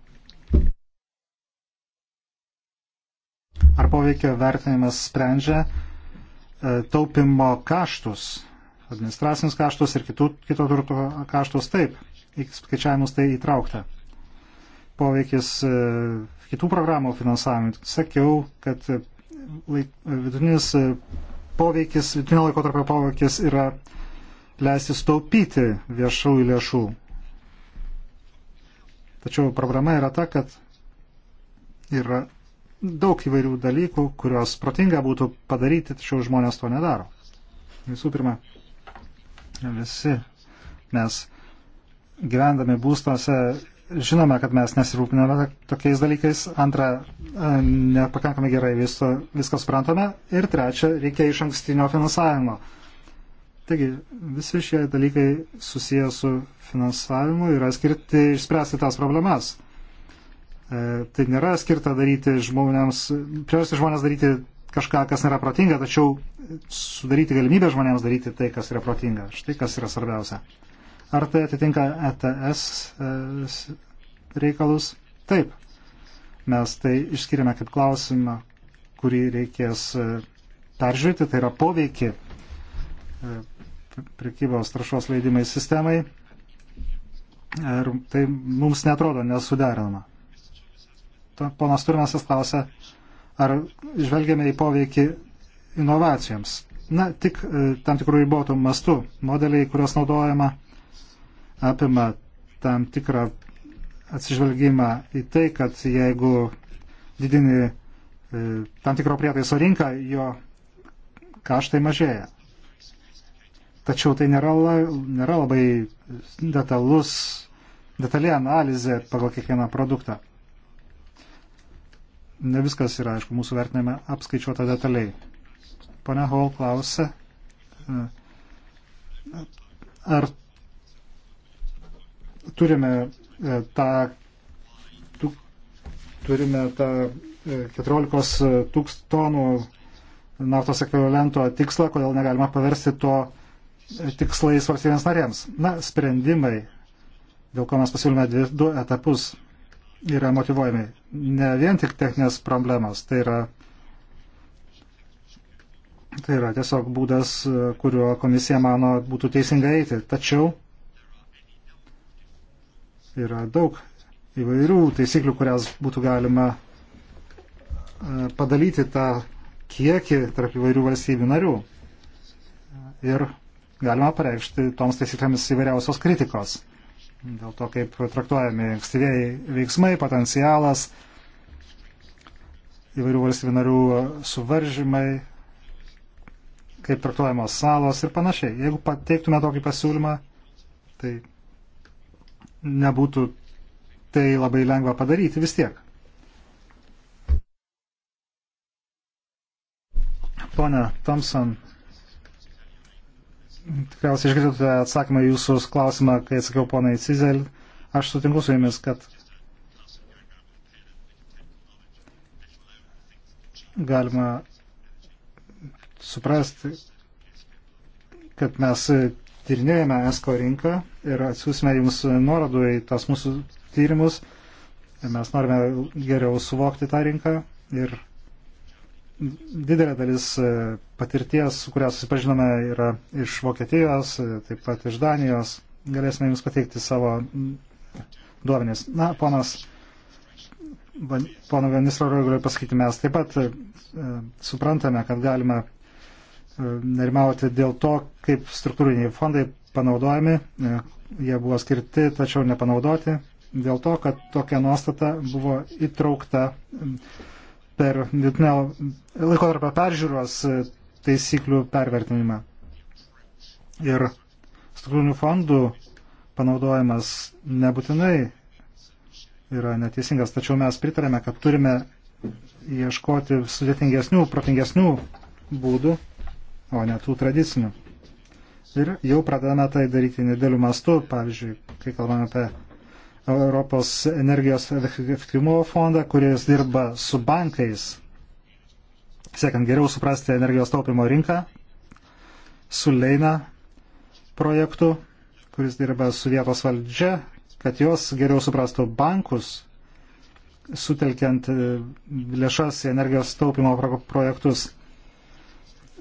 A: Ar poveikio vertinimas sprendžia e, taupimo kaštus, administracinius kaštus ir kitų, kito turto kaštus taip, į skaičiavimus tai įtraukta poveikis e, kitų programų finansavimui. Sakiau, kad e, laik, vidutinis poveikis, vidutinio laikotarpio poveikis yra leisti staupyti viešųjų lėšų. Tačiau problema yra ta, kad yra daug įvairių dalykų, kuriuos protinga būtų padaryti, tačiau žmonės to nedaro. Visų pirma, visi mes gyvendami būstuose žinome, kad mes nesirūpiname tokiais dalykais. Antra, e, nepakankamai gerai viso, viską suprantame. Ir trečia, reikia iš ankstinio finansavimo. Taigi, visi šie dalykai susiję su finansavimu yra skirti išspręsti tas problemas. E, tai nėra skirta daryti žmonėms, priversti žmonės daryti kažką, kas nėra protinga, tačiau sudaryti galimybę žmonėms daryti tai, kas yra protinga. Štai kas yra svarbiausia. Ar tai atitinka ETS e, reikalus? Taip. Mes tai išskiriame kaip klausimą, kurį reikės e, peržiūrėti, tai yra poveikį e, prekybos trašos leidimai sistemai. Ir tai mums netrodo nesuderinama. Ponas Turmesas klausia, ar žvelgiame į poveikį inovacijoms. Na, tik e, tam tikrų ribotų mastų. Modeliai, kuriuos naudojama, apima tam tikrą atsižvelgimą į tai, kad jeigu didini e, tam tikro prietaiso rinką, jo kaštai mažėja. Tačiau tai nėra, nėra labai detalus, detalė analizė pagal kiekvieną produktą. Ne viskas yra, aišku, mūsų vertinime apskaičiuota detaliai. Pone Hall klausė, e, ar turime e, tą, tu, turime tą 14 e, tūkst tonų naftos ekvivalento tikslą, kodėl negalima paversti to tikslais valstybėms narėms. Na, sprendimai, dėl ko mes pasiūlėme dvi, du etapus, yra motivuojami ne vien tik techninės problemos, tai yra, tai yra tiesiog būdas, kuriuo komisija mano būtų teisinga eiti. Tačiau yra daug įvairių taisyklių, kurias būtų galima e, padalyti tą kiekį tarp įvairių valstybių narių. Ir galima pareikšti toms taisyklėmis įvairiausios kritikos. Dėl to, kaip traktuojami ankstyvėjai veiksmai, potencialas, įvairių valstybių narių suvaržymai, kaip traktuojamos salos ir panašiai. Jeigu pateiktume tokį pasiūlymą, tai nebūtų tai labai lengva padaryti vis tiek. Pone Thompson, tikriausiai išgirdote atsakymą jūsų klausimą, kai atsakiau ponai Cizel. Aš sutinku su jumis, kad galima suprasti, kad mes tyrinėjame ESCO rinką ir atsiūsime jums nuorodų į tas mūsų tyrimus. Mes norime geriau suvokti tą rinką ir didelė dalis e, patirties, su kuria susipažinome, yra iš Vokietijos, e, taip pat iš Danijos. Galėsime Jums pateikti savo duomenys. Na, ponas, pono ministro Roigulio pasakyti, mes taip pat e, suprantame, kad galima e, nerimauti dėl to, kaip struktūriniai fondai panaudojami. E, jie buvo skirti, tačiau nepanaudoti. Dėl to, kad tokia nuostata buvo įtraukta. E, per vidutinio laikotarpio peržiūros taisyklių pervertinimą. Ir struktūrinių fondų panaudojimas nebūtinai yra neteisingas, tačiau mes pritarėme, kad turime ieškoti sudėtingesnių, protingesnių būdų, o ne tų tradicinių. Ir jau pradedame tai daryti nedėlių mastu, pavyzdžiui, kai kalbame apie Europos energijos efektyvumo fondą, kuris dirba su bankais, siekiant geriau suprasti energijos taupimo rinką, su Leina projektu, kuris dirba su vietos valdžia, kad jos geriau suprastų bankus, sutelkiant e, lėšas į energijos taupimo projektus.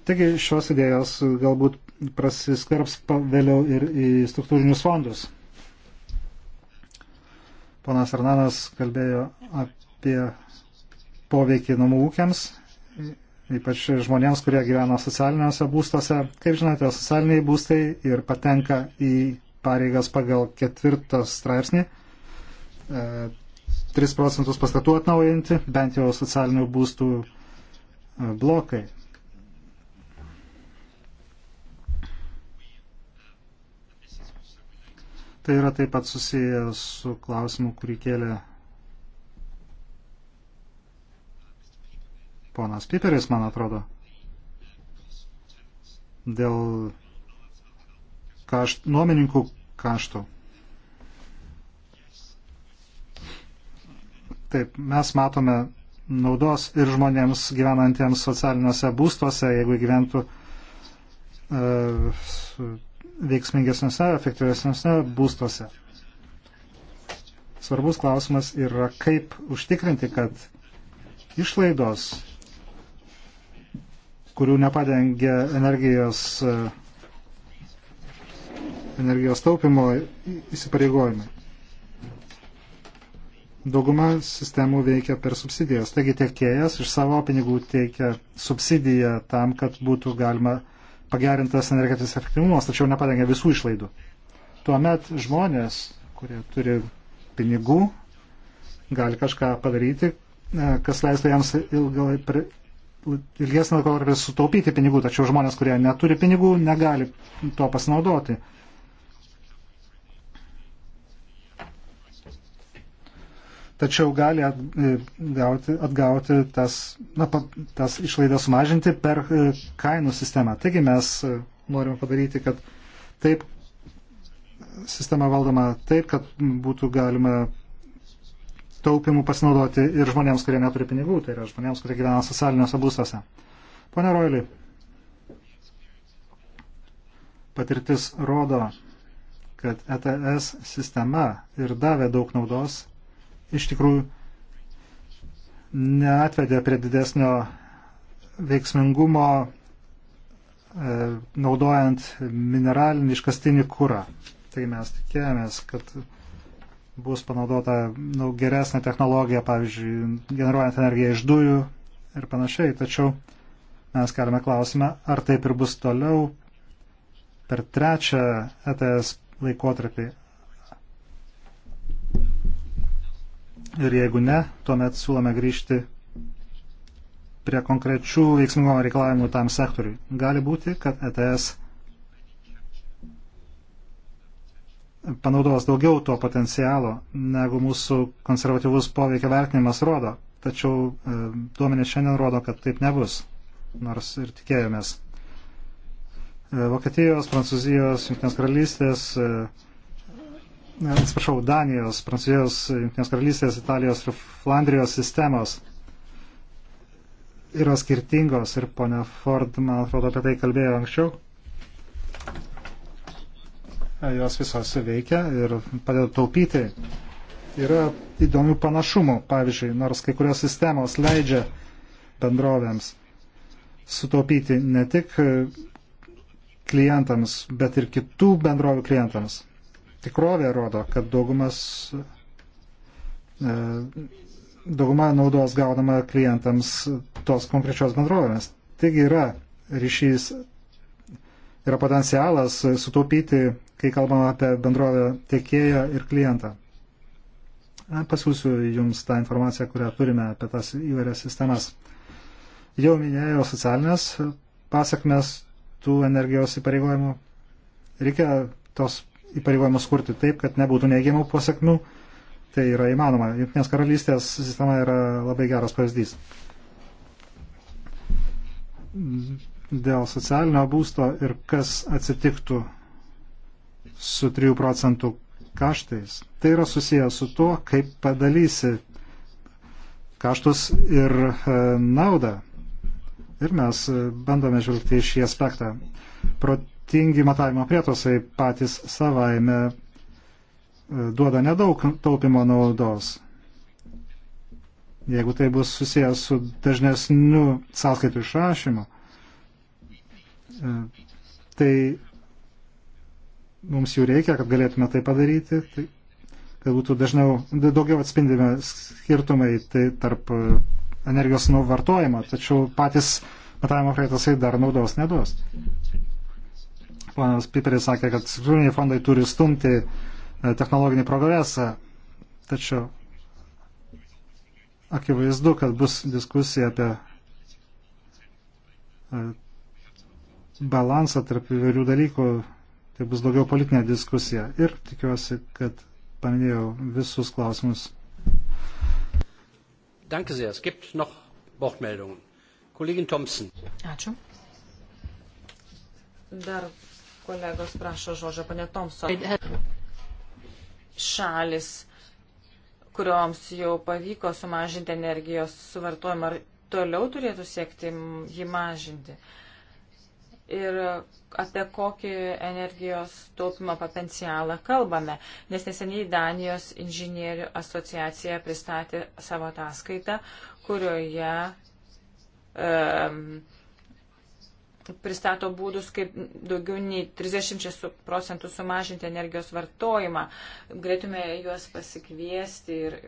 A: Taigi šios idėjos galbūt prasiskarbs vėliau ir į struktūrinius fondus. Ponas Arnanas kalbėjo apie poveikį namų ūkiams, ypač žmonėms, kurie gyvena socialiniuose būstuose. Kaip žinote, socialiniai būstai ir patenka į pareigas pagal ketvirtą straipsnį. 3 e, procentus pastatų atnaujinti, bent jau socialinių būstų e, blokai. Tai yra taip pat susiję su klausimu, kurį kėlė ponas Piperis, man atrodo, dėl kašt, nuomininkų kaštų. Taip, mes matome naudos ir žmonėms gyvenantiems socialiniuose būstuose, jeigu gyventų uh, veiksmingesniuose, efektyvesniuose būstuose. Svarbus klausimas yra, kaip užtikrinti, kad išlaidos, kurių nepadengia energijos, energijos taupimo įsipareigojimai. Dauguma sistemų veikia per subsidijas, taigi tiekėjas iš savo pinigų teikia subsidiją tam, kad būtų galima pagerintas energetinis efektyvumas, tačiau nepadengia visų išlaidų. Tuomet žmonės, kurie turi pinigų, gali kažką padaryti, e, kas leistų jiems ilgą, ilgesnį laikotarpį sutaupyti pinigų, tačiau žmonės, kurie neturi pinigų, negali tuo pasinaudoti. tačiau gali atgauti, e, atgauti tas, na, tas išlaidas sumažinti per e, kainų sistemą. Taigi mes e, norime padaryti, kad taip sistema valdoma taip, kad būtų galima taupimų pasinaudoti ir žmonėms, kurie neturi pinigų, tai yra žmonėms, kurie gyvena socialiniuose būstuose. Pone Roiliai, patirtis rodo, kad ETS sistema ir davė daug naudos iš tikrųjų neatvedė prie didesnio veiksmingumo e, naudojant mineralinį iškastinį kūrą. Taigi mes tikėjomės, kad bus panaudota nu, geresnė technologija, pavyzdžiui, generuojant energiją iš dujų ir panašiai. Tačiau mes keliame klausimą, ar taip ir bus toliau per trečią ETS laikotarpį, Ir jeigu ne, tuomet siūlome grįžti prie konkrečių veiksmingumo reikalavimų tam sektoriui. Gali būti, kad ETS panaudos daugiau to potencialo, negu mūsų konservatyvus poveikia vertinimas rodo. Tačiau e, duomenys šiandien rodo, kad taip nebus, nors ir tikėjomės. E, Vokietijos, Prancūzijos, Junktinės karalystės, e, atsiprašau, Danijos, Prancūzijos, Junktinės karalystės, Italijos ir Flandrijos sistemos yra skirtingos ir ponia Ford, man atrodo, apie tai kalbėjo anksčiau. Jos visos veikia ir padeda taupyti. Yra įdomių panašumų, pavyzdžiui, nors kai kurios sistemos leidžia bendrovėms sutaupyti ne tik klientams, bet ir kitų bendrovių klientams tikrovė rodo, kad daugumas, e, dauguma naudos gaunama klientams tos konkrečios bendrovės. Taigi yra ryšys, yra potencialas sutaupyti, kai kalbama apie bendrovę tiekėją ir klientą. Pasiūsiu Jums tą informaciją, kurią turime apie tas įvairias sistemas. Jau minėjau socialinės pasiekmes tų energijos įpareigojimų. Reikia tos įpareigojimus kurti taip, kad nebūtų neigiamų pasiekmių, tai yra įmanoma. Junktinės karalystės sistema yra labai geras pavyzdys. Dėl socialinio būsto ir kas atsitiktų su 3 procentų kaštais. Tai yra susijęs su tuo, kaip padalysi kaštus ir e, naudą. Ir mes e, bandome žvelgti į šį aspektą. Pro protingi matavimo prietosai patys savaime e, duoda nedaug taupimo naudos. Jeigu tai bus susijęs su dažnesniu sąskaitų išrašymu, e, tai mums jų reikia, kad galėtume tai padaryti, tai, kad būtų dažniau, daugiau atspindime skirtumai tai tarp e, energijos nuvartojimo, tačiau patys matavimo prietaisai dar naudos neduos. Ponas Piperis sakė, kad struktūriniai fondai turi stumti e, technologinį progresą. Tačiau akivaizdu, kad bus diskusija apie e, balansą tarp įvairių dalykų. Tai bus daugiau politinė diskusija. Ir tikiuosi, kad paminėjau visus klausimus.
C: Danke sehr. Es gibt noch Wortmeldungen. Kollegin Thompson.
B: Ačiū. Dar Kolegos prašo žodžio, pane Tomson. Šalis, kurioms jau pavyko sumažinti energijos suvartojimą, ar toliau turėtų siekti jį mažinti. Ir apie kokį energijos taupimo potencialą kalbame, nes neseniai Danijos inžinierių asociacija pristatė savo ataskaitą, kurioje um, e, pristato būdus, kaip daugiau nei 30 procentų sumažinti energijos vartojimą. Galėtume juos pasikviesti ir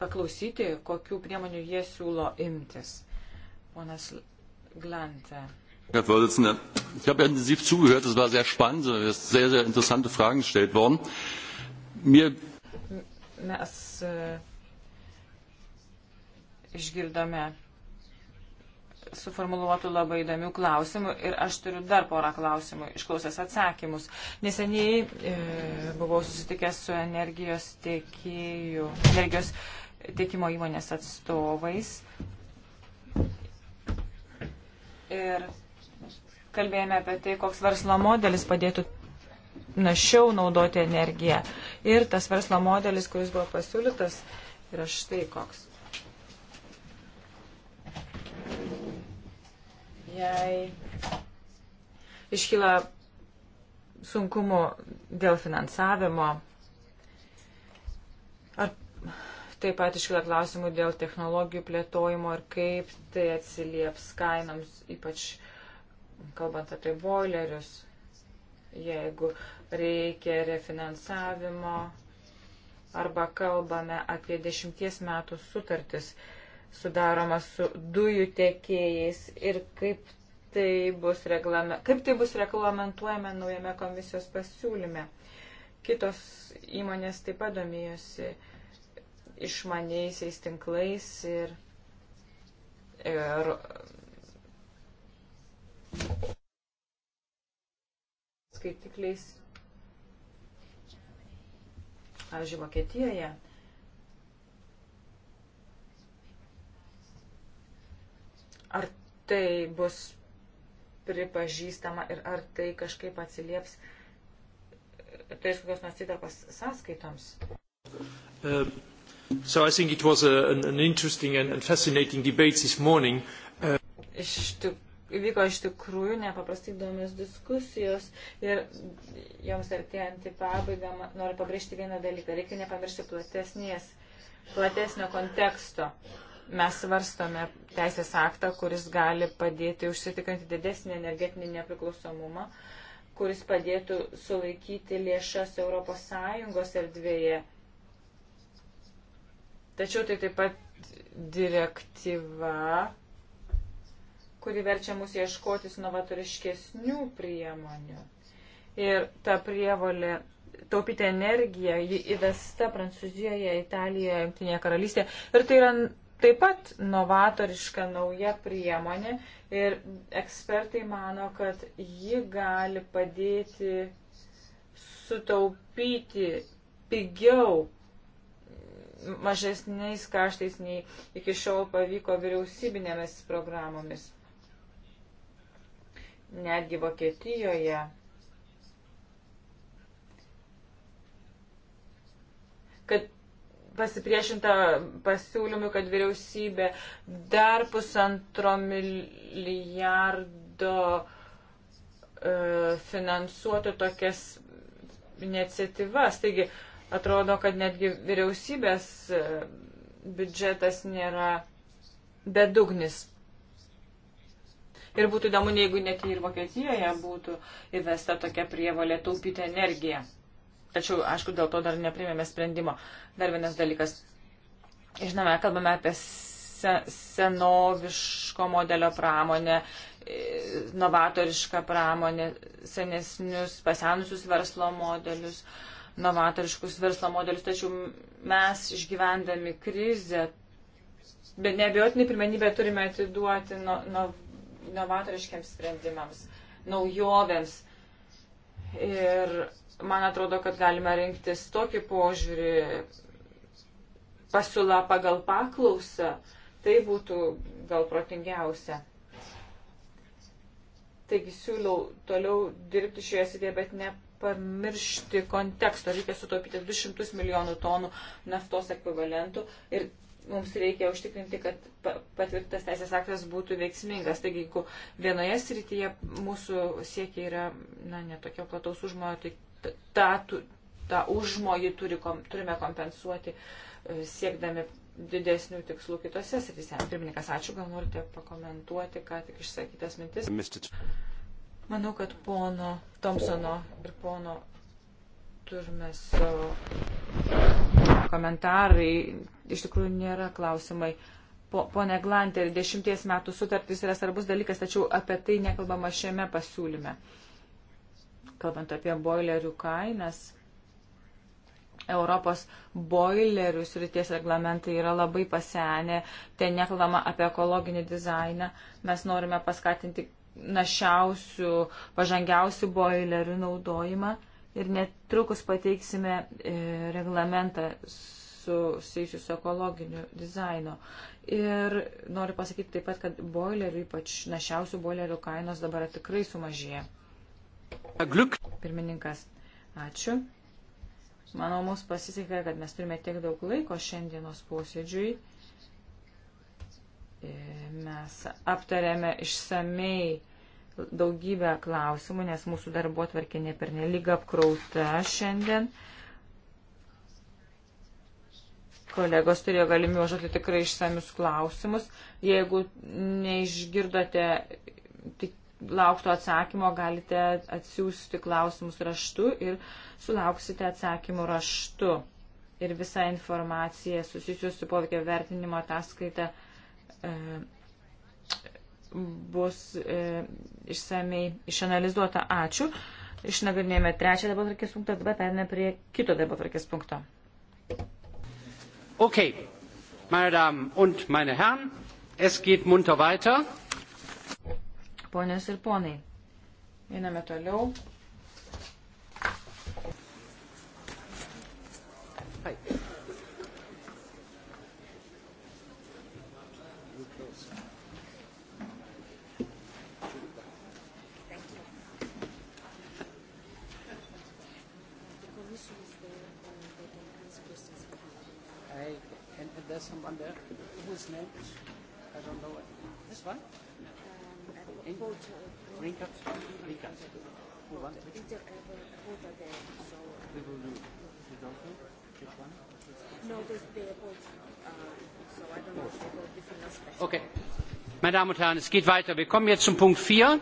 B: paklausyti, kokių priemonių jie siūlo imtis. Ponas Glantė.
C: Herr Vorsitzender, ich habe intensiv zugehört, es war sehr spannend, es sind sehr, sehr interessante Fragen gestellt worden. Mir
B: Mes, äh, išgirdome suformuluotų labai įdomių klausimų ir aš turiu dar porą klausimų, išklausęs atsakymus. Neseniai e, buvau susitikęs su energijos, tiekėjų, energijos tiekimo įmonės atstovais ir kalbėjome apie tai, koks verslo modelis padėtų našiau naudoti energiją. Ir tas verslo modelis, kuris buvo pasiūlytas, yra štai koks jei iškyla sunkumų dėl finansavimo, ar taip pat iškyla klausimų dėl technologijų plėtojimo ir kaip tai atsilieps kainams, ypač kalbant apie boilerius, jeigu reikia refinansavimo arba kalbame apie dešimties metų sutartis sudaroma su dujų tiekėjais ir kaip tai bus, reglame, kaip tai bus reglamentuojama naujame komisijos pasiūlyme. Kitos įmonės taip pat domėjosi išmaniaisiais tinklais ir, ir skaitikliais, pavyzdžiui, Vokietijoje. Ar tai bus pripažįstama ir ar tai kažkaip atsilieps tai kokios nors įtakos sąskaitoms?
C: Uh, so I think it was a, an, an interesting and, and fascinating debate this morning. Uh...
B: Iš tikrųjų vyko iš tikrųjų nepaprastai įdomios diskusijos ir joms artėjant į pabaigą noriu pabrėžti vieną dalyką. Reikia nepamiršti platesnės, platesnio konteksto mes svarstome teisės aktą, kuris gali padėti užsitikrinti didesnį energetinį nepriklausomumą, kuris padėtų sulaikyti lėšas ES erdvėje. Tačiau tai taip pat direktyva, kuri verčia mus ieškotis novatoriškesnių priemonių. Ir ta prievolė taupyti energiją, ji įvesta Prancūzijoje, Italijoje, Junktinėje karalystėje. Ir tai yra taip pat novatoriška nauja priemonė ir ekspertai mano, kad ji gali padėti sutaupyti pigiau mažesniais kaštais nei iki šiol pavyko vyriausybinėmis programomis. Netgi Vokietijoje. Kad pasipriešinta pasiūlymui, kad vyriausybė dar pusantro milijardo e, finansuotų tokias iniciatyvas. Taigi, atrodo, kad netgi vyriausybės e, biudžetas nėra bedugnis. Ir būtų įdomu, jeigu net ir Vokietijoje būtų įvesta tokia prievalė taupyti energiją tačiau, aišku, dėl to dar neprimėme sprendimo. Dar vienas dalykas. Žinome, kalbame apie senoviško modelio pramonę, e, novatorišką pramonę, senesnius, pasenusius verslo modelius, novatoriškus verslo modelius, tačiau mes išgyvendami krizę, bet neabejotinai pirmenybę turime atiduoti no, no, novatoriškiams sprendimams, naujovėms. Ir Man atrodo, kad galime rinktis tokį požiūrį pasiūla pagal paklausą. Tai būtų gal protingiausia. Taigi siūlau toliau dirbti šioje srityje, bet nepamiršti konteksto. Reikia sutaupyti 200 milijonų tonų naftos ekvivalentų ir mums reikia užtikrinti, kad patvirtintas teisės aktas būtų veiksmingas. Taigi, jeigu vienoje srityje mūsų siekiai yra na, netokio plataus užmojo, tai tą, tą užmojį turi, turime kompensuoti e, siekdami didesnių tikslų kitose srityse. Pirmininkas, ačiū, gal norite pakomentuoti, ką tik išsakytas mintis. Manau, kad pono Thompsono ir pono Turmeso komentarai iš tikrųjų nėra klausimai. Po, pone Glanter, dešimties metų sutartys yra svarbus dalykas, tačiau apie tai nekalbama šiame pasiūlyme. Uh, kalbant apie boilerių kainas. Europos boilerių srities reglamentai yra labai pasenę, ten nekalbama apie ekologinį dizainą, mes norime paskatinti našiausių, pažangiausių boilerių naudojimą ir netrukus pateiksime e, reglamentą susijusiu su ekologiniu dizainu. Ir noriu pasakyti taip pat, kad boilerių, ypač našiausių boilerių kainos dabar tikrai sumažėjo. Pirmininkas, ačiū. Manau, mums pasisekė, kad mes turime tiek daug laiko šiandienos posėdžiui. E, mes aptarėme išsamei daugybę klausimų, nes mūsų darbo atvarkė nepernelyg apkrauta šiandien. Kolegos turėjo galimybę užduoti tikrai išsamius klausimus. Jeigu neišgirdote tik laukto atsakymo galite atsiųsti klausimus raštu ir sulauksite atsakymų raštu. Ir visa informacija susijusiu su poveikio vertinimo ataskaita e, bus e, išsamei išanalizuota. Ačiū. Išnagrinėjome trečią darbo tvarkės punktą, dabar perėmėme prie kito darbo tvarkės punkto.
C: Okay. Meine Damen und meine Herren, es geht munter weiter.
B: Ponios ir ponai, einame
D: toliau. Taip.
C: Meine Damen und Herren, es geht weiter. Wir kommen jetzt zum Punkt 4.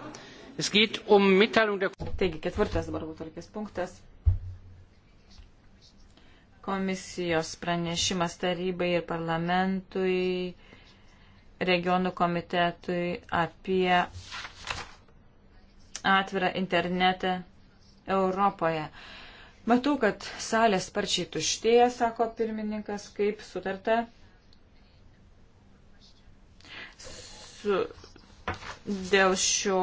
C: Es geht um Mitteilung der Taigi, ketvirtas darbotvarkės punktas.
B: Komisijos pranešimas tarybai ir parlamentui, regionų komitetui apie atvirą internetą Europoje. Matau, kad salės sparčiai tuštėja, sako pirmininkas, kaip sutarta dėl šio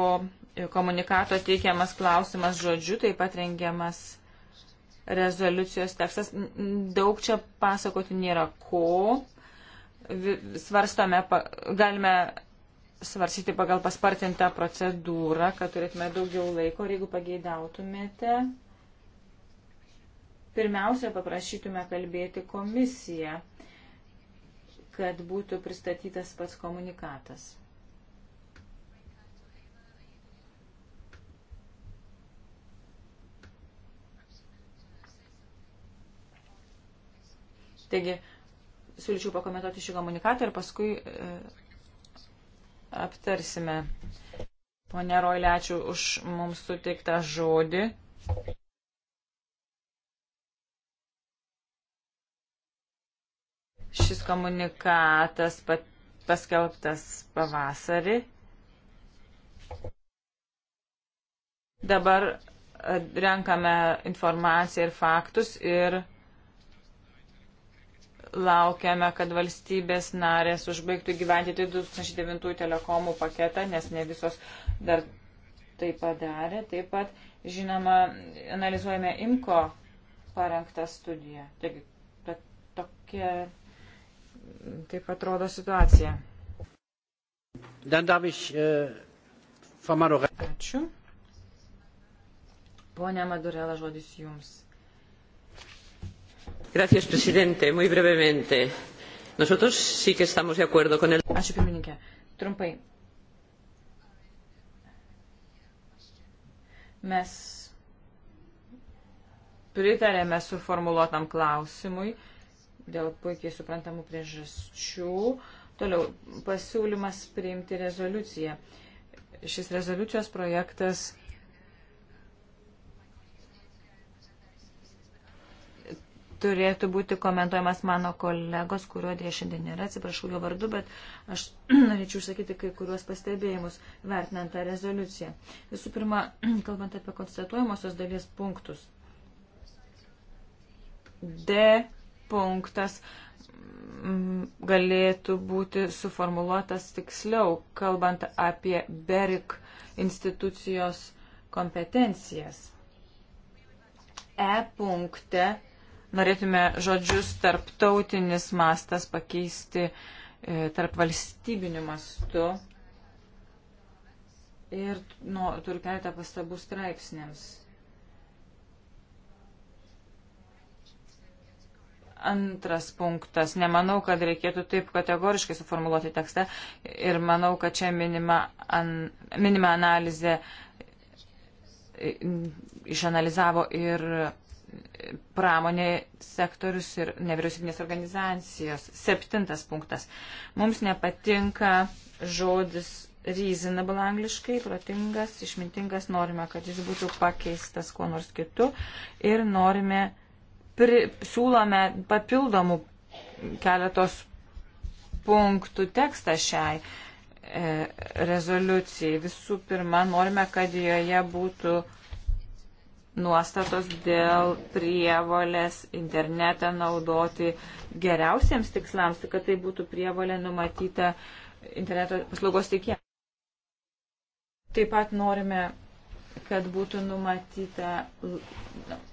B: komunikato teikiamas klausimas žodžiu, taip pat rengiamas rezoliucijos tekstas. Daug čia pasakoti nėra ko. Svarstome, galime svarsyti pagal paspartintą procedūrą, kad turėtume daugiau laiko ir jeigu pageidautumėte, pirmiausia paprašytume kalbėti komisiją, kad būtų pristatytas pats komunikatas. Taigi, siūlyčiau pakomentuoti šį komunikatą ir paskui e, aptarsime. Pone Roilė, ačiū už mums suteiktą žodį. Šis komunikatas paskelbtas pavasarį. Dabar e, renkame informaciją ir faktus ir laukiame, kad valstybės narės užbaigtų gyventi 2009 telekomų paketą, nes ne visos dar tai padarė. Taip pat, žinoma, analizuojame IMCO parengtą studiją. Taigi, tokia taip atrodo situacija.
C: Äh, Ačiū.
B: Pone Madurela, žodis jums. Gracias, presidente. Muy brevemente. Nosotros sí que estamos de acuerdo con el. Ačiū, pirmininkė. Trumpai. Mes pritarėme suformuluotam klausimui dėl puikiai suprantamų priežasčių. Toliau pasiūlymas priimti rezoliuciją. Šis rezoliucijos projektas turėtų būti komentuojamas mano kolegos, kurio dėja šiandien nėra, atsiprašau jo vardu, bet aš *clears throat* norėčiau išsakyti kai kuriuos pastebėjimus, vertinant tą rezoliuciją. Visų pirma, *clears throat* kalbant apie konstatuojamosios dalies punktus. D punktas mm, galėtų būti suformuluotas tiksliau, kalbant apie BERIK institucijos kompetencijas. E punkte norėtume žodžius tarptautinis mastas pakeisti e, tarp valstybinių mastų. Ir nu, turiu keletą pastabų straipsniams. Antras punktas. Nemanau, kad reikėtų taip kategoriškai suformuoluoti tekstą ir manau, kad čia minima, an, minima analizė išanalizavo ir pramonė sektorius ir nevyriausybinės organizacijos. Septintas punktas. Mums nepatinka žodis reasonable angliškai, protingas, išmintingas, norime, kad jis būtų pakeistas kuo nors kitu ir norime, pri, siūlome papildomų keletos punktų tekstą šiai e, rezoliucijai. Visų pirma, norime, kad joje būtų nuostatos dėl prievolės internetą naudoti geriausiems tikslams, kad tai būtų prievolė numatyta interneto paslaugos teikėjams. Taip pat norime, kad būtų numatyta,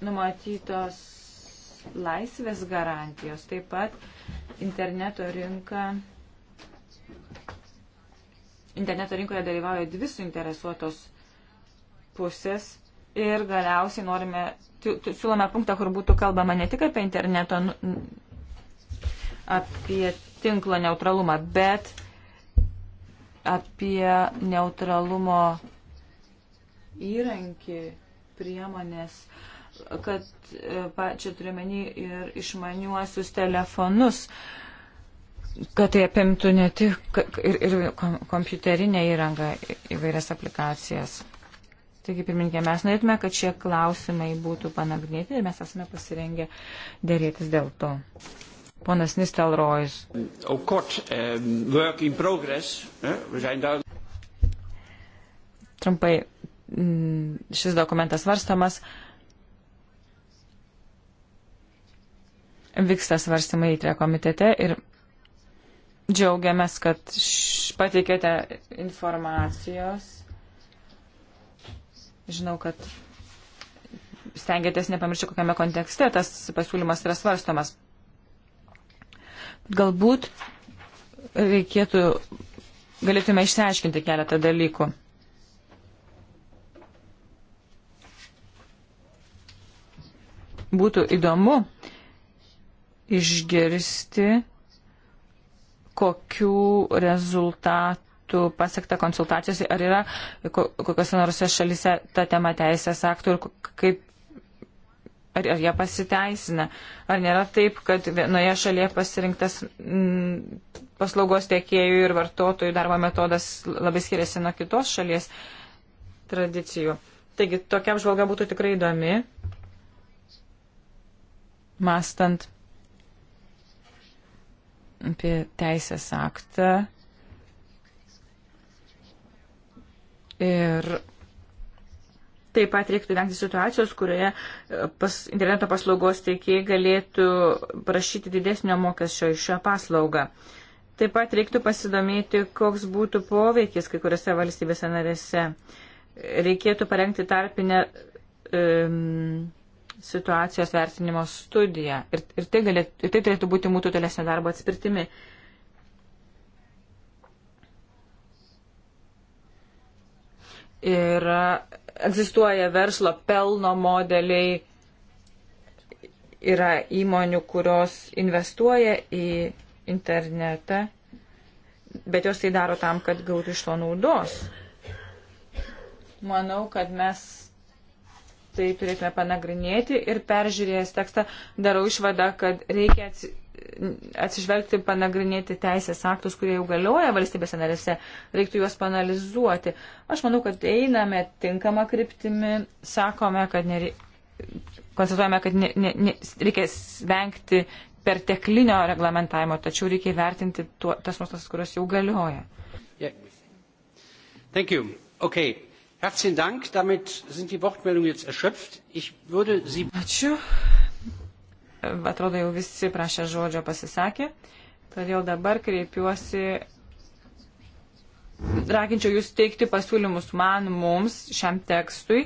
B: numatytos laisvės garantijos. Taip pat interneto rinka. Interneto rinkoje dalyvauja dvi suinteresuotos pusės ir galiausiai norime, siūlome punktą, kur būtų kalbama ne tik apie interneto, nu, apie tinklo neutralumą, bet apie neutralumo įrankį, priemonės, kad e, čia turiuomenį ir išmaniuosius telefonus, kad tai apimtų ne tik ir, ir kompiuterinę įrangą įvairias aplikacijas. Taigi, pirmininkė, mes norėtume, kad šie klausimai būtų panagrinėti ir mes esame pasirengę dėrėtis dėl to. Ponas Nistelrojus.
C: Eh, eh,
B: Trumpai, mm, šis dokumentas varstamas. Vyksta svarstymai įtrė komitete ir džiaugiamės, kad pateikėte informacijos Žinau, kad stengiatės nepamiršti, kokiame kontekste tas pasiūlymas yra svarstomas. Galbūt reikėtų, galėtume išsiaiškinti keletą dalykų. Būtų įdomu išgirsti, kokių rezultatų būtų pasiekta konsultacijose, ar yra kokiuose nors šalise ta tema teisės aktų ir kaip, ar, ar jie pasiteisina. Ar nėra taip, kad vienoje šalyje pasirinktas m, mm, paslaugos tiekėjų ir vartotojų darbo metodas labai skiriasi nuo kitos šalies tradicijų. Taigi tokia apžvalga būtų tikrai įdomi, mastant apie teisės aktą Ir Taip pat reiktų vengti situacijos, kurioje e, pas, interneto paslaugos teikėjai galėtų prašyti didesnio mokesčio iš šią paslaugą. Taip pat reiktų pasidomėti, koks būtų poveikis kai kuriuose valstybėse narėse. Reikėtų parengti tarpinę um, situacijos vertinimo studiją ir, ir, tai galėtų, ir tai turėtų būti mūsų tolesnio darbo atspirtimi. Uh, yra, egzistuoja verslo pelno modeliai, yra įmonių, kurios investuoja į internetą, bet jos tai daro tam, kad gautų iš to naudos. Manau, kad mes tai turėtume panagrinėti ir peržiūrėjęs tekstą darau išvadą, kad reikia atsitikti atsižvelgti, panagrinėti teisės aktus, kurie jau galioja valstybėse narėse, reiktų juos panalizuoti. Aš manau, kad einame tinkamą kryptimį, sakome, kad nere... konstatuojame, kad ne, ne, ne, reikia vengti perteklinio reglamentavimo, tačiau reikia vertinti tuo, tas nuostatas, kurios jau galioja.
C: Yeah. Thank you. Okay. Herzlichen Dank. Damit sind die Wortmeldungen jetzt erschöpft. Ich würde Sie. Ačiū atrodo, jau visi
B: prašė žodžio pasisakė. Todėl dabar kreipiuosi, raginčiau jūs teikti pasiūlymus man, mums, šiam tekstui.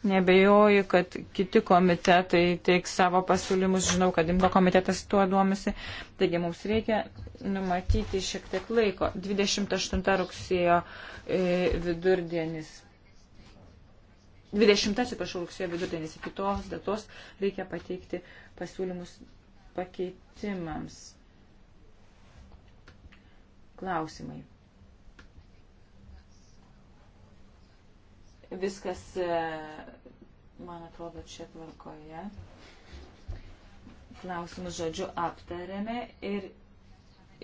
B: Nebejoju, kad kiti komitetai teiks savo pasiūlymus, žinau, kad imto komitetas tuo duomisi. Taigi mums reikia numatyti šiek tiek laiko. 28 rugsėjo e, vidurdienis. 20, atsiprašau, rugsėjo vidurdienis iki tos datos reikia pateikti pasiūlymus pakeitimams. Klausimai. Viskas, e, man atrodo, čia tvarkoje. Klausimus žodžiu aptarėme ir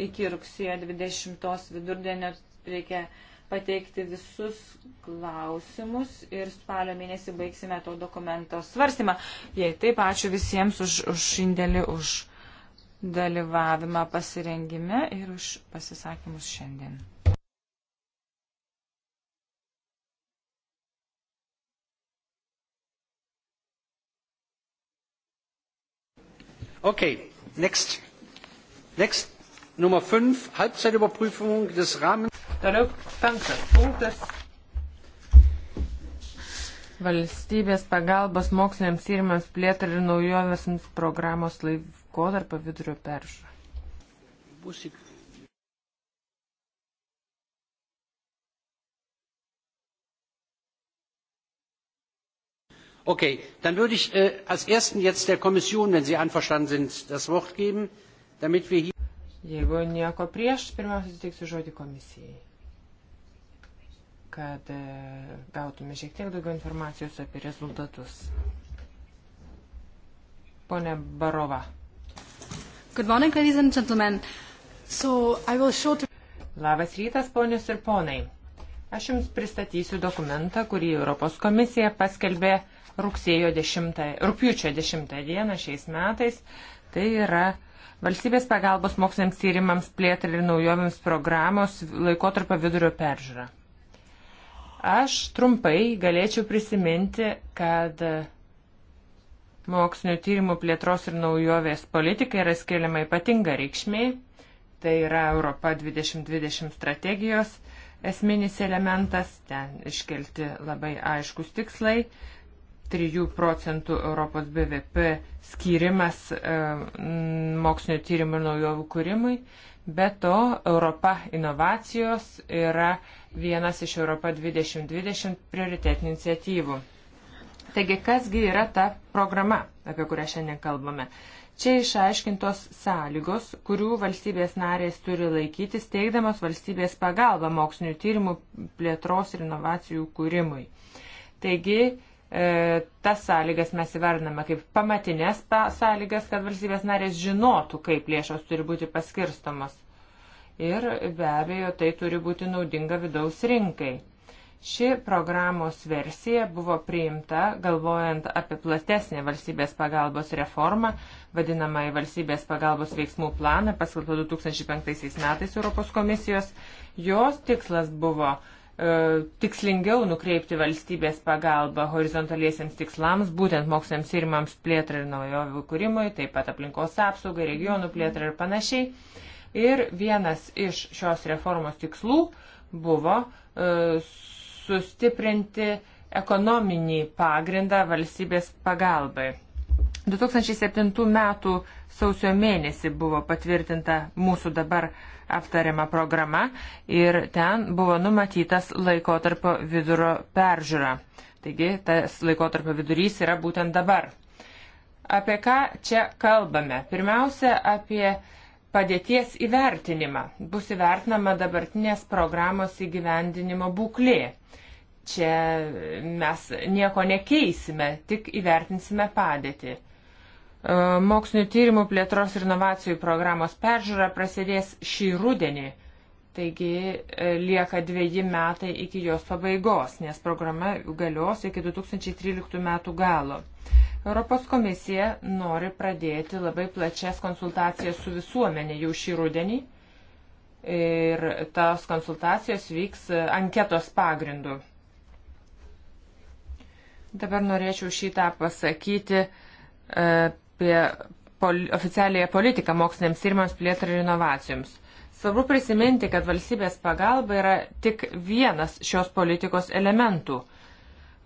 B: iki rugsėjo 20 vidurdienio reikia pateikti visus klausimus ir spalio mėnesį baigsime to dokumento svarstymą. Jei taip, ačiū visiems už, už indėlį, už dalyvavimą pasirengime ir už pasisakymus šiandien.
C: Okay, next. Next, Nummer 5, Halbzeitüberprüfung des Rahmens. Toliau penktas punktas. Valstybės
D: pagalbos moksliniams tyrimams plėtra ir naujovėsiams programos laikotarpio vidurio peršą.
C: Busik. Okay, dann würde ich äh, als ersten jetzt der Kommission, wenn Sie einverstanden sind, das Wort geben, damit wir hier. Jeigu nieko prieš, pirmiausia,
D: suteiksiu žodį komisijai kad e, gautume šiek tiek daugiau informacijos apie rezultatus. Pone Barova. Good morning, ladies and gentlemen. So I will show to... Labas rytas, ponios ir ponai. Aš Jums pristatysiu dokumentą, kurį Europos komisija paskelbė rugsėjo 10, rūpiučio 10 dieną šiais metais. Tai yra valstybės pagalbos moksliniams tyrimams plėtrai ir naujovėms programos laikotarpio vidurio peržiūra. Aš trumpai galėčiau prisiminti, kad mokslinio tyrimų plėtros ir naujovės politika yra skiriama ypatinga reikšmė. Tai yra Europa 2020 strategijos esminis elementas, ten iškelti labai aiškus tikslai. 3 procentų Europos BVP skirimas e, mokslinio tyrimų ir naujovių kūrimui. Be to, Europa inovacijos yra vienas iš Europa 2020 prioritetinių iniciatyvų. Taigi, kasgi yra ta programa, apie kurią šiandien kalbame? Čia išaiškintos sąlygos, kurių valstybės narės turi laikytis, teikdamos valstybės pagalbą mokslinių tyrimų plėtros ir inovacijų kūrimui. Taigi, E, tas sąlygas mes įvardiname kaip pamatinės sąlygas, kad valstybės narės žinotų, kaip lėšos turi būti paskirstamos. Ir be abejo, tai turi būti naudinga vidaus rinkai. Ši programos versija buvo priimta galvojant apie platesnį valstybės pagalbos reformą, vadinamąjį valstybės pagalbos veiksmų planą, paskelbtą 2005 metais Europos komisijos. Jos tikslas buvo uh, E, tikslingiau nukreipti valstybės pagalbą horizontaliesiams tikslams, būtent moksliniams tyrimams plėtrai ir naujovių kūrimui, taip pat aplinkos apsaugai, regionų plėtrai ir panašiai. Ir vienas iš šios reformos tikslų buvo e, sustiprinti ekonominį pagrindą valstybės pagalbai. 2007 m. sausio mėnesį buvo patvirtinta mūsų dabar uh, aptariama programa ir ten buvo numatytas laikotarpio vidurio peržiūra. Taigi tas laikotarpio vidurys yra būtent dabar. Apie ką čia kalbame? Pirmiausia, apie padėties įvertinimą. Bus įvertinama dabartinės programos įgyvendinimo būklė. Čia mes nieko nekeisime, tik įvertinsime padėtį. E, Mokslinių tyrimų plėtros ir inovacijų programos peržiūra prasidės šį rudenį, taigi e, lieka dviejį metai iki jos pabaigos, nes programa galios iki 2013 metų galo. Europos komisija nori pradėti labai plačias konsultacijas su visuomenė jau šį rudenį ir tos konsultacijos vyks e, anketos pagrindu. Dabar norėčiau šitą pasakyti apie pol oficialiąją politiką moksliniams tyrimams plėtrai ir inovacijoms. Svarbu prisiminti, kad valstybės pagalba yra tik vienas šios politikos elementų.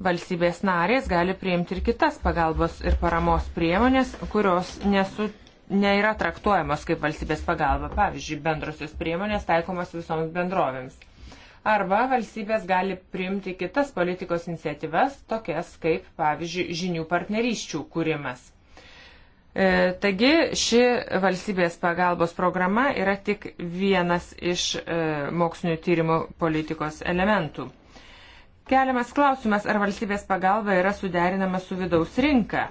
D: Valstybės narės gali priimti ir kitas pagalbos ir paramos priemonės, kurios nesu, nėra traktuojamos kaip valstybės pagalba, pavyzdžiui, bendrosios priemonės taikomos visoms bendrovėms. Arba valstybės gali priimti kitas politikos iniciatyvas, tokias kaip, pavyzdžiui, žinių partnerysčių kūrimas. E, taigi ši valstybės pagalbos programa yra tik vienas iš e, mokslinių tyrimų politikos elementų. Keliamas klausimas, ar valstybės pagalba yra suderinama su vidaus rinka.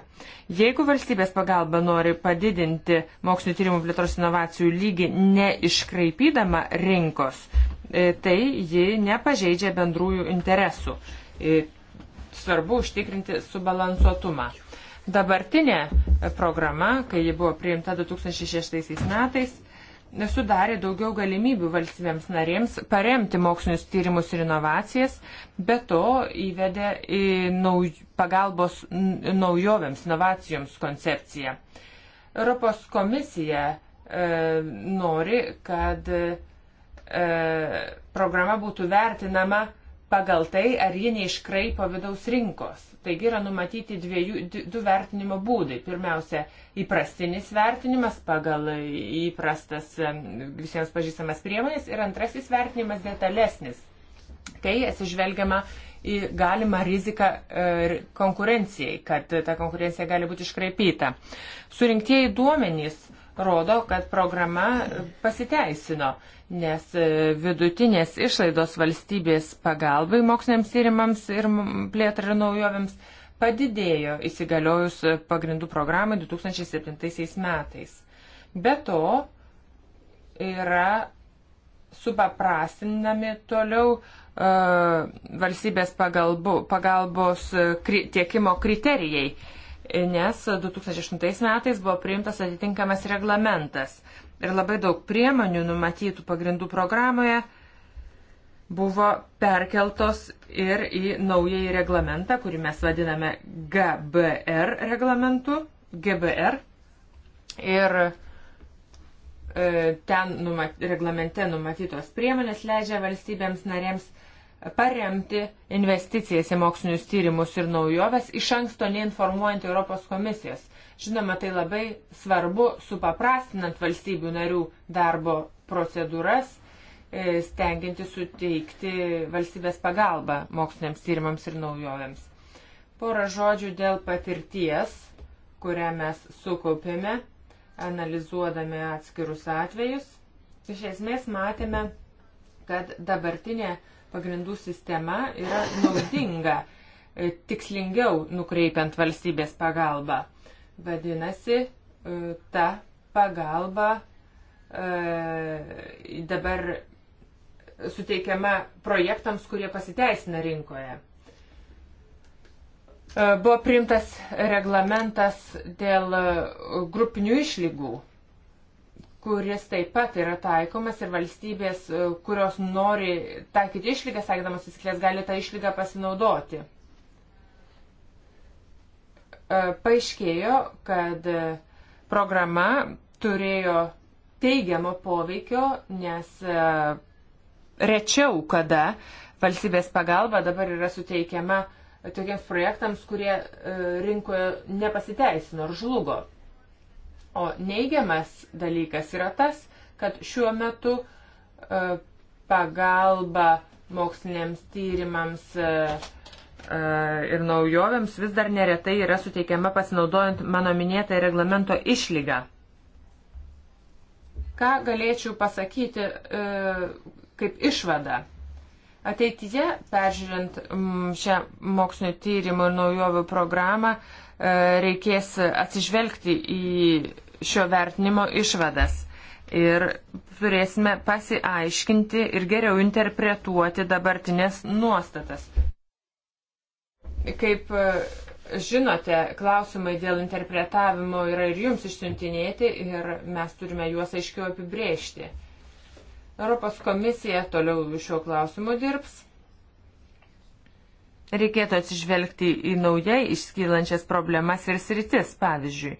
D: Jeigu valstybės pagalba nori padidinti mokslinio tyrimų plėtros inovacijų lygį neiškraipydama rinkos, e, tai ji nepažeidžia bendrųjų interesų. Svarbu užtikrinti subalansuotumą. Dabartinė programa, kai ji buvo priimta 2006 metais, sudarė daugiau galimybių valstybėms narėms paremti mokslinius tyrimus ir inovacijas, be to įvedė į nauj, pagalbos naujovėms, inovacijoms koncepciją. Europos komisija e, nori, kad e, programa būtų vertinama pagal tai, ar ji neiškraipo vidaus rinkos. Taigi yra numatyti dviejų, du vertinimo būdai. Pirmiausia, įprastinis vertinimas pagal įprastas visiems pažįstamas priemonės ir antrasis vertinimas detalesnis, kai atsižvelgiama į galimą riziką e, konkurencijai, kad ta konkurencija gali būti iškraipyta. Surinktieji duomenys rodo, kad programa pasiteisino, nes e, vidutinės išlaidos valstybės pagalbai moksliniams tyrimams ir plėtrai naujovėms padidėjo įsigaliojus pagrindų programai 2007 metais. Be to yra supaprastinami toliau uh, valstybės pagalbu, pagalbos kri, tiekimo kriterijai. Uh, nes 2008 metais buvo priimtas atitinkamas reglamentas ir labai daug priemonių numatytų pagrindų programoje buvo perkeltos ir į naująjį reglamentą, kurį mes vadiname GBR reglamentu, GBR. Ir e, ten numat, reglamente numatytos priemonės leidžia valstybėms narėms paremti investicijas į mokslinius tyrimus ir naujoves iš anksto neinformuojant Europos komisijos. Žinoma, tai labai svarbu supaprastinant valstybių narių darbo procedūras, e, stengianti suteikti valstybės pagalbą moksliniams tyrimams ir naujovėms. Porą žodžių dėl patirties, kurią mes sukaupėme, analizuodami atskirus atvejus. Iš esmės matėme, kad dabartinė pagrindų sistema yra naudinga e, tikslingiau nukreipiant valstybės pagalbą. Vadinasi, e, ta pagalba e, dabar suteikiama projektams, kurie pasiteisina rinkoje. Buvo priimtas reglamentas dėl grupinių išlygų kuris taip pat yra taikomas ir valstybės, e, kurios nori taikyti išlygą, sakydamas taisyklės, gali tą išlygą pasinaudoti. E, paaiškėjo, kad e, programa turėjo teigiamo poveikio, nes rečiau kada valstybės pagalba dabar yra suteikiama tokiems projektams, kurie rinkoje nepasiteisino ar žlugo. O neigiamas dalykas yra tas, kad šiuo metu e, pagalba moksliniams tyrimams e, e, ir naujovėms vis dar neretai yra suteikiama pasinaudojant mano minėtą reglamento išlygą. Ką galėčiau pasakyti kaip išvada? Ateityje, peržiūrint šią mokslinio tyrimų ir naujovių programą, reikės atsižvelgti į šio vertinimo išvadas ir turėsime pasiaiškinti ir geriau interpretuoti dabartinės nuostatas. Kaip e, žinote, klausimai dėl interpretavimo yra ir jums išsiuntinėti ir mes turime juos aiškiau apibrėžti. Europos komisija toliau šiuo klausimu dirbs Reikėtų atsižvelgti į naujai išskylančias problemas ir sritis. Pavyzdžiui,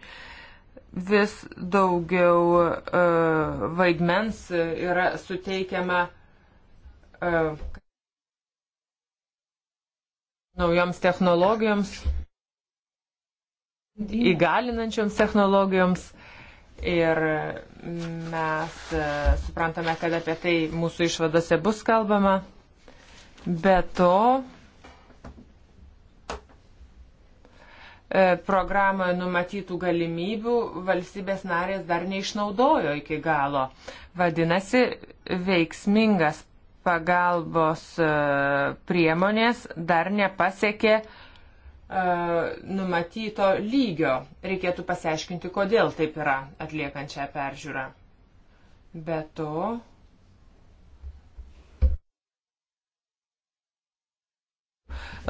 D: vis daugiau uh, vaidmens e, yra suteikiama uh, naujoms technologijoms, įgalinančioms technologijoms. Ir mes suprantame, kad apie tai mūsų išvadose bus kalbama. Be to, E, programoje numatytų galimybių valstybės narės dar neišnaudojo iki galo. Vadinasi, veiksmingas pagalbos e, priemonės dar nepasiekė e, numatyto lygio. Reikėtų pasiaiškinti, kodėl taip yra atliekant šią peržiūrą. Be to,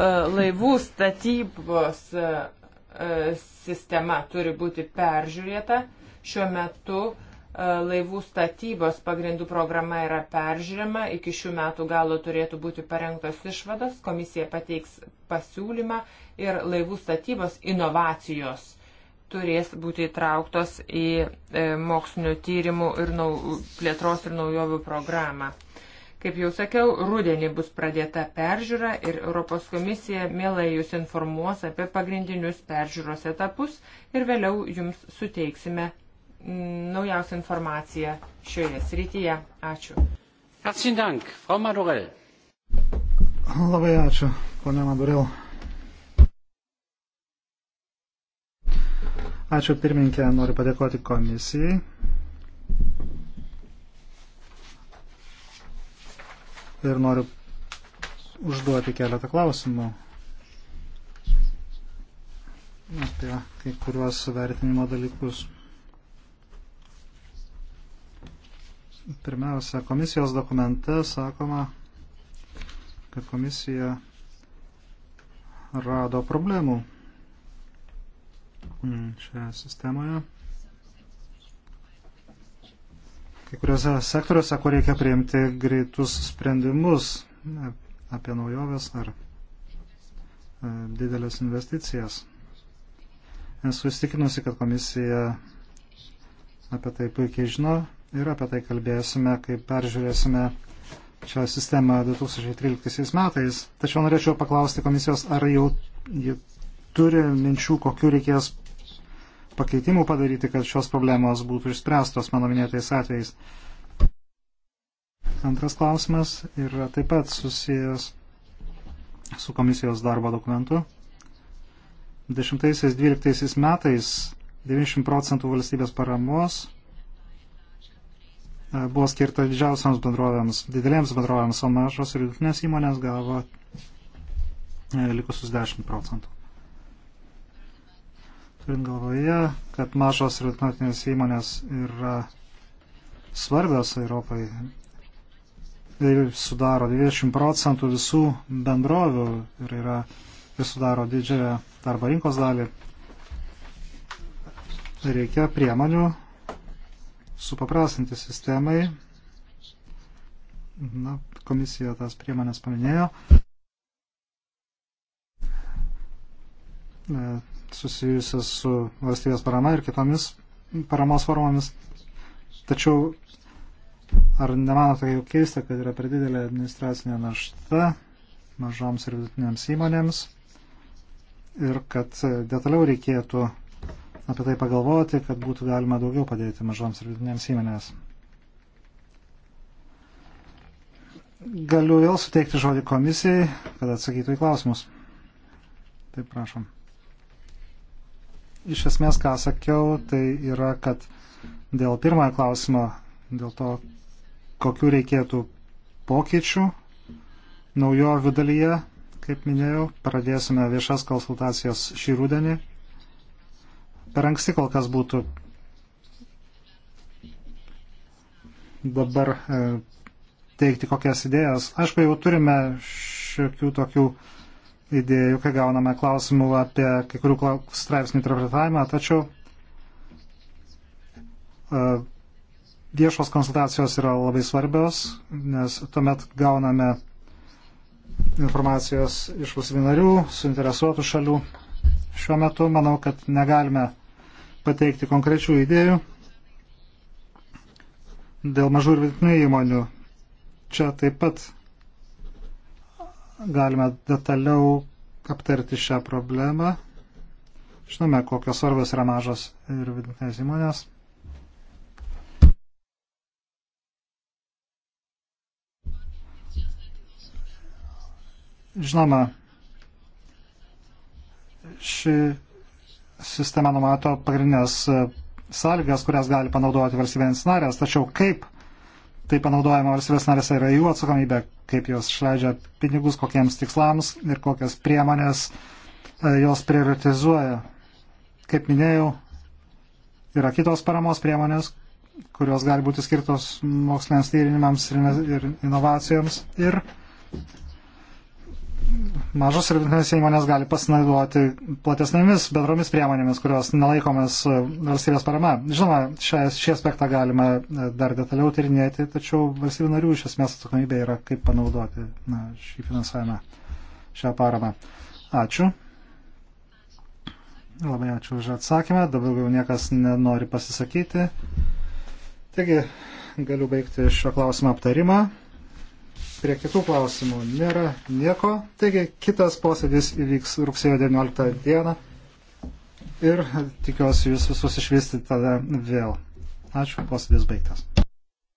D: laivų statybos E, sistema turi būti peržiūrėta. Šiuo metu e, laivų statybos pagrindų programa yra peržiūrima. Iki šių metų galo turėtų būti parengtos išvados. Komisija pateiks pasiūlymą ir laivų statybos inovacijos turės būti įtrauktos į e, mokslinio tyrimų ir nau, plėtros ir naujovių programą. Kaip jau sakiau, rudenį bus pradėta peržiūra ir Europos komisija mielai jūs informuos apie pagrindinius peržiūros etapus ir vėliau jums suteiksime mm, naujausią informaciją šioje srityje. Ačiū.
C: Herzlichen Dank, Frau Madurell.
A: Labai ačiū, ponia Madurell. Ačiū pirmininkė, noriu padėkoti komisijai ir noriu užduoti keletą klausimų apie kai kuriuos vertinimo dalykus. Pirmiausia, komisijos dokumente sakoma, kad komisija rado problemų mm, šioje sistemoje. kai kuriuose sektoriuose, kur reikia priimti greitus sprendimus apie naujoves ar e, didelės investicijas. Esu įstikinusi, kad komisija apie tai puikiai žino ir apie tai kalbėsime, kai peržiūrėsime šią sistemą 2013 metais. Tačiau norėčiau paklausti komisijos, ar jau turi minčių, kokiu reikės pakeitimų padaryti, kad šios problemos būtų išspręstos mano minėtais atvejais. Antras klausimas yra taip pat susijęs su komisijos darbo dokumentu. 10-12 metais 90 procentų valstybės paramos e, buvo skirta didžiausiams bendrovėms, didelėms bendrovėms, o mažos ir vidutinės įmonės gavo e, likusius 10 procentų turint galvoje, kad mažos ir vidutinės įmonės yra svarbios Europai. Ir tai sudaro 20 procentų visų bendrovių ir, yra, ir sudaro didžiąją darbo rinkos dalį. Reikia priemonių supaprastinti sistemai. Na, komisija tas priemonės paminėjo. E, susijusias su valstybės parama ir kitomis paramos formomis. Tačiau ar nemanote jau keista, kad yra per didelė administracinė našta mažoms ir vidutinėms įmonėms ir kad detaliau reikėtų apie tai pagalvoti, kad būtų galima daugiau padėti mažoms ir vidutinėms įmonėms. Galiu vėl suteikti žodį komisijai, kad atsakytų į klausimus. Taip, prašom iš esmės, ką sakiau, tai yra, kad dėl pirmojo klausimo, dėl to, kokiu reikėtų pokyčių naujovių dalyje, kaip minėjau, pradėsime viešas konsultacijas šį rudenį. Per anksti kol kas būtų dabar e, teikti kokias idėjas. Aišku, jau turime šiokių tokių uh, idėjų, kai gauname klausimų apie kai kurių straipsnių interpretavimą, tačiau e, viešos konsultacijos yra labai svarbios, nes tuomet gauname informacijos iš valstybinarių, suinteresuotų šalių. Šiuo metu manau, kad negalime pateikti konkrečių idėjų dėl mažų ir vidutinių įmonių. Čia taip pat galime detaliau aptarti šią problemą. Žinome, kokios svarbios yra mažos ir vidutinės įmonės. Žinoma, ši sistema numato pagrindinės sąlygas, kurias gali panaudoti valstybės narės, tačiau kaip tai panaudojama valstybės narėse yra jų atsakomybė, kaip jos išleidžia pinigus, kokiems tikslams ir kokias priemonės e, jos prioritizuoja. Kaip minėjau, yra kitos paramos priemonės, kurios gali būti skirtos moksliniams tyrinimams ir inovacijoms ir mažos ir vidutinės įmonės gali pasinaudoti platesnėmis bendromis priemonėmis, kurios nelaikomas e, valstybės parama. Žinoma, šią, šį aspektą galima e, dar detaliau tyrinėti, tačiau valstybių narių iš esmės atsakomybė yra, kaip panaudoti na, šį finansavimą, šią paramą. Ačiū. Labai ačiū už atsakymą. Dabar jau niekas nenori pasisakyti. Taigi, galiu baigti šio klausimo aptarimą prie kitų klausimų nėra nieko. Taigi kitas posėdis įvyks rugsėjo 19 dieną ir tikiuosi jūs visus išvysti tada vėl. Ačiū, posėdis baigtas.